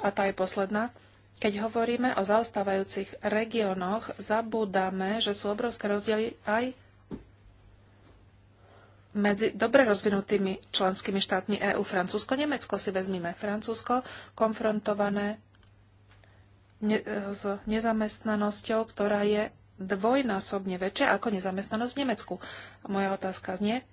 a tá je posledná. Keď hovoríme o zaostávajúcich regiónoch, zabúdame, že sú obrovské rozdiely aj medzi dobre rozvinutými členskými štátmi EÚ. Francúzsko, Nemecko si vezmime. Francúzsko konfrontované ne, e, s nezamestnanosťou, ktorá je dvojnásobne väčšia ako nezamestnanosť v Nemecku. Moja otázka znie,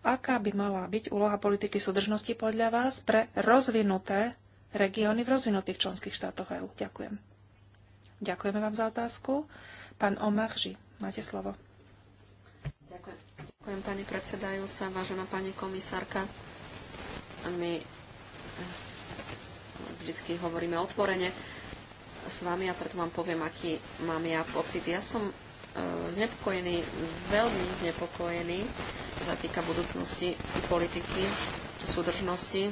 aká by mala byť úloha politiky súdržnosti podľa vás pre rozvinuté regióny v rozvinutých členských štátoch EÚ. Ďakujem. Ďakujeme vám za otázku. Pán Omarži, máte slovo. Ďakujem. Ďakujem, pani predsedajúca, vážená pani komisárka. My vždy hovoríme otvorene s vami a preto vám poviem, aký mám ja pocit. Ja som e, znepokojený, veľmi znepokojený, čo sa týka budúcnosti politiky, súdržnosti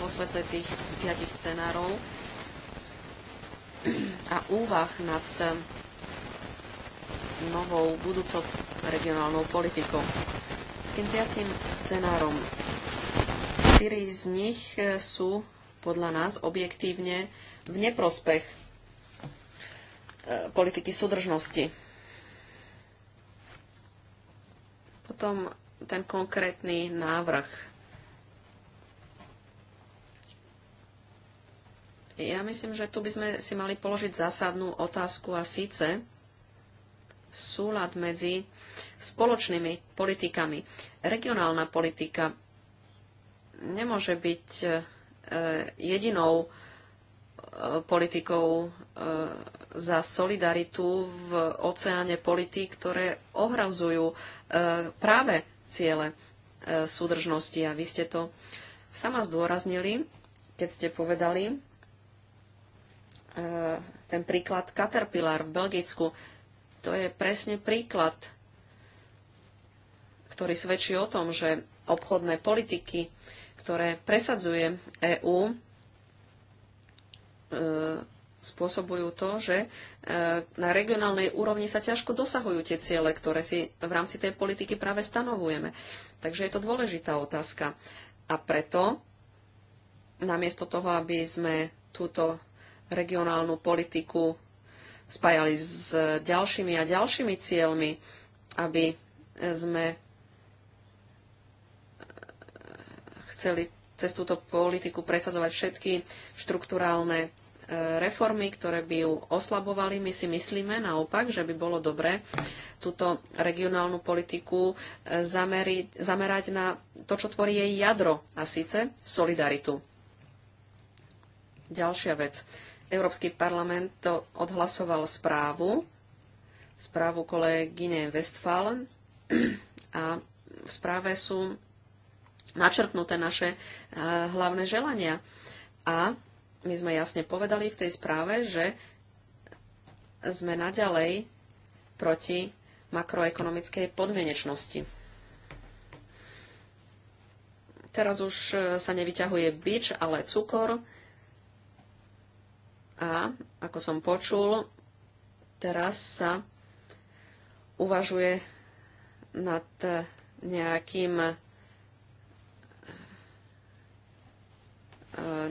vo svetle tých piatich scenárov a úvah nad eh, novou budúcou regionálnou politikou. Tým piatým scenárom. Štyri z nich eh, sú podľa nás objektívne v neprospech eh, politiky súdržnosti. Potom ten konkrétny návrh Ja myslím, že tu by sme si mali položiť zásadnú otázku a síce súlad medzi spoločnými politikami. Regionálna politika nemôže byť e, jedinou e, politikou e, za solidaritu v oceáne politík, ktoré ohrazujú práve ciele súdržnosti. A vy ste to sama zdôraznili, keď ste povedali, E, ten príklad Caterpillar v Belgicku. To je presne príklad, ktorý svedčí o tom, že obchodné politiky, ktoré presadzuje EÚ, e, spôsobujú to, že e, na regionálnej úrovni sa ťažko dosahujú tie ciele, ktoré si v rámci tej politiky práve stanovujeme. Takže je to dôležitá otázka. A preto, namiesto toho, aby sme túto regionálnu politiku spájali s ďalšími a ďalšími cieľmi, aby sme chceli cez túto politiku presadzovať všetky štruktúrálne e, reformy, ktoré by ju oslabovali. My si myslíme naopak, že by bolo dobré túto regionálnu politiku e, zameriť, zamerať na to, čo tvorí jej jadro, a síce solidaritu. Ďalšia vec Európsky parlament to odhlasoval správu, správu kolegyne Westfalen a v správe sú načrtnuté naše eh, hlavné želania. A my sme jasne povedali v tej správe, že sme naďalej proti makroekonomickej podmienečnosti. Teraz už eh, sa nevyťahuje bič, ale cukor a ako som počul, teraz sa uvažuje nad nejakým e,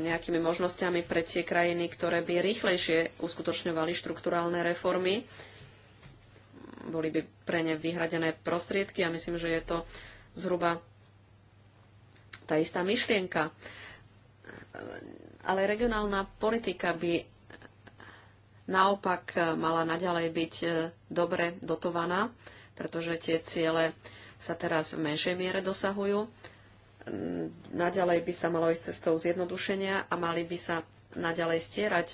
nejakými možnosťami pre tie krajiny, ktoré by rýchlejšie uskutočňovali štruktúrálne reformy. Boli by pre ne vyhradené prostriedky a myslím, že je to zhruba tá istá myšlienka. Ale regionálna politika by naopak e, mala naďalej byť e, dobre dotovaná, pretože tie ciele sa teraz v menšej miere dosahujú. Mm, naďalej by sa malo ísť cestou zjednodušenia a mali by sa naďalej stierať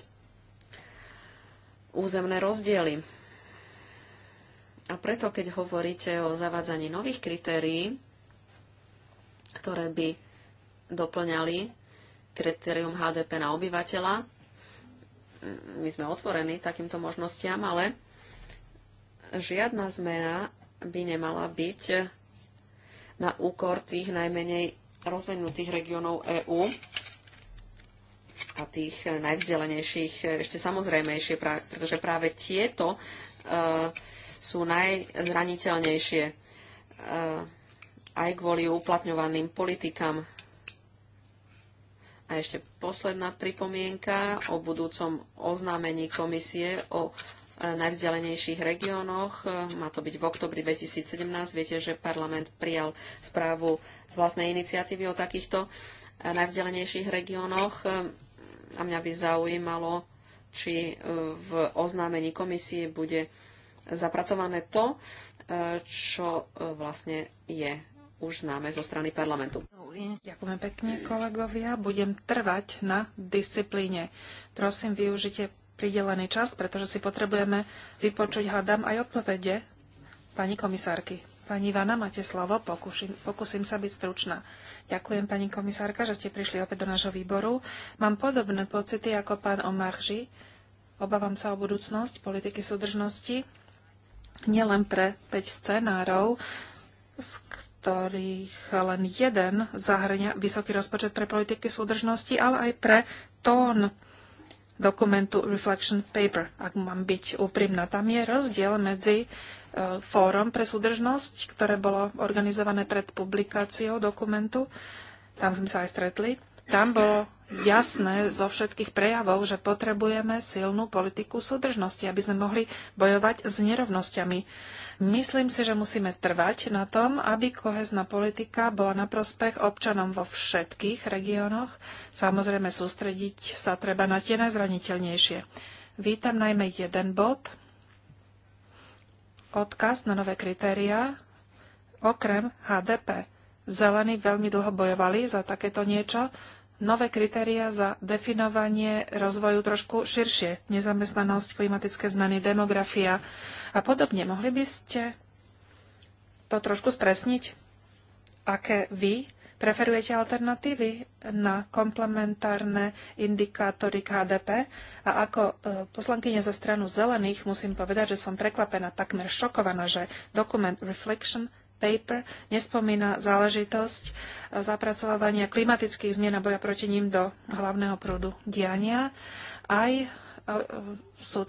územné rozdiely. A preto, keď hovoríte o zavádzaní nových kritérií, ktoré by doplňali kritérium HDP na obyvateľa, my sme otvorení takýmto možnostiam, ale žiadna zmena by nemala byť na úkor tých najmenej rozvinutých regiónov EÚ a tých najvzdelenejších ešte samozrejmejšie, pretože práve tieto uh, sú najzraniteľnejšie uh, aj kvôli uplatňovaným politikám a ešte posledná pripomienka o budúcom oznámení komisie o e, najvzdialenejších regiónoch. E, má to byť v oktobri 2017. Viete, že parlament prijal správu z vlastnej iniciatívy o takýchto e, najvzdialenejších regiónoch. A mňa by zaujímalo, či v oznámení komisie bude zapracované to, čo vlastne je už známe zo strany parlamentu. Ďakujem pekne, kolegovia. Budem trvať na disciplíne. Prosím, využite pridelený čas, pretože si potrebujeme vypočuť, hádam, aj odpovede pani komisárky. Pani Ivana, máte slovo, Pokúšim, pokúsim sa byť stručná. Ďakujem, pani komisárka, že ste prišli opäť do nášho výboru. Mám podobné pocity ako pán Omarži. Obávam sa o budúcnosť politiky súdržnosti, nielen pre 5 scenárov, ktorých len jeden zahrňa vysoký rozpočet pre politiky súdržnosti, ale aj pre tón dokumentu Reflection Paper, ak mám byť úprimná. Tam je rozdiel medzi e, fórom pre súdržnosť, ktoré bolo organizované pred publikáciou dokumentu, tam sme sa aj stretli, tam bolo jasné zo všetkých prejavov, že potrebujeme silnú politiku súdržnosti, aby sme mohli bojovať s nerovnosťami Myslím si, že musíme trvať na tom, aby kohezná politika bola na prospech občanom vo všetkých regiónoch. Samozrejme, sústrediť sa treba na tie najzraniteľnejšie. Vítam najmä jeden bod, odkaz na nové kritériá, okrem HDP. Zelení veľmi dlho bojovali za takéto niečo, nové kritéria za definovanie rozvoju trošku širšie. Nezamestnanosť, klimatické zmeny, demografia, a podobne. Mohli by ste to trošku spresniť, aké vy preferujete alternatívy na komplementárne indikátory KDP a ako e, poslankyňa za stranu zelených musím povedať, že som prekvapená, takmer šokovaná, že dokument Reflection Paper nespomína záležitosť e, zapracovania klimatických zmien a boja proti ním do hlavného prúdu diania. Aj e, sú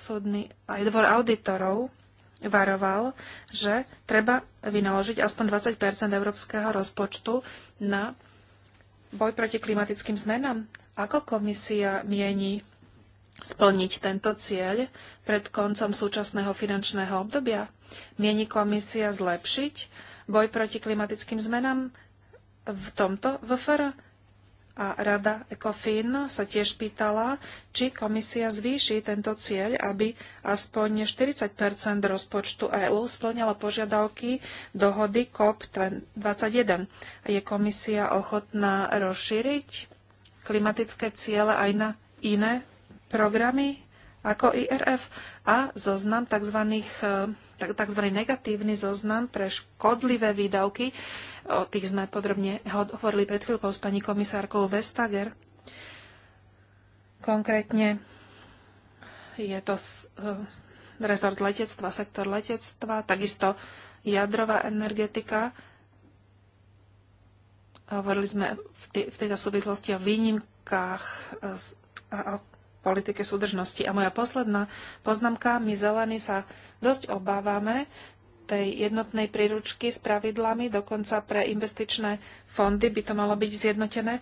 súdny aj dvor auditorov varoval, že treba vynaložiť aspoň 20 európskeho rozpočtu na boj proti klimatickým zmenám. Ako komisia mieni splniť tento cieľ pred koncom súčasného finančného obdobia? Mieni komisia zlepšiť boj proti klimatickým zmenám v tomto VFR? A rada ECOFIN sa tiež pýtala, či komisia zvýši tento cieľ, aby aspoň 40 rozpočtu EÚ splňalo požiadavky dohody COP21. Je komisia ochotná rozšíriť klimatické ciele aj na iné programy ako IRF a zoznam tzv tzv. negatívny zoznam pre škodlivé výdavky. O tých sme podrobne hovorili pred chvíľkou s pani komisárkou Vestager. Konkrétne je to e, rezort letectva, sektor letectva, takisto jadrová energetika. Hovorili sme v, tejto súvislosti o výnimkách e, a o politike súdržnosti. A moja posledná poznámka, my zelení sa dosť obávame tej jednotnej príručky s pravidlami, dokonca pre investičné fondy by to malo byť zjednotené.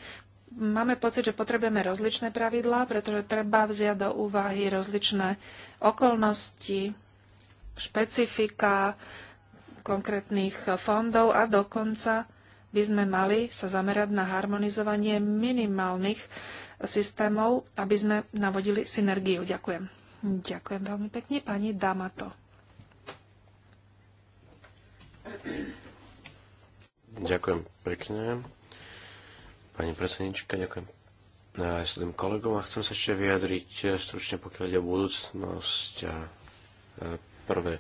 Máme pocit, že potrebujeme rozličné pravidlá, pretože treba vziať do úvahy rozličné okolnosti, špecifika konkrétnych fondov a dokonca by sme mali sa zamerať na harmonizovanie minimálnych systémov, aby sme navodili synergiu. Ďakujem. Ďakujem veľmi pekne. Pani Damato. Ďakujem pekne. Pani predsednička, ďakujem e, ja svojim kolegom a chcem sa ešte vyjadriť e, stručne, pokiaľ ide o budúcnosť a e, prvé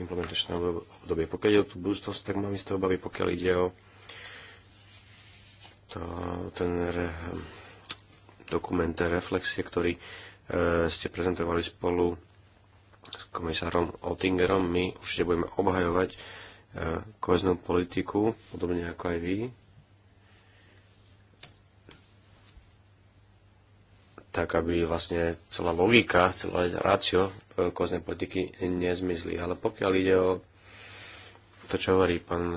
implementačné obdobie. Pokiaľ ide o tú budúcnosť, tak mám isté obavy, pokiaľ ide o to, ten dokument reflexie, ktorý e, ste prezentovali spolu s komisárom Oettingerom. My určite budeme obhajovať e, koheznú politiku, podobne ako aj vy. Tak, aby vlastne celá logika, celá rácio e, koheznej politiky nezmizli. Ale pokiaľ ide o to, čo hovorí pán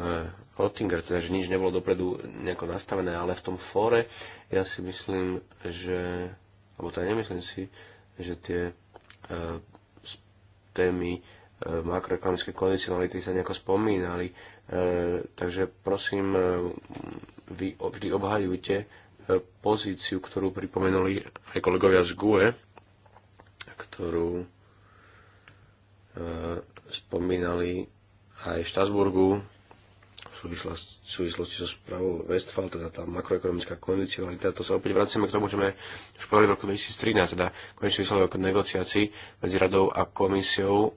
Oettinger, teda, že nič nebolo dopredu nejako nastavené, ale v tom fóre ja si myslím, že, alebo teda nemyslím si, že tie e, témy e, makroekonomické kondicionality sa nejako spomínali, e, takže prosím, vy vždy obhajujte pozíciu, ktorú pripomenuli aj kolegovia z GUE, ktorú spomínali aj v Štásburgu, v súvislosti so správou Westfall, teda tá makroekonomická kondicionalita, to sa opäť vraciame k tomu, že sme už povedali v roku 2013, teda konečný výsledok negociácií medzi radou a komisiou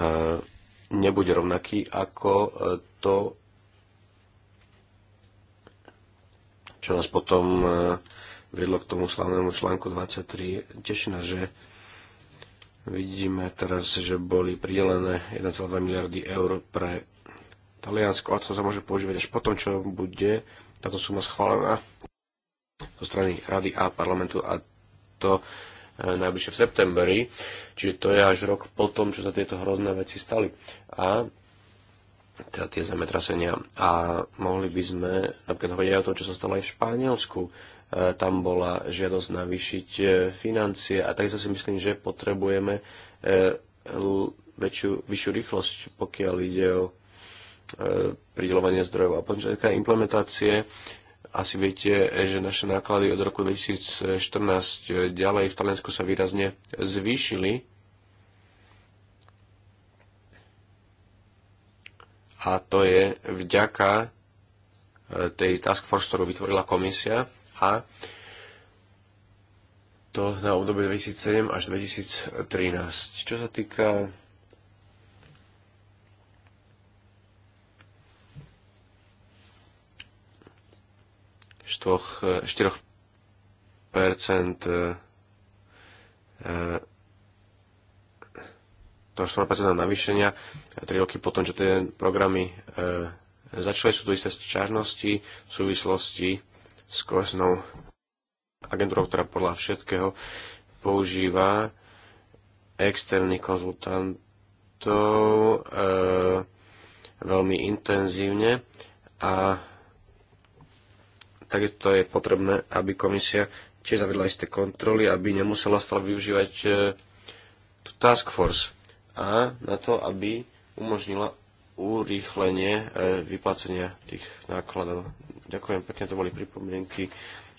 e, nebude rovnaký ako e, to, čo nás potom e, vedlo k tomu slavnému článku 23. Teší nás, že vidíme teraz, že boli pridelené 1,2 miliardy eur pre Taliansko a to sa môže používať až potom, čo bude táto suma schválená zo strany Rady a parlamentu a to e, najbližšie v septembri, čiže to je až rok potom, čo sa tieto hrozné veci stali. A teda tie zemetrasenia. A mohli by sme napríklad hovoriť aj o tom, čo sa stalo aj v Španielsku. E, tam bola žiadosť navýšiť e, financie a takisto si myslím, že potrebujeme e, l, väčšiu, vyššiu rýchlosť, pokiaľ ide o E, pridelovania zdrojov. A potom implementácie, asi viete, že naše náklady od roku 2014 ďalej v Taliansku sa výrazne zvýšili. A to je vďaka e, tej task force, ktorú vytvorila komisia a to na obdobie 2007 až 2013. Čo sa týka 4%, 4% eh, eh, eh, toho 4% navýšenia 3 roky potom, čo tie programy e, začali, sú tu isté sťažnosti v súvislosti s kohesnou agentúrou, ktorá podľa všetkého používa externých konzultantov e, veľmi intenzívne a Takisto je potrebné, aby komisia tiež zavedla isté kontroly, aby nemusela stále využívať e, tú task force a na to, aby umožnila urýchlenie e, vyplacenia tých nákladov. Ďakujem pekne, to boli pripomienky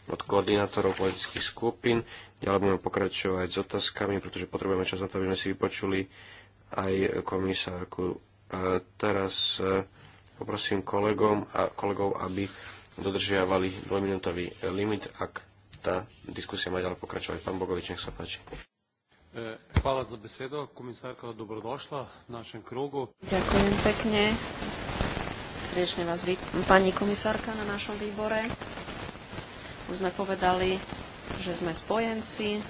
od koordinátorov politických skupín. Ďalej budeme pokračovať s otázkami, pretože potrebujeme čas na to, aby sme si vypočuli aj komisárku. E, teraz poprosím kolegom a kolegov, aby dodržiavali dvojminútový limit, ak tá diskusia má ďalej pokračovať. Pán Bogovič, nech sa páči. E, hvala za besedo. Komisárka, dobrodošla v našem krugu. Ďakujem pekne. Srdečne vás vy, pani komisárka, na našom výbore. Už sme povedali, že sme spojenci,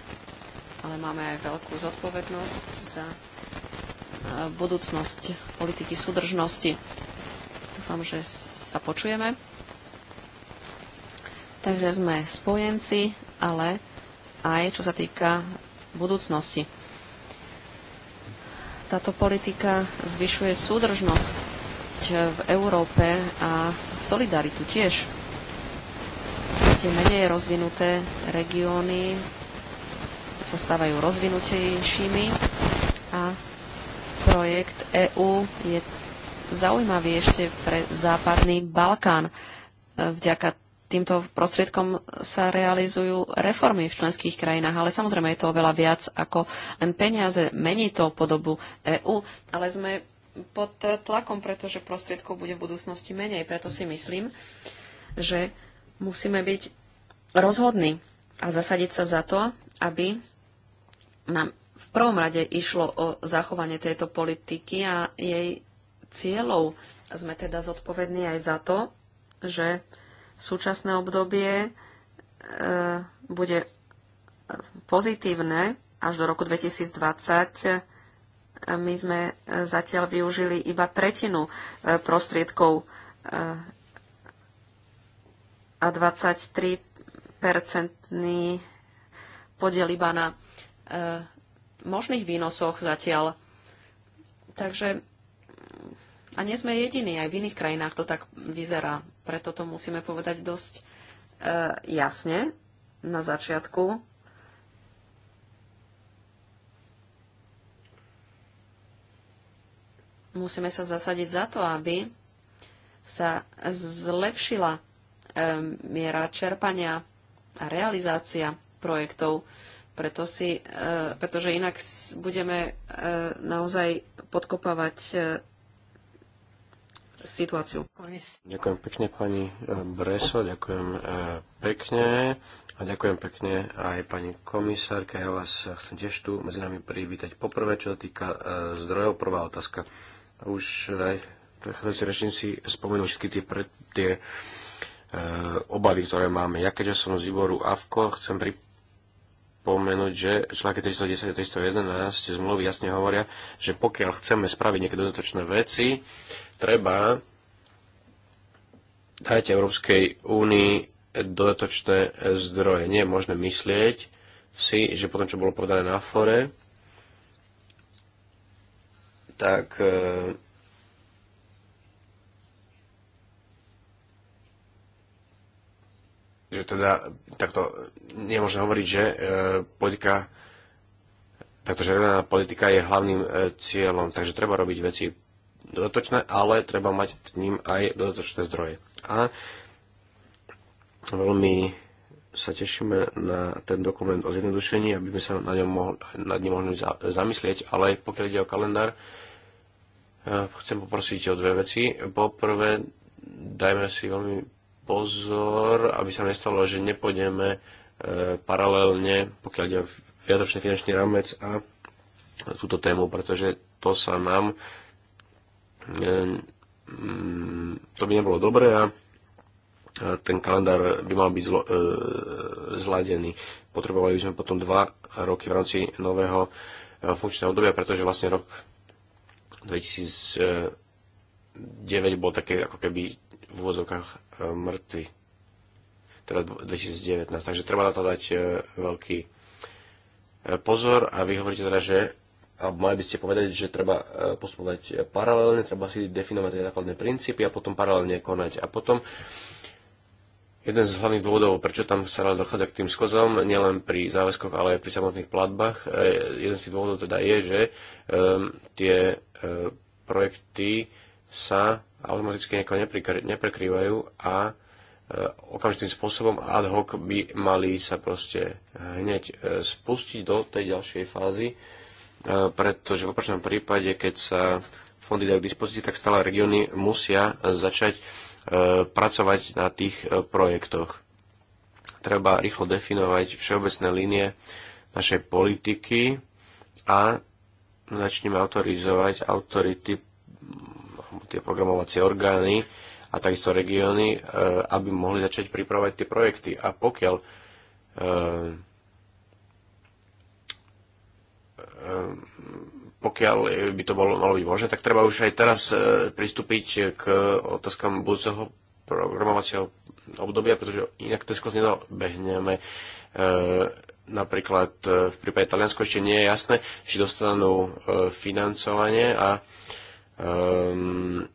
ale máme aj veľkú zodpovednosť za e, budúcnosť politiky súdržnosti. Dúfam, že sa počujeme. Takže sme spojenci, ale aj čo sa týka budúcnosti. Táto politika zvyšuje súdržnosť v Európe a solidaritu tiež. Tie menej rozvinuté regióny sa stávajú rozvinutejšími a projekt EÚ je zaujímavý ešte pre západný Balkán. Vďaka týmto prostriedkom sa realizujú reformy v členských krajinách, ale samozrejme je to oveľa viac ako len peniaze. Mení to podobu EÚ, ale sme pod tlakom, pretože prostriedkov bude v budúcnosti menej. Preto si myslím, že musíme byť rozhodní a zasadiť sa za to, aby nám v prvom rade išlo o zachovanie tejto politiky a jej cieľov. Sme teda zodpovední aj za to, že súčasné obdobie e, bude pozitívne až do roku 2020. My sme zatiaľ využili iba tretinu e, prostriedkov e, a 23-percentný podiel iba na možných výnosoch zatiaľ. Takže a nie sme jediní, aj v iných krajinách to tak vyzerá preto to musíme povedať dosť e, jasne na začiatku. Musíme sa zasadiť za to, aby sa zlepšila e, miera čerpania a realizácia projektov, preto si, e, pretože inak budeme e, naozaj podkopávať e, situáciu. Ďakujem pekne pani eh, Breso, ďakujem eh, pekne a ďakujem pekne aj pani komisárke. Ja vás chcem tiež tu medzi nami privítať. Poprvé, čo sa týka eh, zdrojov, prvá otázka. Už aj prechádzajúci rečníci spomenú všetky tie, pre, tie e, obavy, ktoré máme. Ja keďže som z výboru AVKO, chcem pri, spomenúť, že články 310 a 311 zmluvy jasne hovoria, že pokiaľ chceme spraviť nejaké dodatočné veci, treba dať Európskej únii dodatočné zdroje. Nie je možné myslieť si, že potom, čo bolo prodané na fore, tak e, že teda takto nemôžem hovoriť, že e, politika takto želená politika je hlavným e, cieľom, takže treba robiť veci dodatočné, ale treba mať k ním aj dodatočné zdroje. A veľmi sa tešíme na ten dokument o zjednodušení, aby sme sa na ňom mohli, nad ním mohli zamyslieť, ale pokiaľ ide o kalendár, e, chcem poprosiť o dve veci. Poprvé, dajme si veľmi pozor, aby sa nestalo, že nepôjdeme e, paralelne, pokiaľ ide viadočný finančný rámec a túto tému, pretože to sa nám e, mm, to by nebolo dobré a ten kalendár by mal byť zlo, e, zladený. Potrebovali by sme potom dva roky v rámci nového e, funkčného obdobia, pretože vlastne rok 2009 bol také ako keby v úvozovkách mŕtvi. Teda 2019. Takže treba na to dať e, veľký e, pozor a vy hovoríte teda, že alebo mali by ste povedať, že treba e, postupovať paralelne, treba si definovať tie základné princípy a potom paralelne konať. A potom jeden z hlavných dôvodov, prečo tam sa dochádza k tým skozom, nielen pri záväzkoch, ale aj pri samotných platbách, jeden z tých dôvodov teda je, že um, tie uh, projekty sa automaticky nejako neprekrývajú a e, okamžitým spôsobom ad hoc by mali sa proste hneď e, spustiť do tej ďalšej fázy, e, pretože v opačnom prípade, keď sa fondy dajú k dispozícii, tak stále regióny musia začať pracovať na tých projektoch. Treba rýchlo definovať všeobecné línie našej politiky a začneme autorizovať autority tie programovacie orgány a takisto regióny, e, aby mohli začať pripravovať tie projekty. A pokiaľ e, e, pokiaľ by to bolo, malo byť možné, tak treba už aj teraz pristúpiť k otázkam budúceho programovacieho obdobia, pretože inak to skôr nedobehneme napríklad v prípade Taliansko ešte nie je jasné, či dostanú financovanie a um,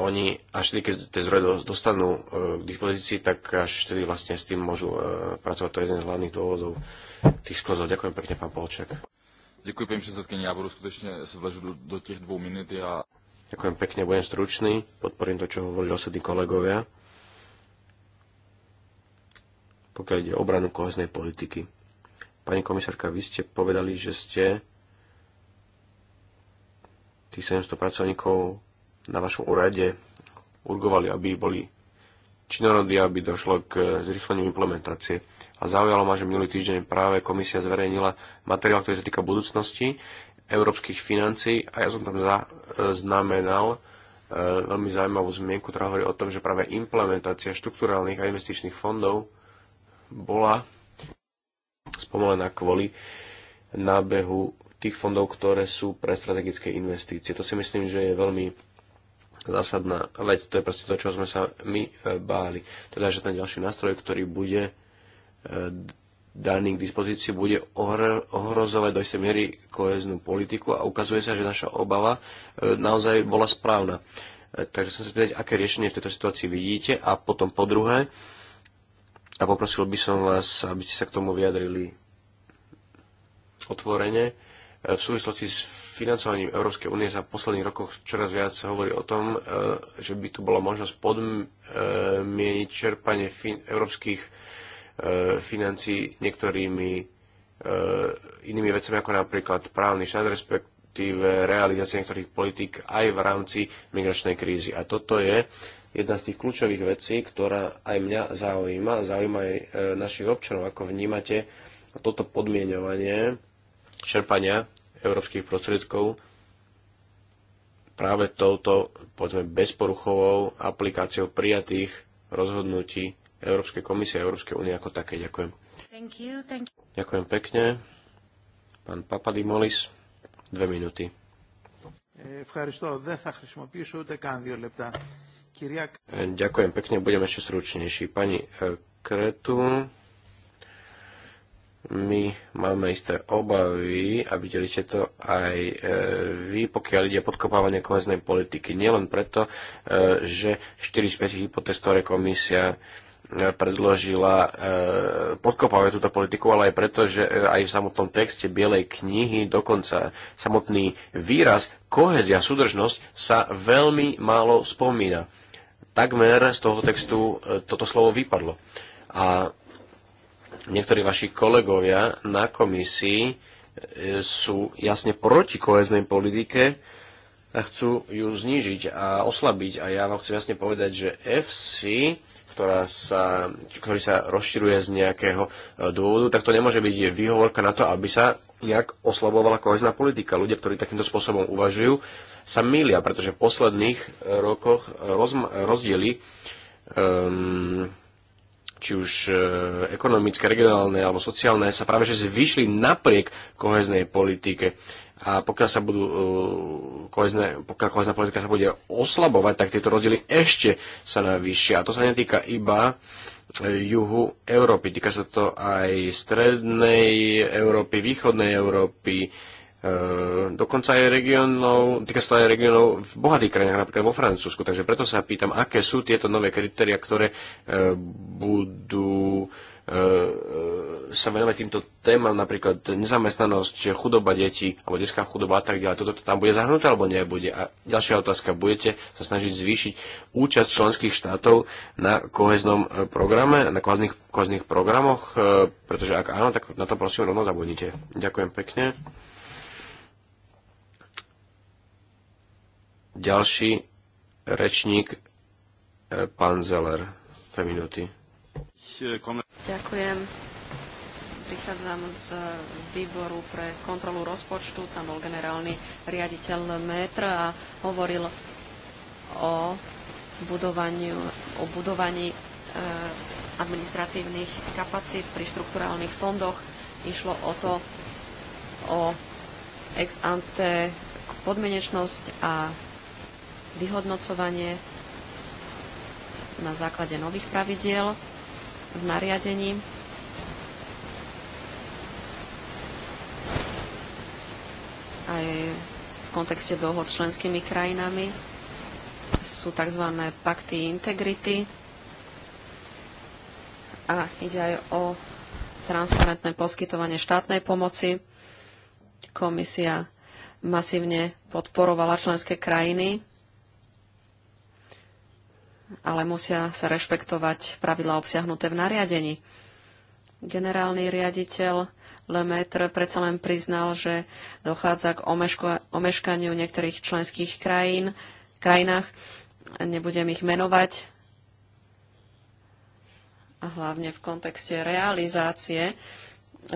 oni až tedy, keď tie zdroje dostanú eh, k dispozícii, tak až tedy vlastne s tým môžu eh, pracovať. To je jeden z hlavných dôvodov tých sklozov. Ďakujem pekne, pán Polček. Ďakujem, pani predsedkyni. Ja budu sa svležu do, do tých dvou minút. Ja... Ďakujem pekne, budem stručný. Podporím to, čo hovorili ostatní kolegovia. Pokiaľ ide o obranu koheznej politiky. Pani komisárka, vy ste povedali, že ste tých 700 pracovníkov na vašom úrade urgovali, aby boli činorodí, aby došlo k zrýchleniu implementácie. A zaujalo ma, že minulý týždeň práve komisia zverejnila materiál, ktorý sa týka budúcnosti európskych financií a ja som tam zaznamenal e, e, veľmi zaujímavú zmienku, ktorá hovorí o tom, že práve implementácia štrukturálnych a investičných fondov bola spomalená kvôli nábehu tých fondov, ktoré sú pre strategické investície. To si myslím, že je veľmi zásadná vec. To je proste to, čo sme sa my e, báli. Teda, že ten ďalší nástroj, ktorý bude e, daný k dispozícii, bude ohrozovať do istej miery koheznú politiku a ukazuje sa, že naša obava e, naozaj bola správna. Takže som sa spýtať, aké riešenie v tejto situácii vidíte a potom po druhé, a poprosil by som vás, aby ste sa k tomu vyjadrili otvorene, E, v súvislosti s financovaním Európskej únie sa v posledných rokoch čoraz viac hovorí o tom, e, že by tu bola možnosť podmieniť čerpanie fin- európskych e, financí niektorými inými vecami, ako napríklad právny štát, respektíve realizácia niektorých politík aj v rámci migračnej krízy. A toto je jedna z tých kľúčových vecí, ktorá aj mňa zaujíma, zaujíma aj našich občanov, ako vnímate toto podmienovanie čerpania európskych prostriedkov práve touto, povedzme, bezporuchovou aplikáciou prijatých rozhodnutí Európskej komisie a Európskej únie ako také. Ďakujem. Thank you, thank you. Ďakujem pekne. Pán Papadimolis, dve minúty. Ďakujem pekne, budem ešte stručnejší. Pani Kretu, my máme isté obavy a videli ste to aj e, vy, pokiaľ ide podkopávanie koheznej politiky. Nielen preto, e, že 4 z 5 hypotéz, ktoré komisia e, predložila, podkopávajú túto politiku, ale aj preto, že aj v samotnom texte Bielej knihy dokonca samotný výraz kohezia, súdržnosť sa veľmi málo spomína. Takmer z toho textu toto slovo vypadlo. A niektorí vaši kolegovia na komisii e, sú jasne proti koheznej politike a chcú ju znížiť a oslabiť. A ja vám chcem jasne povedať, že FC, ktorá sa, ktorý sa rozširuje z nejakého e, dôvodu, tak to nemôže byť výhovorka na to, aby sa nejak oslabovala kohezná politika. Ľudia, ktorí takýmto spôsobom uvažujú, sa mýlia, pretože v posledných rokoch roz, rozdiely um, či už e, ekonomické, regionálne alebo sociálne, sa práve že zvyšli napriek koheznej politike. A pokiaľ sa budú e, kohezné, pokiaľ kohezná politika sa bude oslabovať, tak tieto rozdiely ešte sa navýšia. A to sa netýka iba e, juhu Európy. Týka sa to aj strednej Európy, východnej Európy, Ehm, dokonca aj regionov, týka sa to aj regionov v bohatých krajinách, napríklad vo Francúzsku. Takže preto sa pýtam, aké sú tieto nové kritéria, ktoré eh, budú eh, sa venovať týmto témam, napríklad nezamestnanosť, chudoba detí alebo detská chudoba a tak ďalej. Toto tam bude zahrnuté alebo nebude? A ďalšia otázka, budete sa snažiť zvýšiť účasť členských štátov na koheznom eh, programe, na kohezných, kohezných programoch, pretože ak áno, tak na to prosím rovno zabudnite. Ďakujem pekne. Ďalší rečník, e, pán Zeller. Dve minúty. Ďakujem. Prichádzam z výboru pre kontrolu rozpočtu. Tam bol generálny riaditeľ Metr a hovoril o budovaniu, o budovaní e, administratívnych kapacít pri štrukturálnych fondoch. Išlo o to, o ex ante podmenečnosť a vyhodnocovanie na základe nových pravidiel v nariadení. Aj v kontexte dohod s členskými krajinami sú tzv. pakty integrity a ide aj o transparentné poskytovanie štátnej pomoci. Komisia masívne podporovala členské krajiny ale musia sa rešpektovať pravidla obsiahnuté v nariadení. Generálny riaditeľ Lemaitre predsa len priznal, že dochádza k omeško- omeškaniu niektorých členských krajín, krajinách. Nebudem ich menovať. A hlavne v kontexte realizácie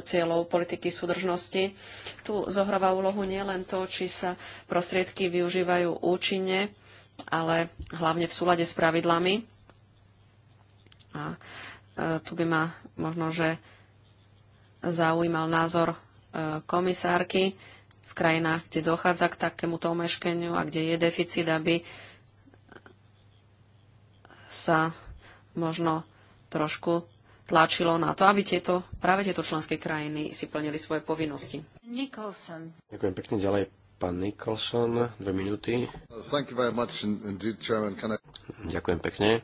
cieľov politiky súdržnosti. Tu zohráva úlohu nielen to, či sa prostriedky využívajú účinne, ale hlavne v súlade s pravidlami. A e, tu by ma možno, že zaujímal názor e, komisárky v krajinách, kde dochádza k takémuto omeškeniu a kde je deficit, aby sa možno trošku tlačilo na to, aby tieto, práve tieto členské krajiny si plnili svoje povinnosti. Nicholson. Ďakujem pekne ďalej. Pán Nicholson, dve minúty. Ďakujem pekne.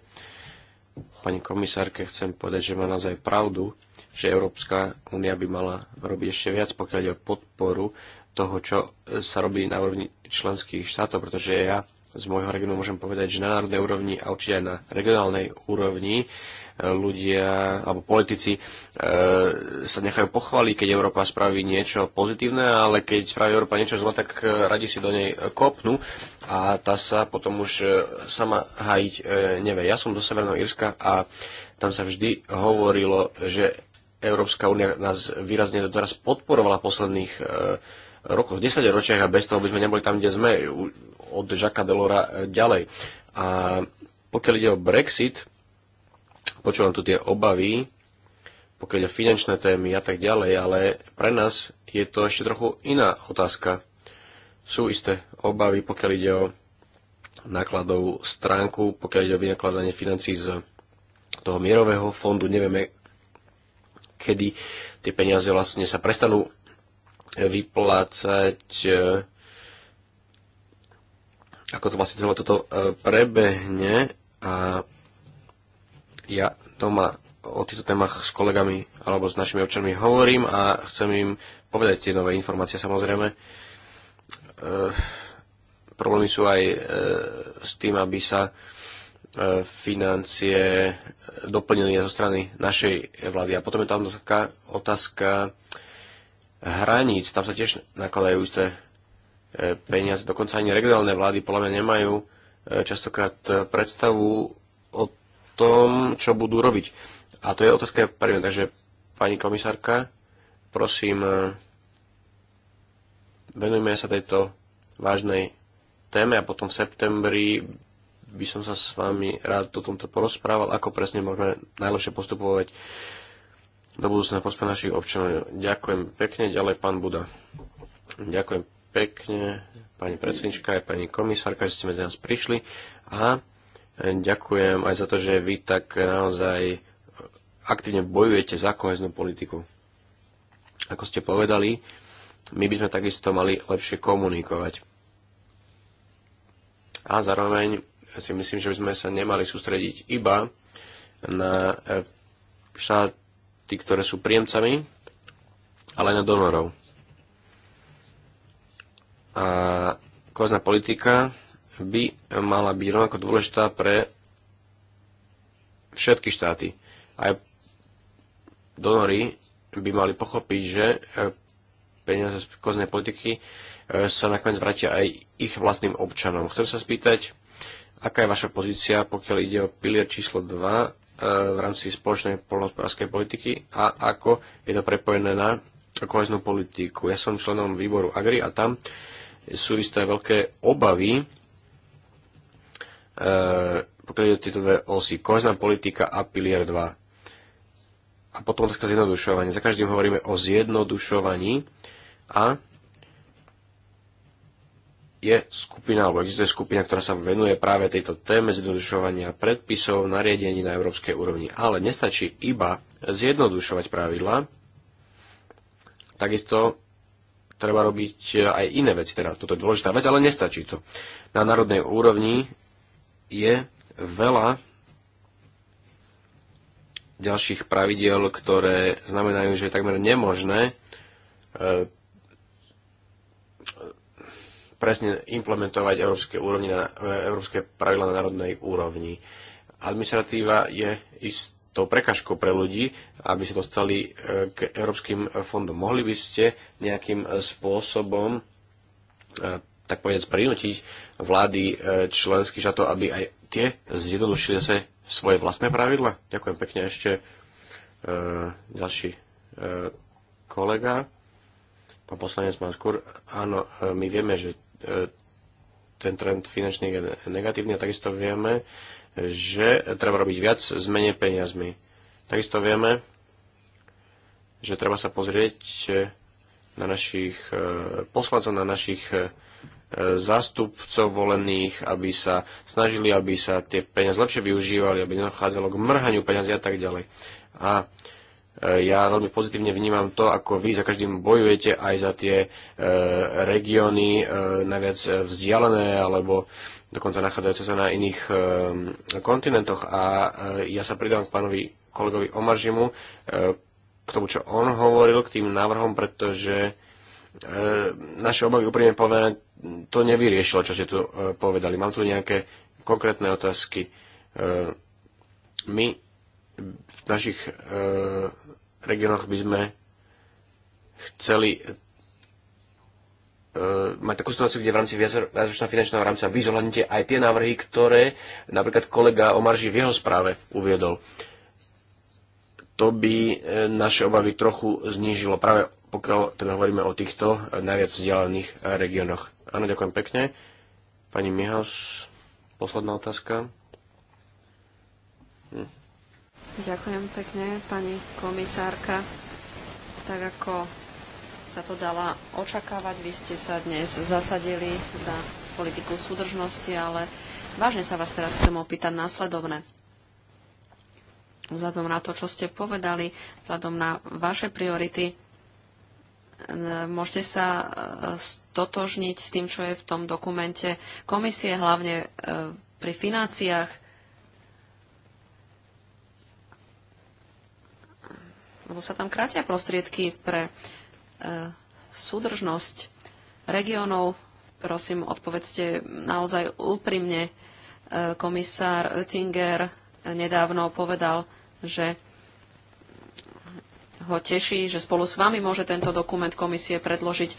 Pani komisárke, chcem povedať, že má naozaj pravdu, že Európska únia by mala robiť ešte viac, pokiaľ ide o podporu toho, čo sa robí na úrovni členských štátov, pretože ja z môjho regionu môžem povedať, že na národnej úrovni a určite aj na regionálnej úrovni ľudia alebo politici e, sa nechajú pochváliť, keď Európa spraví niečo pozitívne, ale keď spraví Európa niečo zle, tak e, radi si do nej kopnú a tá sa potom už e, sama hájiť e, nevie. Ja som do Severného Írska a tam sa vždy hovorilo, že Európska únia nás výrazne doteraz podporovala v posledných e, rokoch, 10 ročiach a bez toho by sme neboli tam, kde sme, od Žaka Delora e, ďalej. A pokiaľ ide o Brexit, Počúvam tu tie obavy, pokiaľ je finančné témy a tak ďalej, ale pre nás je to ešte trochu iná otázka. Sú isté obavy, pokiaľ ide o nákladovú stránku, pokiaľ ide o vynakladanie financí z toho mierového fondu. Nevieme, kedy tie peniaze vlastne sa prestanú vyplácať, e, ako to vlastne celé toto e, prebehne a ja doma o týchto témach s kolegami alebo s našimi občanmi hovorím a chcem im povedať tie nové informácie samozrejme. E, problémy sú aj e, s tým, aby sa e, financie doplnili zo strany našej vlády. A potom je tam taká otázka hraníc. Tam sa tiež nakladajú isté e, peniaze. Dokonca ani regionálne vlády podľa mňa nemajú e, častokrát e, predstavu o tom, čo budú robiť. A to je otázka pre mňa. Takže, pani komisárka, prosím, e, venujme sa tejto vážnej téme a potom v septembri by som sa s vami rád o tomto porozprával, ako presne môžeme najlepšie postupovať do budúcna prospech našich občanov. Ďakujem pekne, ďalej pán Buda. Ďakujem pekne, pani predsednička aj pani komisárka, že ste medzi nás prišli. A Ďakujem aj za to, že vy tak naozaj aktívne bojujete za koheznú politiku. Ako ste povedali, my by sme takisto mali lepšie komunikovať. A zároveň si myslím, že by sme sa nemali sústrediť iba na e, štáty, ktoré sú príjemcami, ale aj na donorov. A kozná politika by mala byť rovnako dôležitá pre všetky štáty. Aj donory by mali pochopiť, že e, peniaze z koznej politiky e, sa nakoniec vrátia aj ich vlastným občanom. Chcem sa spýtať, aká je vaša pozícia, pokiaľ ide o pilier číslo 2 e, v rámci spoločnej polnohospodárskej politiky a ako je to prepojené na koheznú politiku. Ja som členom výboru Agri a tam sú isté veľké obavy E, pokiaľ ide tieto dve osy, kohezná politika a pilier 2. A potom otázka zjednodušovania. Za každým hovoríme o zjednodušovaní a je skupina, alebo existuje skupina, ktorá sa venuje práve tejto téme zjednodušovania predpisov, nariadení na európskej úrovni. Ale nestačí iba zjednodušovať pravidla, takisto treba robiť aj iné veci. Teda toto je dôležitá vec, ale nestačí to. Na národnej úrovni je veľa ďalších pravidiel, ktoré znamenajú, že je takmer nemožné e, presne implementovať európske, úrovni na, e, európske pravidla na národnej úrovni. Administratíva je istou prekažkou pre ľudí, aby sa dostali e, k európskym fondom. Mohli by ste nejakým spôsobom tak povedať, prinútiť vlády e, členských štátov, aby aj tie zjednodušili zase svoje vlastné pravidla? Ďakujem pekne ešte e, ďalší e, kolega, pán poslanec Maskur. Áno, my vieme, že ten trend finančný je negatívny a takisto vieme, že treba robiť viac s menej peniazmi. Takisto vieme, že treba sa pozrieť na našich poslancov, na našich zástupcov volených, aby sa snažili, aby sa tie peniaze lepšie využívali, aby nedochádzalo k mrhaniu peniazy a tak ďalej. A e, ja veľmi pozitívne vnímam to, ako vy za každým bojujete aj za tie e, regióny e, najviac vzdialené alebo dokonca nachádzajúce sa na iných e, kontinentoch. A e, ja sa pridám k pánovi kolegovi Omaržimu e, k tomu, čo on hovoril, k tým návrhom, pretože e, E, naše obavy úprimne povedané to nevyriešilo, čo ste tu e, povedali. Mám tu nejaké konkrétne otázky. E, my v našich regiónoch by sme chceli mať takú situáciu, kde v rámci viacročného finančného rámca vy zohľadnite aj tie návrhy, ktoré napríklad kolega Omarži v jeho správe uviedol. To by naše obavy trochu znížilo. Práve pokiaľ teda hovoríme o týchto eh, najviac vzdialených eh, regiónoch. Áno, ďakujem pekne. Pani Mihaus, posledná otázka. Hm. Ďakujem pekne, pani komisárka. Tak ako sa to dala očakávať, vy ste sa dnes zasadili za politiku súdržnosti, ale vážne sa vás teraz chcem opýtať následovné vzhľadom na to, čo ste povedali, vzhľadom na vaše priority, Môžete sa e, stotožniť s tým, čo je v tom dokumente komisie, hlavne e, pri financiách. Lebo sa tam krátia prostriedky pre e, súdržnosť regionov. Prosím, odpovedzte naozaj úprimne. Komisár Oettinger nedávno povedal, že ho teší, že spolu s vami môže tento dokument komisie predložiť.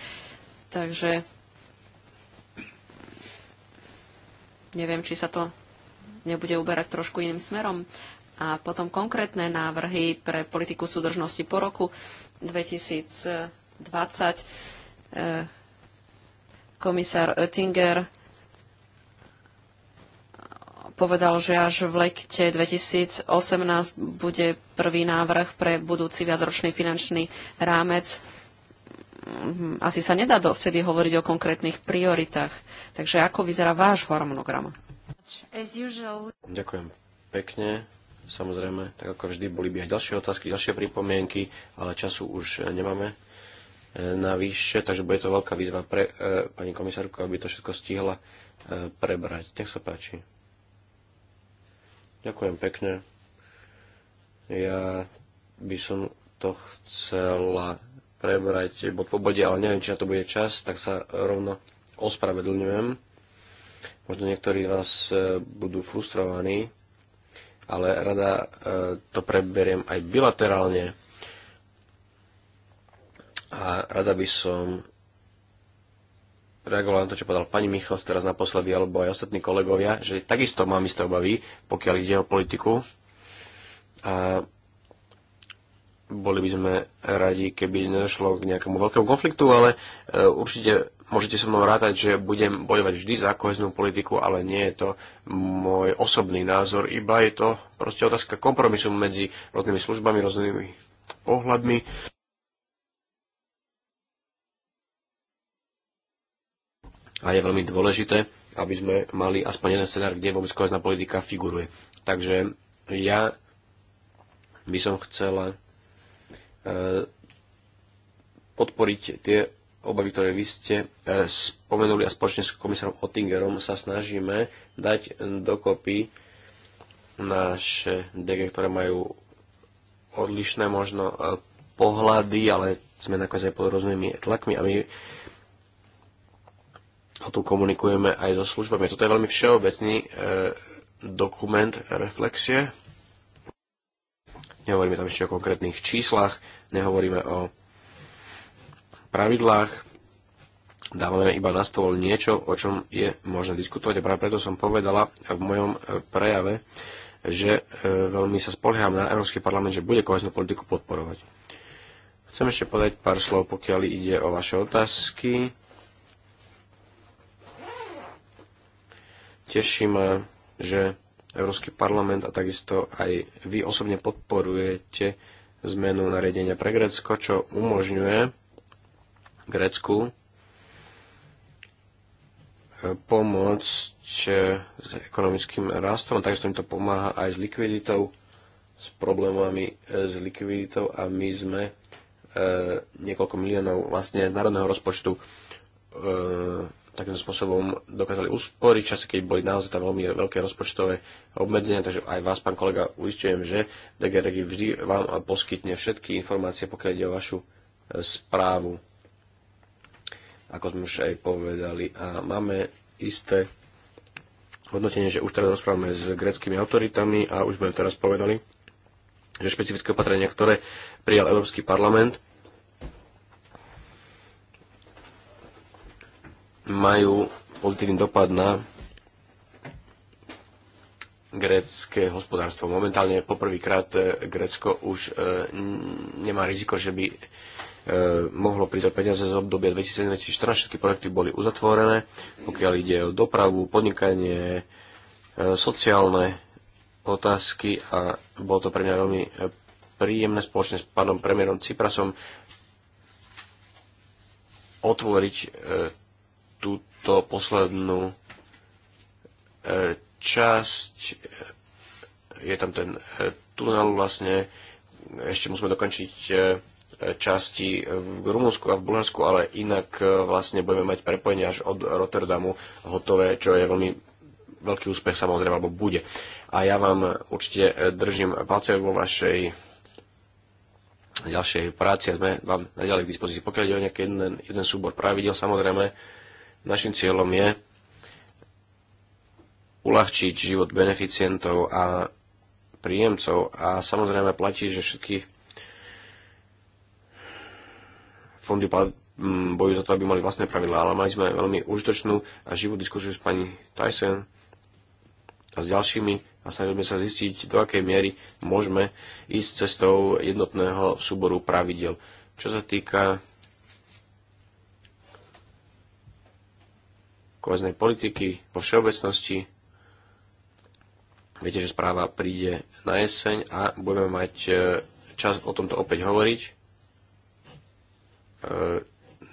Takže neviem, či sa to nebude uberať trošku iným smerom. A potom konkrétne návrhy pre politiku súdržnosti po roku 2020. Eh, komisár Oettinger povedal, že až v lekte 2018 bude prvý návrh pre budúci viacročný finančný rámec. Mm, asi sa nedá do, vtedy hovoriť o konkrétnych prioritách. Takže ako vyzerá váš harmonogram? Ďakujem pekne. Samozrejme, tak ako vždy, boli by aj ďalšie otázky, ďalšie pripomienky, ale času už nemáme e, navyše, takže bude to veľká výzva pre e, pani komisárku, aby to všetko stihla e, prebrať. Nech sa páči. Ďakujem pekne. Ja by som to chcela prebrať bod po bode, ale neviem, či na to bude čas, tak sa rovno ospravedlňujem. Možno niektorí vás e, budú frustrovaní, ale rada e, to preberiem aj bilaterálne. A rada by som reagovala na to, čo povedal pani Michos teraz naposledy, alebo aj ostatní kolegovia, že takisto mám isté obavy, pokiaľ ide o politiku. A boli by sme radi, keby nedošlo k nejakému veľkému konfliktu, ale e, určite môžete so mnou rátať, že budem bojovať vždy za koheznú politiku, ale nie je to môj osobný názor, iba je to proste otázka kompromisu medzi rôznymi službami, rôznymi pohľadmi. a je veľmi dôležité, aby sme mali aspoň jeden scenár, kde vôbec kohezná politika figuruje. Takže ja by som chcela eh, podporiť tie obavy, ktoré vy ste eh, spomenuli a spoločne s komisárom Ottingerom sa snažíme dať dokopy naše DG, ktoré majú odlišné možno eh, pohľady, ale sme nakoniec aj pod rôznymi tlakmi a my a tu komunikujeme aj so službami. Toto je veľmi všeobecný e, dokument reflexie. Nehovoríme tam ešte o konkrétnych číslach, nehovoríme o pravidlách, dávame iba na stôl niečo, o čom je možné diskutovať a práve preto som povedala v mojom e, prejave, že e, veľmi sa spolieham na Európsky parlament, že bude koheznú politiku podporovať. Chcem ešte povedať pár slov, pokiaľ ide o vaše otázky. Teší ma, že Európsky parlament a takisto aj vy osobne podporujete zmenu nariadenia pre Grécko, čo umožňuje Grécku e, pomôcť e, s ekonomickým rastom, takisto im to pomáha aj s likviditou, s problémami e, s likviditou a my sme e, niekoľko miliónov vlastne z národného rozpočtu e, takým spôsobom dokázali usporiť čase, keď boli naozaj tam veľmi veľké rozpočtové obmedzenia, takže aj vás, pán kolega, uistujem, že DGRG vždy vám poskytne všetky informácie, pokiaľ ide o vašu e, správu. Ako sme už aj povedali. A máme isté hodnotenie, že už teraz rozprávame s greckými autoritami a už sme teraz povedali, že špecifické opatrenia, ktoré prijal Európsky parlament, majú pozitívny dopad na grécké hospodárstvo. Momentálne poprvýkrát eh, Grécko už e, nemá riziko, že by e, mohlo prísť o peniaze z obdobia 2014. Všetky projekty boli uzatvorené, pokiaľ ide o dopravu, podnikanie, e, sociálne otázky a bolo to pre mňa veľmi príjemné spoločne s pánom premiérom Ciprasom otvoriť e, túto poslednú e, časť. Je tam ten e, tunel vlastne. Ešte musíme dokončiť e, časti v Rumunsku a v Bulharsku, ale inak vlastne budeme mať prepojenie až od Rotterdamu hotové, čo je veľmi veľký úspech samozrejme, alebo bude. A ja vám určite držím palce vo vašej ďalšej práci a sme vám naďalej k dispozícii. Pokiaľ ide o nejaký jeden, jeden súbor pravidel, samozrejme, Našim cieľom je uľahčiť život beneficientov a príjemcov a samozrejme platí, že všetky fondy mm, bojujú za to, aby mali vlastné pravidlá, ale mali sme veľmi užitočnú a živú diskusiu s pani Tyson a s ďalšími a snažili sme sa zistiť, do akej miery môžeme ísť cestou jednotného súboru pravidel. Čo sa týka koheznej politiky vo všeobecnosti. Viete, že správa príde na jeseň a budeme mať e, čas o tomto opäť hovoriť e,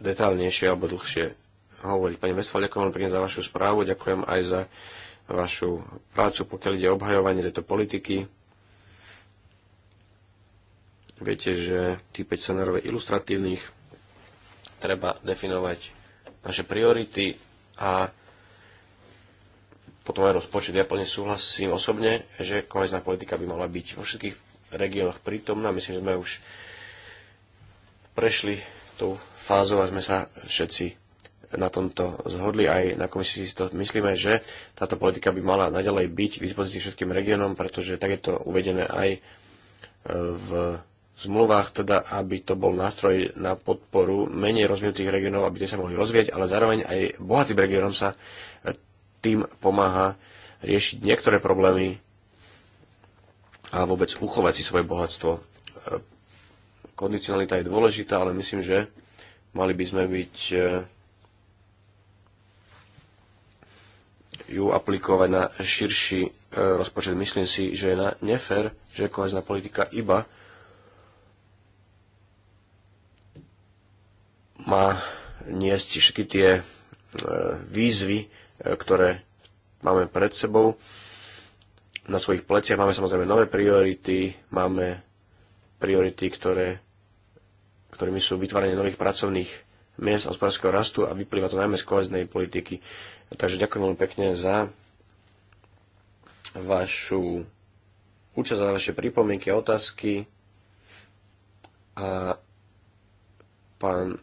detálnejšie alebo dlhšie hovoriť. Pani Vesfal, ďakujem veľmi pekne za vašu správu, ďakujem aj za vašu prácu, pokiaľ ide o obhajovanie tejto politiky. Viete, že tí 5 scenárov ilustratívnych treba definovať naše priority, a potom aj rozpočet. Ja plne súhlasím osobne, že kohezná politika by mala byť vo všetkých regiónoch prítomná. Myslím, že sme už prešli tou fázou a sme sa všetci na tomto zhodli. Aj na komisii si to myslíme, že táto politika by mala naďalej byť k dispozícii všetkým regiónom, pretože tak je to uvedené aj e, v zmluvách, teda aby to bol nástroj na podporu menej rozvinutých regiónov, aby tie sa mohli rozvieť, ale zároveň aj bohatým regiónom sa tým pomáha riešiť niektoré problémy a vôbec uchovať si svoje bohatstvo. Kondicionalita je dôležitá, ale myslím, že mali by sme byť eh, ju aplikovať na širší eh, rozpočet. Myslím si, že je na nefér, že kohezná politika iba má niesť všetky tie e, výzvy, e, ktoré máme pred sebou. Na svojich pleciach máme samozrejme nové priority, máme priority, ktoré, ktorými sú vytváranie nových pracovných miest a hospodárskeho rastu a vyplýva to najmä z koheznej politiky. Takže ďakujem veľmi pekne za vašu účasť, za vaše pripomienky a otázky. A pán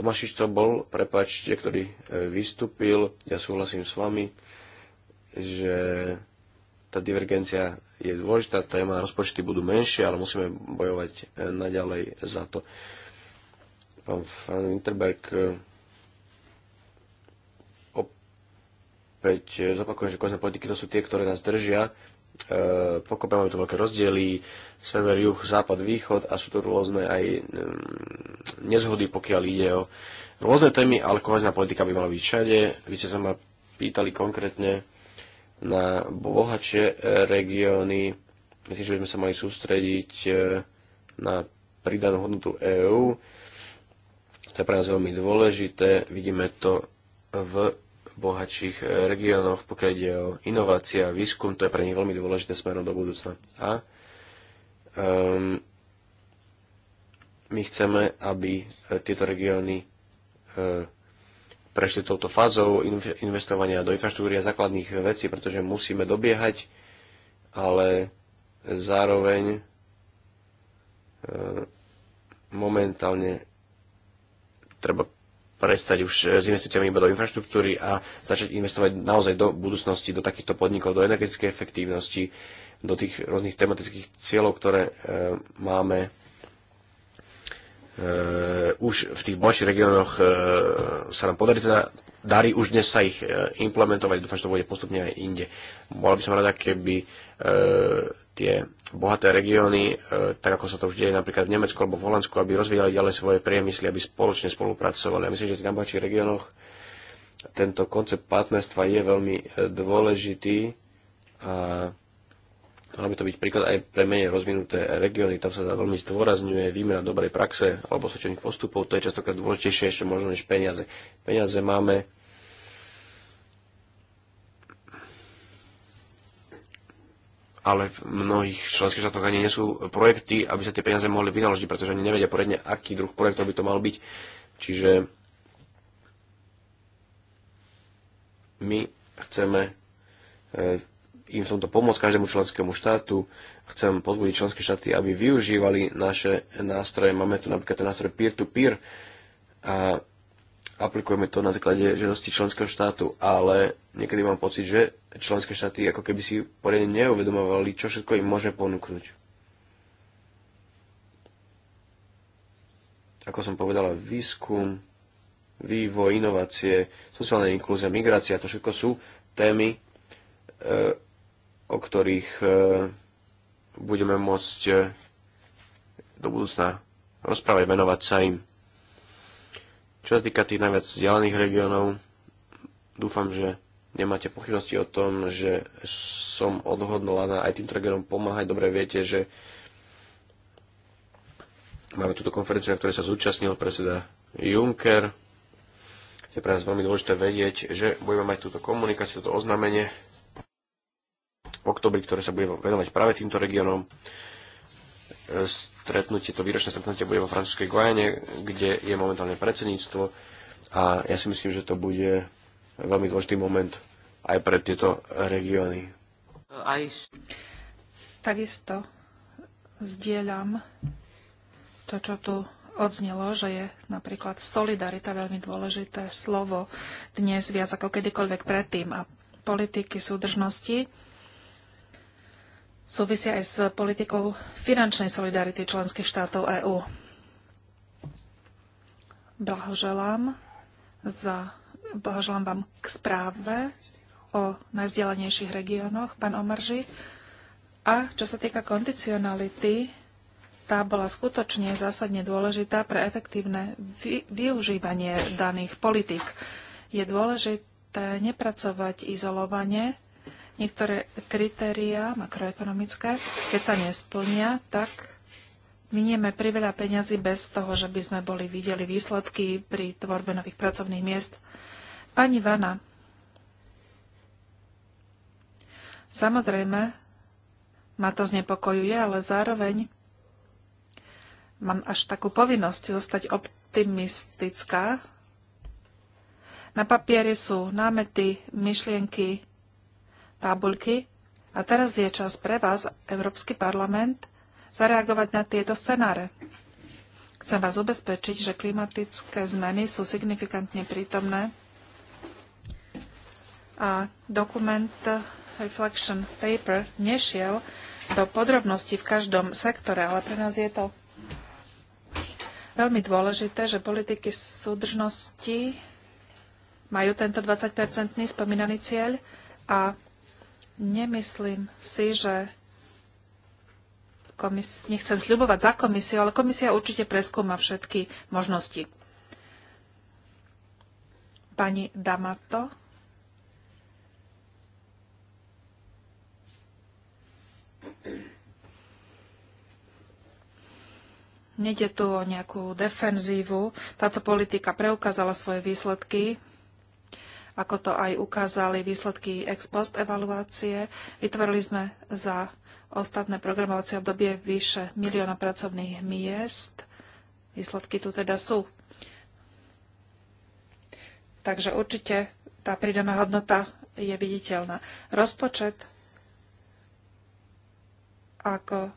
Tomášič to bol, prepačte, ktorý e, vystúpil. Ja súhlasím s vami, že tá divergencia je dôležitá téma, rozpočty budú menšie, ale musíme bojovať e, naďalej za to. Pán Van Winterberg, e, opäť zopakujem, že kozné politiky to sú tie, ktoré nás držia pokope máme tu veľké rozdiely, sever, juh, západ, východ a sú tu rôzne aj nezhody, pokiaľ ide o rôzne témy, ale kohezná politika by mala byť všade. Vy ste sa ma pýtali konkrétne na bohatšie e, regióny. Myslím, že by sme sa mali sústrediť e, na pridanú hodnotu EÚ. To je pre nás veľmi dôležité. Vidíme to v bohatších eh, regiónoch, pokiaľ ide o inovácia, výskum, to je pre nich veľmi dôležité smerom do budúcna. A um, my chceme, aby eh, tieto regióny uh, prešli touto fázou investovania do infraštruktúry a základných vecí, pretože musíme dobiehať, ale zároveň uh, momentálne treba prestať už eh, s investíciami iba do infraštruktúry a začať investovať naozaj do budúcnosti, do takýchto podnikov, do energetickej efektívnosti, do tých rôznych tematických cieľov, ktoré e, máme e, už v tých bolších regiónoch e, sa nám podarí teda darí už dnes sa ich implementovať, dúfam, že to bude postupne aj inde. Bola by som rada, keby e, tie bohaté regióny, e, tak ako sa to už deje napríklad v Nemecku alebo v Holandsku, aby rozvíjali ďalej svoje priemysly, aby spoločne spolupracovali. Ja myslím, že v najbohatších regiónoch tento koncept partnerstva je veľmi e, dôležitý a Malo by to byť príklad aj pre menej rozvinuté regióny, tam sa veľmi zdôrazňuje výmena dobrej praxe alebo sočených postupov, to je častokrát dôležitejšie ešte možno než peniaze. Peniaze máme ale v mnohých členských štátoch ani nie sú projekty, aby sa tie peniaze mohli vynaložiť, pretože oni nevedia poriadne, aký druh projektov by to mal byť. Čiže my chceme eh, im som to pomôcť každému členskému štátu. Chcem pozbudiť členské štáty, aby využívali naše nástroje. Máme tu napríklad ten nástroj peer-to-peer -peer a aplikujeme to na základe žiadosti členského štátu, ale niekedy mám pocit, že členské štáty ako keby si poriadne neuvedomovali, čo všetko im môže ponúknuť. Ako som povedala, výskum, vývoj, inovácie, sociálna inklúzia, migrácia, to všetko sú témy, e, o ktorých e, budeme môcť e, do budúcna rozprávať, venovať sa im. Čo sa týka tých najviac vzdialených regiónov, dúfam, že nemáte pochybnosti o tom, že som odhodlaná aj týmto regiónom pomáhať. Dobre viete, že máme túto konferenciu, na ktorej sa zúčastnil predseda Juncker. Je pre nás veľmi dôležité vedieť, že budeme mať túto komunikáciu, toto oznámenie v oktobri, ktoré sa bude venovať práve týmto regiónom stretnutie, to výročné stretnutie bude vo francúzskej Guajane, kde je momentálne predsedníctvo a ja si myslím, že to bude veľmi dôležitý moment aj pre tieto regióny. Aj... Takisto zdieľam to, čo tu odznelo, že je napríklad solidarita veľmi dôležité slovo dnes viac ako kedykoľvek predtým a politiky súdržnosti súvisia aj s politikou finančnej solidarity členských štátov EÚ. Blahoželám, za, blahoželám vám k správe o najvzdelanejších regiónoch, pán Omarži. A čo sa týka kondicionality, tá bola skutočne zásadne dôležitá pre efektívne vy, využívanie daných politik. Je dôležité nepracovať izolovane, niektoré kritéria makroekonomické, keď sa nesplnia, tak minieme priveľa peňazí bez toho, že by sme boli videli výsledky pri tvorbe nových pracovných miest. Pani Vana, samozrejme, ma to znepokojuje, ale zároveň mám až takú povinnosť zostať optimistická. Na papieri sú námety, myšlienky, tabulky. A teraz je čas pre vás, Európsky parlament, zareagovať na tieto scenáre. Chcem vás ubezpečiť, že klimatické zmeny sú signifikantne prítomné a dokument Reflection Paper nešiel do podrobností v každom sektore, ale pre nás je to veľmi dôležité, že politiky súdržnosti majú tento 20-percentný spomínaný cieľ a Nemyslím si, že komis- nechcem sľubovať za komisiu, ale komisia určite preskúma všetky možnosti. Pani Damato. Nede tu o nejakú defenzívu. Táto politika preukázala svoje výsledky ako to aj ukázali výsledky ex post evaluácie. Vytvorili sme za ostatné programovacie obdobie vyše milióna pracovných miest. Výsledky tu teda sú. Takže určite tá pridaná hodnota je viditeľná. Rozpočet ako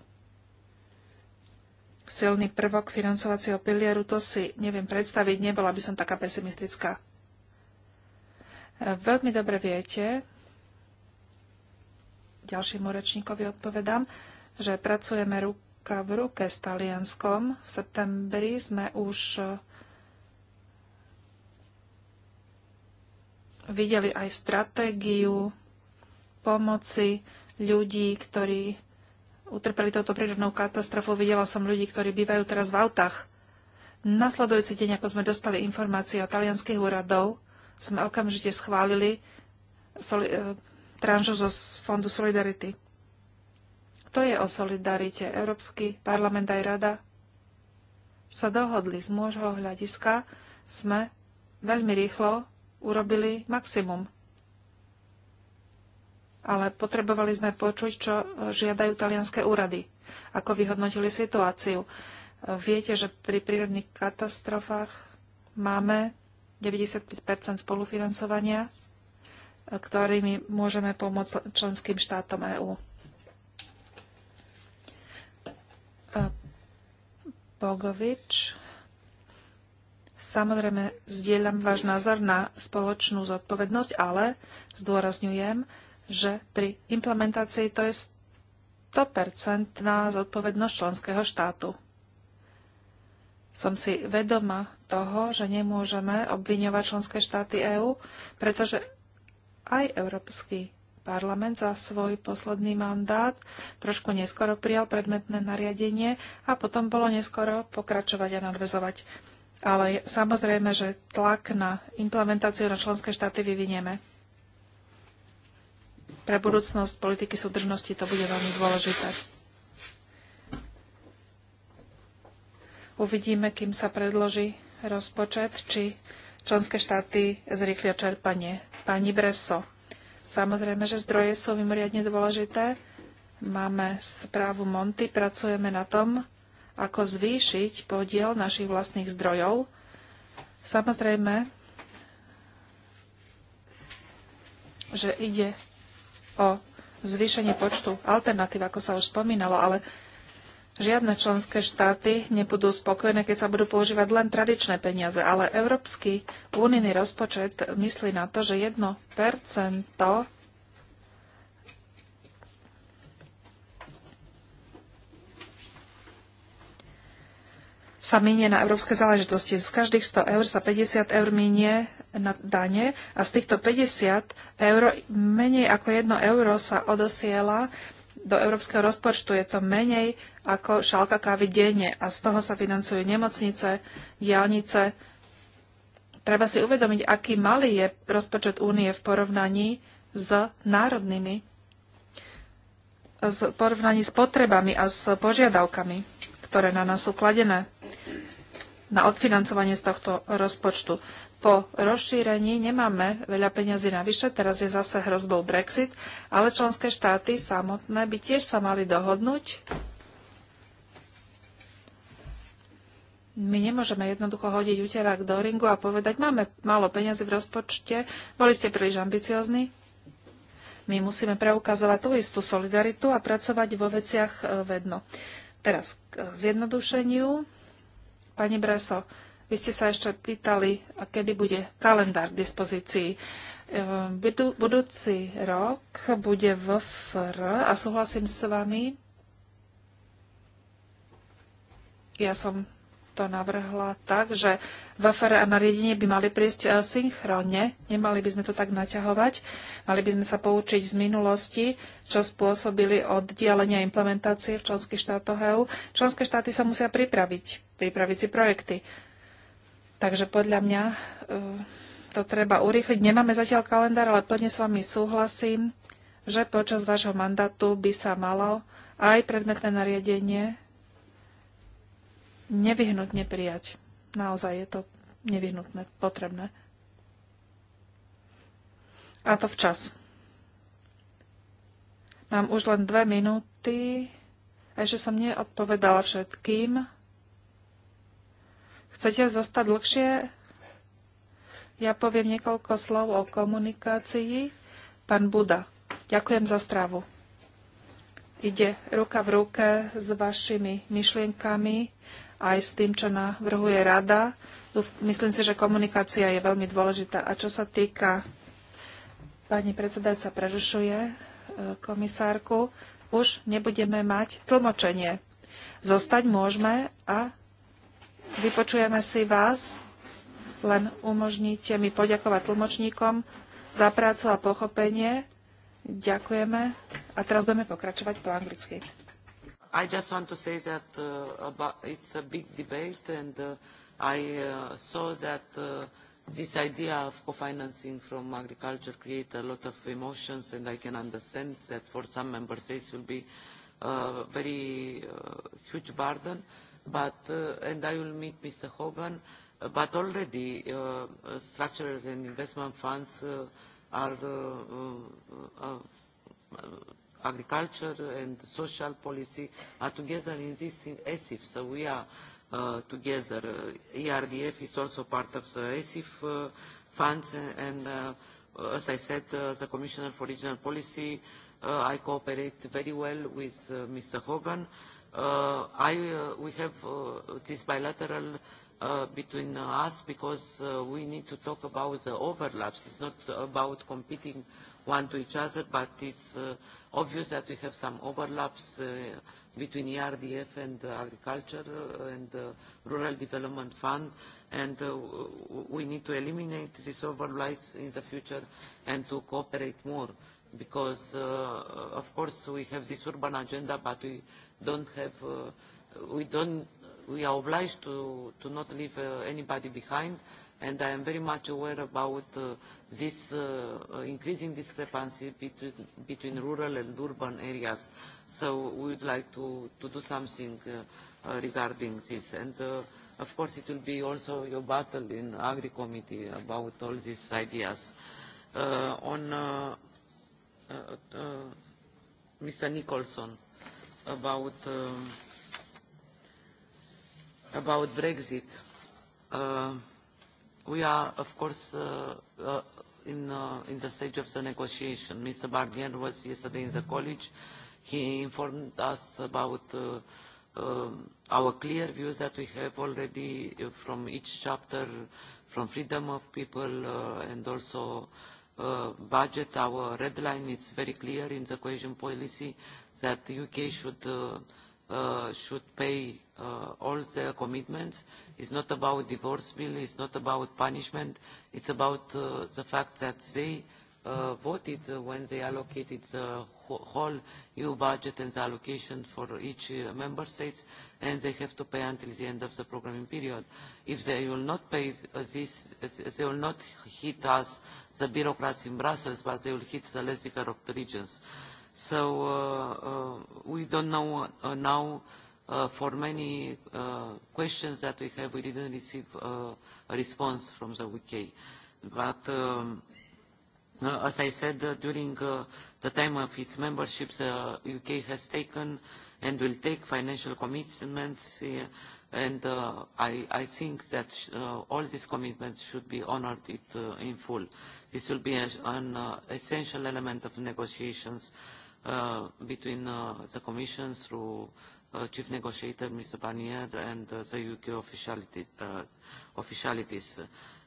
silný prvok financovacieho pilieru, to si neviem predstaviť, nebola by som taká pesimistická. Veľmi dobre viete, ďalšiemu rečníkovi odpovedám, že pracujeme ruka v ruke s Talianskom. V septembri sme už e, videli aj stratégiu pomoci ľudí, ktorí utrpeli touto prírodnou katastrofou. Videla som ľudí, ktorí bývajú teraz v autách. Nasledujúci deň, ako sme dostali informácie od talianských úradov, sme okamžite schválili soli- e, tranžu zo Fondu Solidarity. To je o solidarite. Európsky parlament aj rada sa dohodli z môjho hľadiska, sme veľmi rýchlo urobili maximum. Ale potrebovali sme počuť, čo žiadajú talianské úrady, ako vyhodnotili situáciu. Viete, že pri prírodných katastrofách máme 95 spolufinancovania, ktorými môžeme pomôcť členským štátom EÚ. Bogovič. Samozrejme, zdieľam váš názor na spoločnú zodpovednosť, ale zdôrazňujem, že pri implementácii to je 100% zodpovednosť členského štátu som si vedoma toho, že nemôžeme obviňovať členské štáty EÚ, pretože aj Európsky parlament za svoj posledný mandát trošku neskoro prijal predmetné nariadenie a potom bolo neskoro pokračovať a nadvezovať. Ale samozrejme, že tlak na implementáciu na členské štáty vyvinieme. Pre budúcnosť politiky súdržnosti to bude veľmi dôležité. Uvidíme, kým sa predloží rozpočet, či členské štáty zrýchlia čerpanie. Pani Breso, samozrejme, že zdroje sú mimoriadne dôležité. Máme správu Monty, pracujeme na tom, ako zvýšiť podiel našich vlastných zdrojov. Samozrejme, že ide o zvýšenie počtu alternatív, ako sa už spomínalo, ale Žiadne členské štáty nebudú spokojné, keď sa budú používať len tradičné peniaze, ale Európsky únijný rozpočet myslí na to, že 1% sa minie na európske záležitosti. Z každých 100 eur sa 50 eur minie na dane a z týchto 50 eur menej ako 1 euro sa odosiela do európskeho rozpočtu. Je to menej ako šálka kávy denne a z toho sa financujú nemocnice, diálnice. Treba si uvedomiť, aký malý je rozpočet únie v porovnaní s národnými, v porovnaní s potrebami a s požiadavkami, ktoré na nás sú kladené na odfinancovanie z tohto rozpočtu. Po rozšírení nemáme veľa peňazí navyše, teraz je zase hrozbou Brexit, ale členské štáty samotné by tiež sa mali dohodnúť My nemôžeme jednoducho hodiť úterák do ringu a povedať, máme málo peniazy v rozpočte, boli ste príliš ambiciozni. My musíme preukazovať tú istú solidaritu a pracovať vo veciach e, vedno. Teraz k zjednodušeniu. Pani Breso, vy ste sa ešte pýtali, a kedy bude kalendár k dispozícii. E, Budú, budúci rok bude VFR a súhlasím s vami. Ja som to navrhla tak, že VFR a nariadenie by mali prísť e, synchronne, nemali by sme to tak naťahovať, mali by sme sa poučiť z minulosti, čo spôsobili oddialenia implementácie v členských štátoch EÚ. Členské štáty sa musia pripraviť, pripraviť si projekty. Takže podľa mňa e, to treba urýchliť. Nemáme zatiaľ kalendár, ale plne s vami súhlasím, že počas vášho mandátu by sa malo aj predmetné nariadenie nevyhnutne prijať. Naozaj je to nevyhnutné, potrebné. A to včas. Mám už len dve minúty, aj že som neodpovedala všetkým. Chcete zostať dlhšie? Ja poviem niekoľko slov o komunikácii. Pán Buda, ďakujem za správu. Ide ruka v ruke s vašimi myšlienkami aj s tým, čo navrhuje rada. Myslím si, že komunikácia je veľmi dôležitá. A čo sa týka, pani predsedajúca prerušuje e, komisárku, už nebudeme mať tlmočenie. Zostať môžeme a vypočujeme si vás, len umožníte mi poďakovať tlmočníkom za prácu a pochopenie. Ďakujeme a teraz budeme pokračovať po anglicky. I just want to say that uh, about it's a big debate, and uh, I uh, saw that uh, this idea of co-financing from agriculture creates a lot of emotions, and I can understand that for some member states will be a uh, very uh, huge burden. But uh, and I will meet Mr. Hogan. Uh, but already, uh, uh, structural and investment funds uh, are. Uh, uh, uh, agriculture and social policy are together in this ESIF, so we are uh, together. Uh, e ERDF is also part of the ESIF uh, funds, and uh, uh, as I said, uh, the Commissioner for Regional Policy, uh, I cooperate very well with uh, Mr. Hogan. Uh, I, uh, we have uh, this bilateral uh, between us because uh, we need to talk about the overlaps. It's not about competing one to each other, but it's uh, obvious that we have some overlaps uh, between ERDF and uh, Agriculture uh, and uh, Rural Development Fund, and uh, we need to eliminate these overlaps in the future and to cooperate more because, uh, of course, we have this urban agenda, but we don't have, uh, we don't, we are obliged to, to not leave uh, anybody behind, and I am very much aware about uh, this uh, uh, increasing discrepancy between, between rural and urban areas. So we would like to, to do something uh, uh, regarding this. And uh, of course it will be also your battle in Agri Committee about all these ideas. Uh, on uh, uh, uh, Mr. Nicholson about um, about Brexit. Uh, we are, of course, uh, uh, in, uh, in the stage of the negotiation. Mr. Barnier was yesterday in the college. He informed us about uh, uh, our clear views that we have already uh, from each chapter, from freedom of people uh, and also uh, budget. Our red line, it's very clear in the cohesion policy that the UK should uh, Uh, should pay uh, all their commitments. It's not about divorce bill, it's not about punishment, it's about uh, the fact that they uh, voted when they allocated the whole EU budget and the allocation for each uh, member states, and they have to pay until the end of the programming period. If they will not pay uh, this, uh, they will not hit us, the bureaucrats in Brussels, but they will hit the less developed regions. Uh, so uh, uh, we don't know uh, now uh, for many uh, questions that we have, we didn't receive uh, a response from the UK. But um, uh, as I said, uh, during uh, the time of its membership, the UK has taken and will take financial commitments uh, and uh, I, I think that sh uh, all these commitments should be honored it, uh, in full. This will be a, an uh, essential element of negotiations uh, uh, between uh, the Commission through uh, Chief Negotiator Mr. Barnier and uh, the UK officiality, uh, officialities.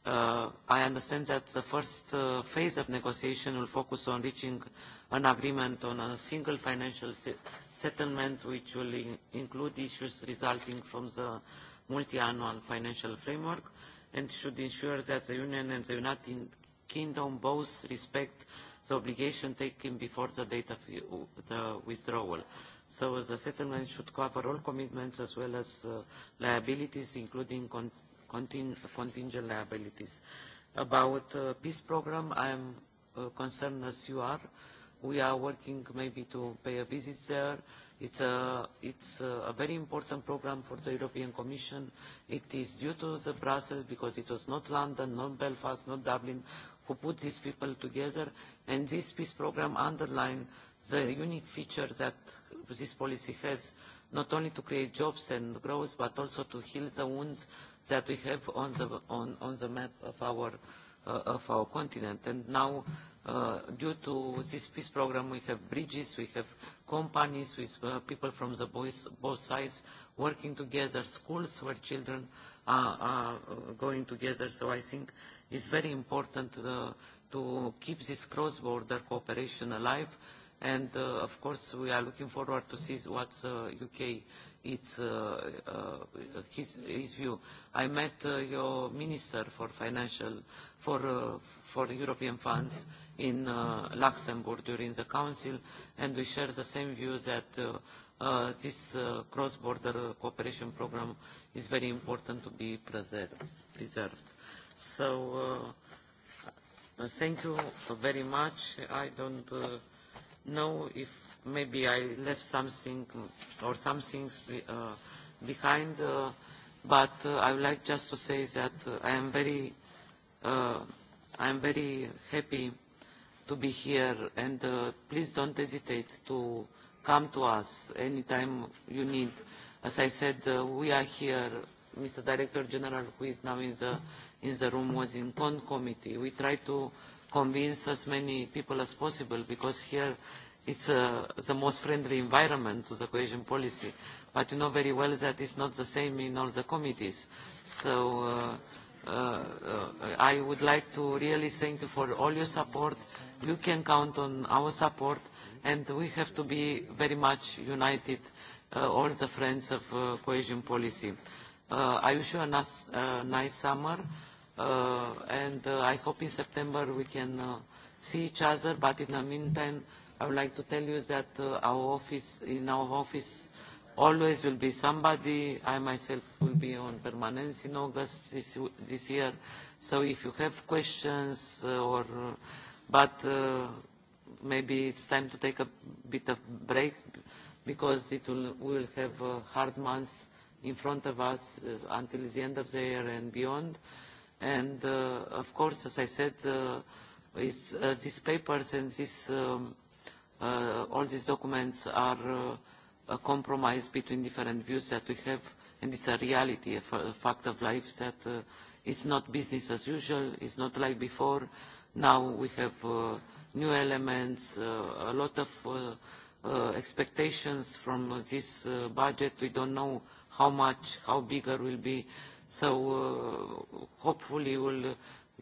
Uh, I understand that the first uh, phase of negotiation will focus on reaching an agreement on a single financial se settlement which will in include issues resulting from the multi-annual financial framework and should ensure that the Union and the United Kingdom both respect the obligation taken before the date of the withdrawal. So the settlement should cover all commitments as well as uh, liabilities, including con conting contingent liabilities. About uh, peace program, I am uh, concerned as you are. We are working maybe to pay a visit there. It's a, it's a very important program for the European Commission. It is due to the Brussels because it was not London, not Belfast, not Dublin who put these people together, and this peace program underlines the unique feature that this policy has, not only to create jobs and growth, but also to heal the wounds that we have on the, on, on the map of our, uh, of our continent. And now, uh, due to this peace program, we have bridges, we have companies with uh, people from the boys, both sides working together, schools where children are, are going together. So I think is very important uh, to keep this cross-border cooperation alive. And, uh, of course, we are looking forward to see what uh, UK its, uh, uh, his, his view. I met uh, your minister for financial, for, uh, for European funds in uh, Luxembourg during the council, and we share the same view that uh, uh, this uh, cross-border cooperation program is very important to be preserved. preserved. So uh, uh, thank you very much. I don't uh, know if maybe I left something or some things be, uh, behind, uh, but uh, I would like just to say that uh, I am very, uh, I am very happy to be here, and uh, please don't hesitate to come to us anytime you need. As I said, uh, we are here, Mr. Director General, who is now in the in the room was in CON committee. We tried to convince as many people as possible because here it's uh, the most friendly environment to the cohesion policy. But you know very well that it's not the same in all the committees. So uh, uh, uh, I would like to really thank you for all your support. You can count on our support, and we have to be very much united, uh, all the friends of uh, cohesion policy. Uh, I wish you a nice, uh, nice summer uh, and uh, I hope in September we can uh, see each other. But in the meantime, I would like to tell you that uh, our office, in our office, always will be somebody. I myself will be on permanence in August this, this year. So if you have questions uh, or, uh, but uh, maybe it's time to take a bit of break because it will, we will have a uh, hard month in front of us uh, until the end of the year and beyond. And uh, of course, as I said, uh, it's, uh, these papers and this, um, uh, all these documents are uh, a compromise between different views that we have, and it's a reality, a, a fact of life that uh, it's not business as usual, it's not like before. Now we have uh, new elements, uh, a lot of uh, uh, expectations from this uh, budget. We don't know how much, how bigger will be uh, so uh, hopefully we'll,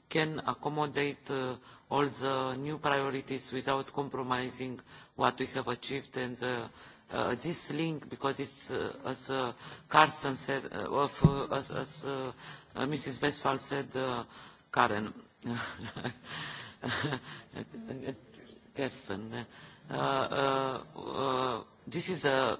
can accommodate uh, all the new priorities without compromising what we have achieved and uh, uh, this link, because it's, uh, as uh, Carsten said, uh, of, uh, as, as uh, uh, Mrs. Westphal said, uh, Karen, Kirsten, uh, uh, uh, this is a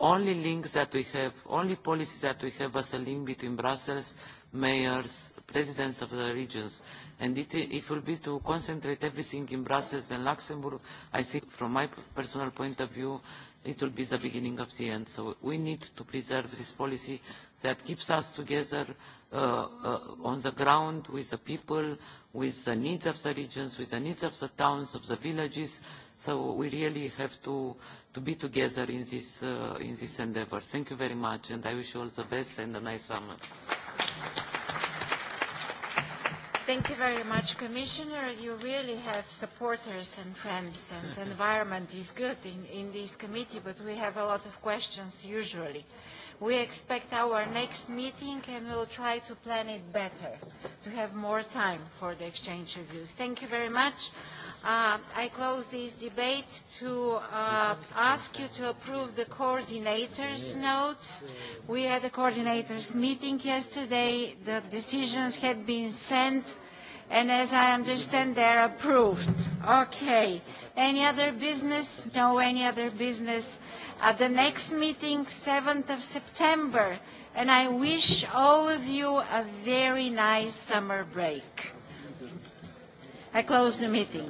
only link that we have, only policy that we have as a link between Brussels, mayors, presidents of the regions. And it, it will be to concentrate everything in Brussels and Luxembourg. I think from my personal point of view, it will be the beginning of the end. So we need to preserve this policy that keeps us together uh, uh, on the ground with the people, with the needs of the regions, with the needs of the towns, of the villages. So we really have to to be together in this, uh, in this endeavor. Thank you very much, and I wish you all the best and a nice summer. Thank you very much, Commissioner. You really have supporters and friends, and the environment is good in, in this committee, but we have a lot of questions usually. We expect our next meeting, and we'll try to plan it better, to have more time for the exchange of views. Thank you very much. Uh, I close this debate to uh, ask you to approve the coordinators' notes. We had a coordinators' meeting yesterday. The decisions had been sent, and as I understand, they are approved. Okay. Any other business? No, any other business. At uh, the next meeting, 7th of September, and I wish all of you a very nice summer break. I close the meeting.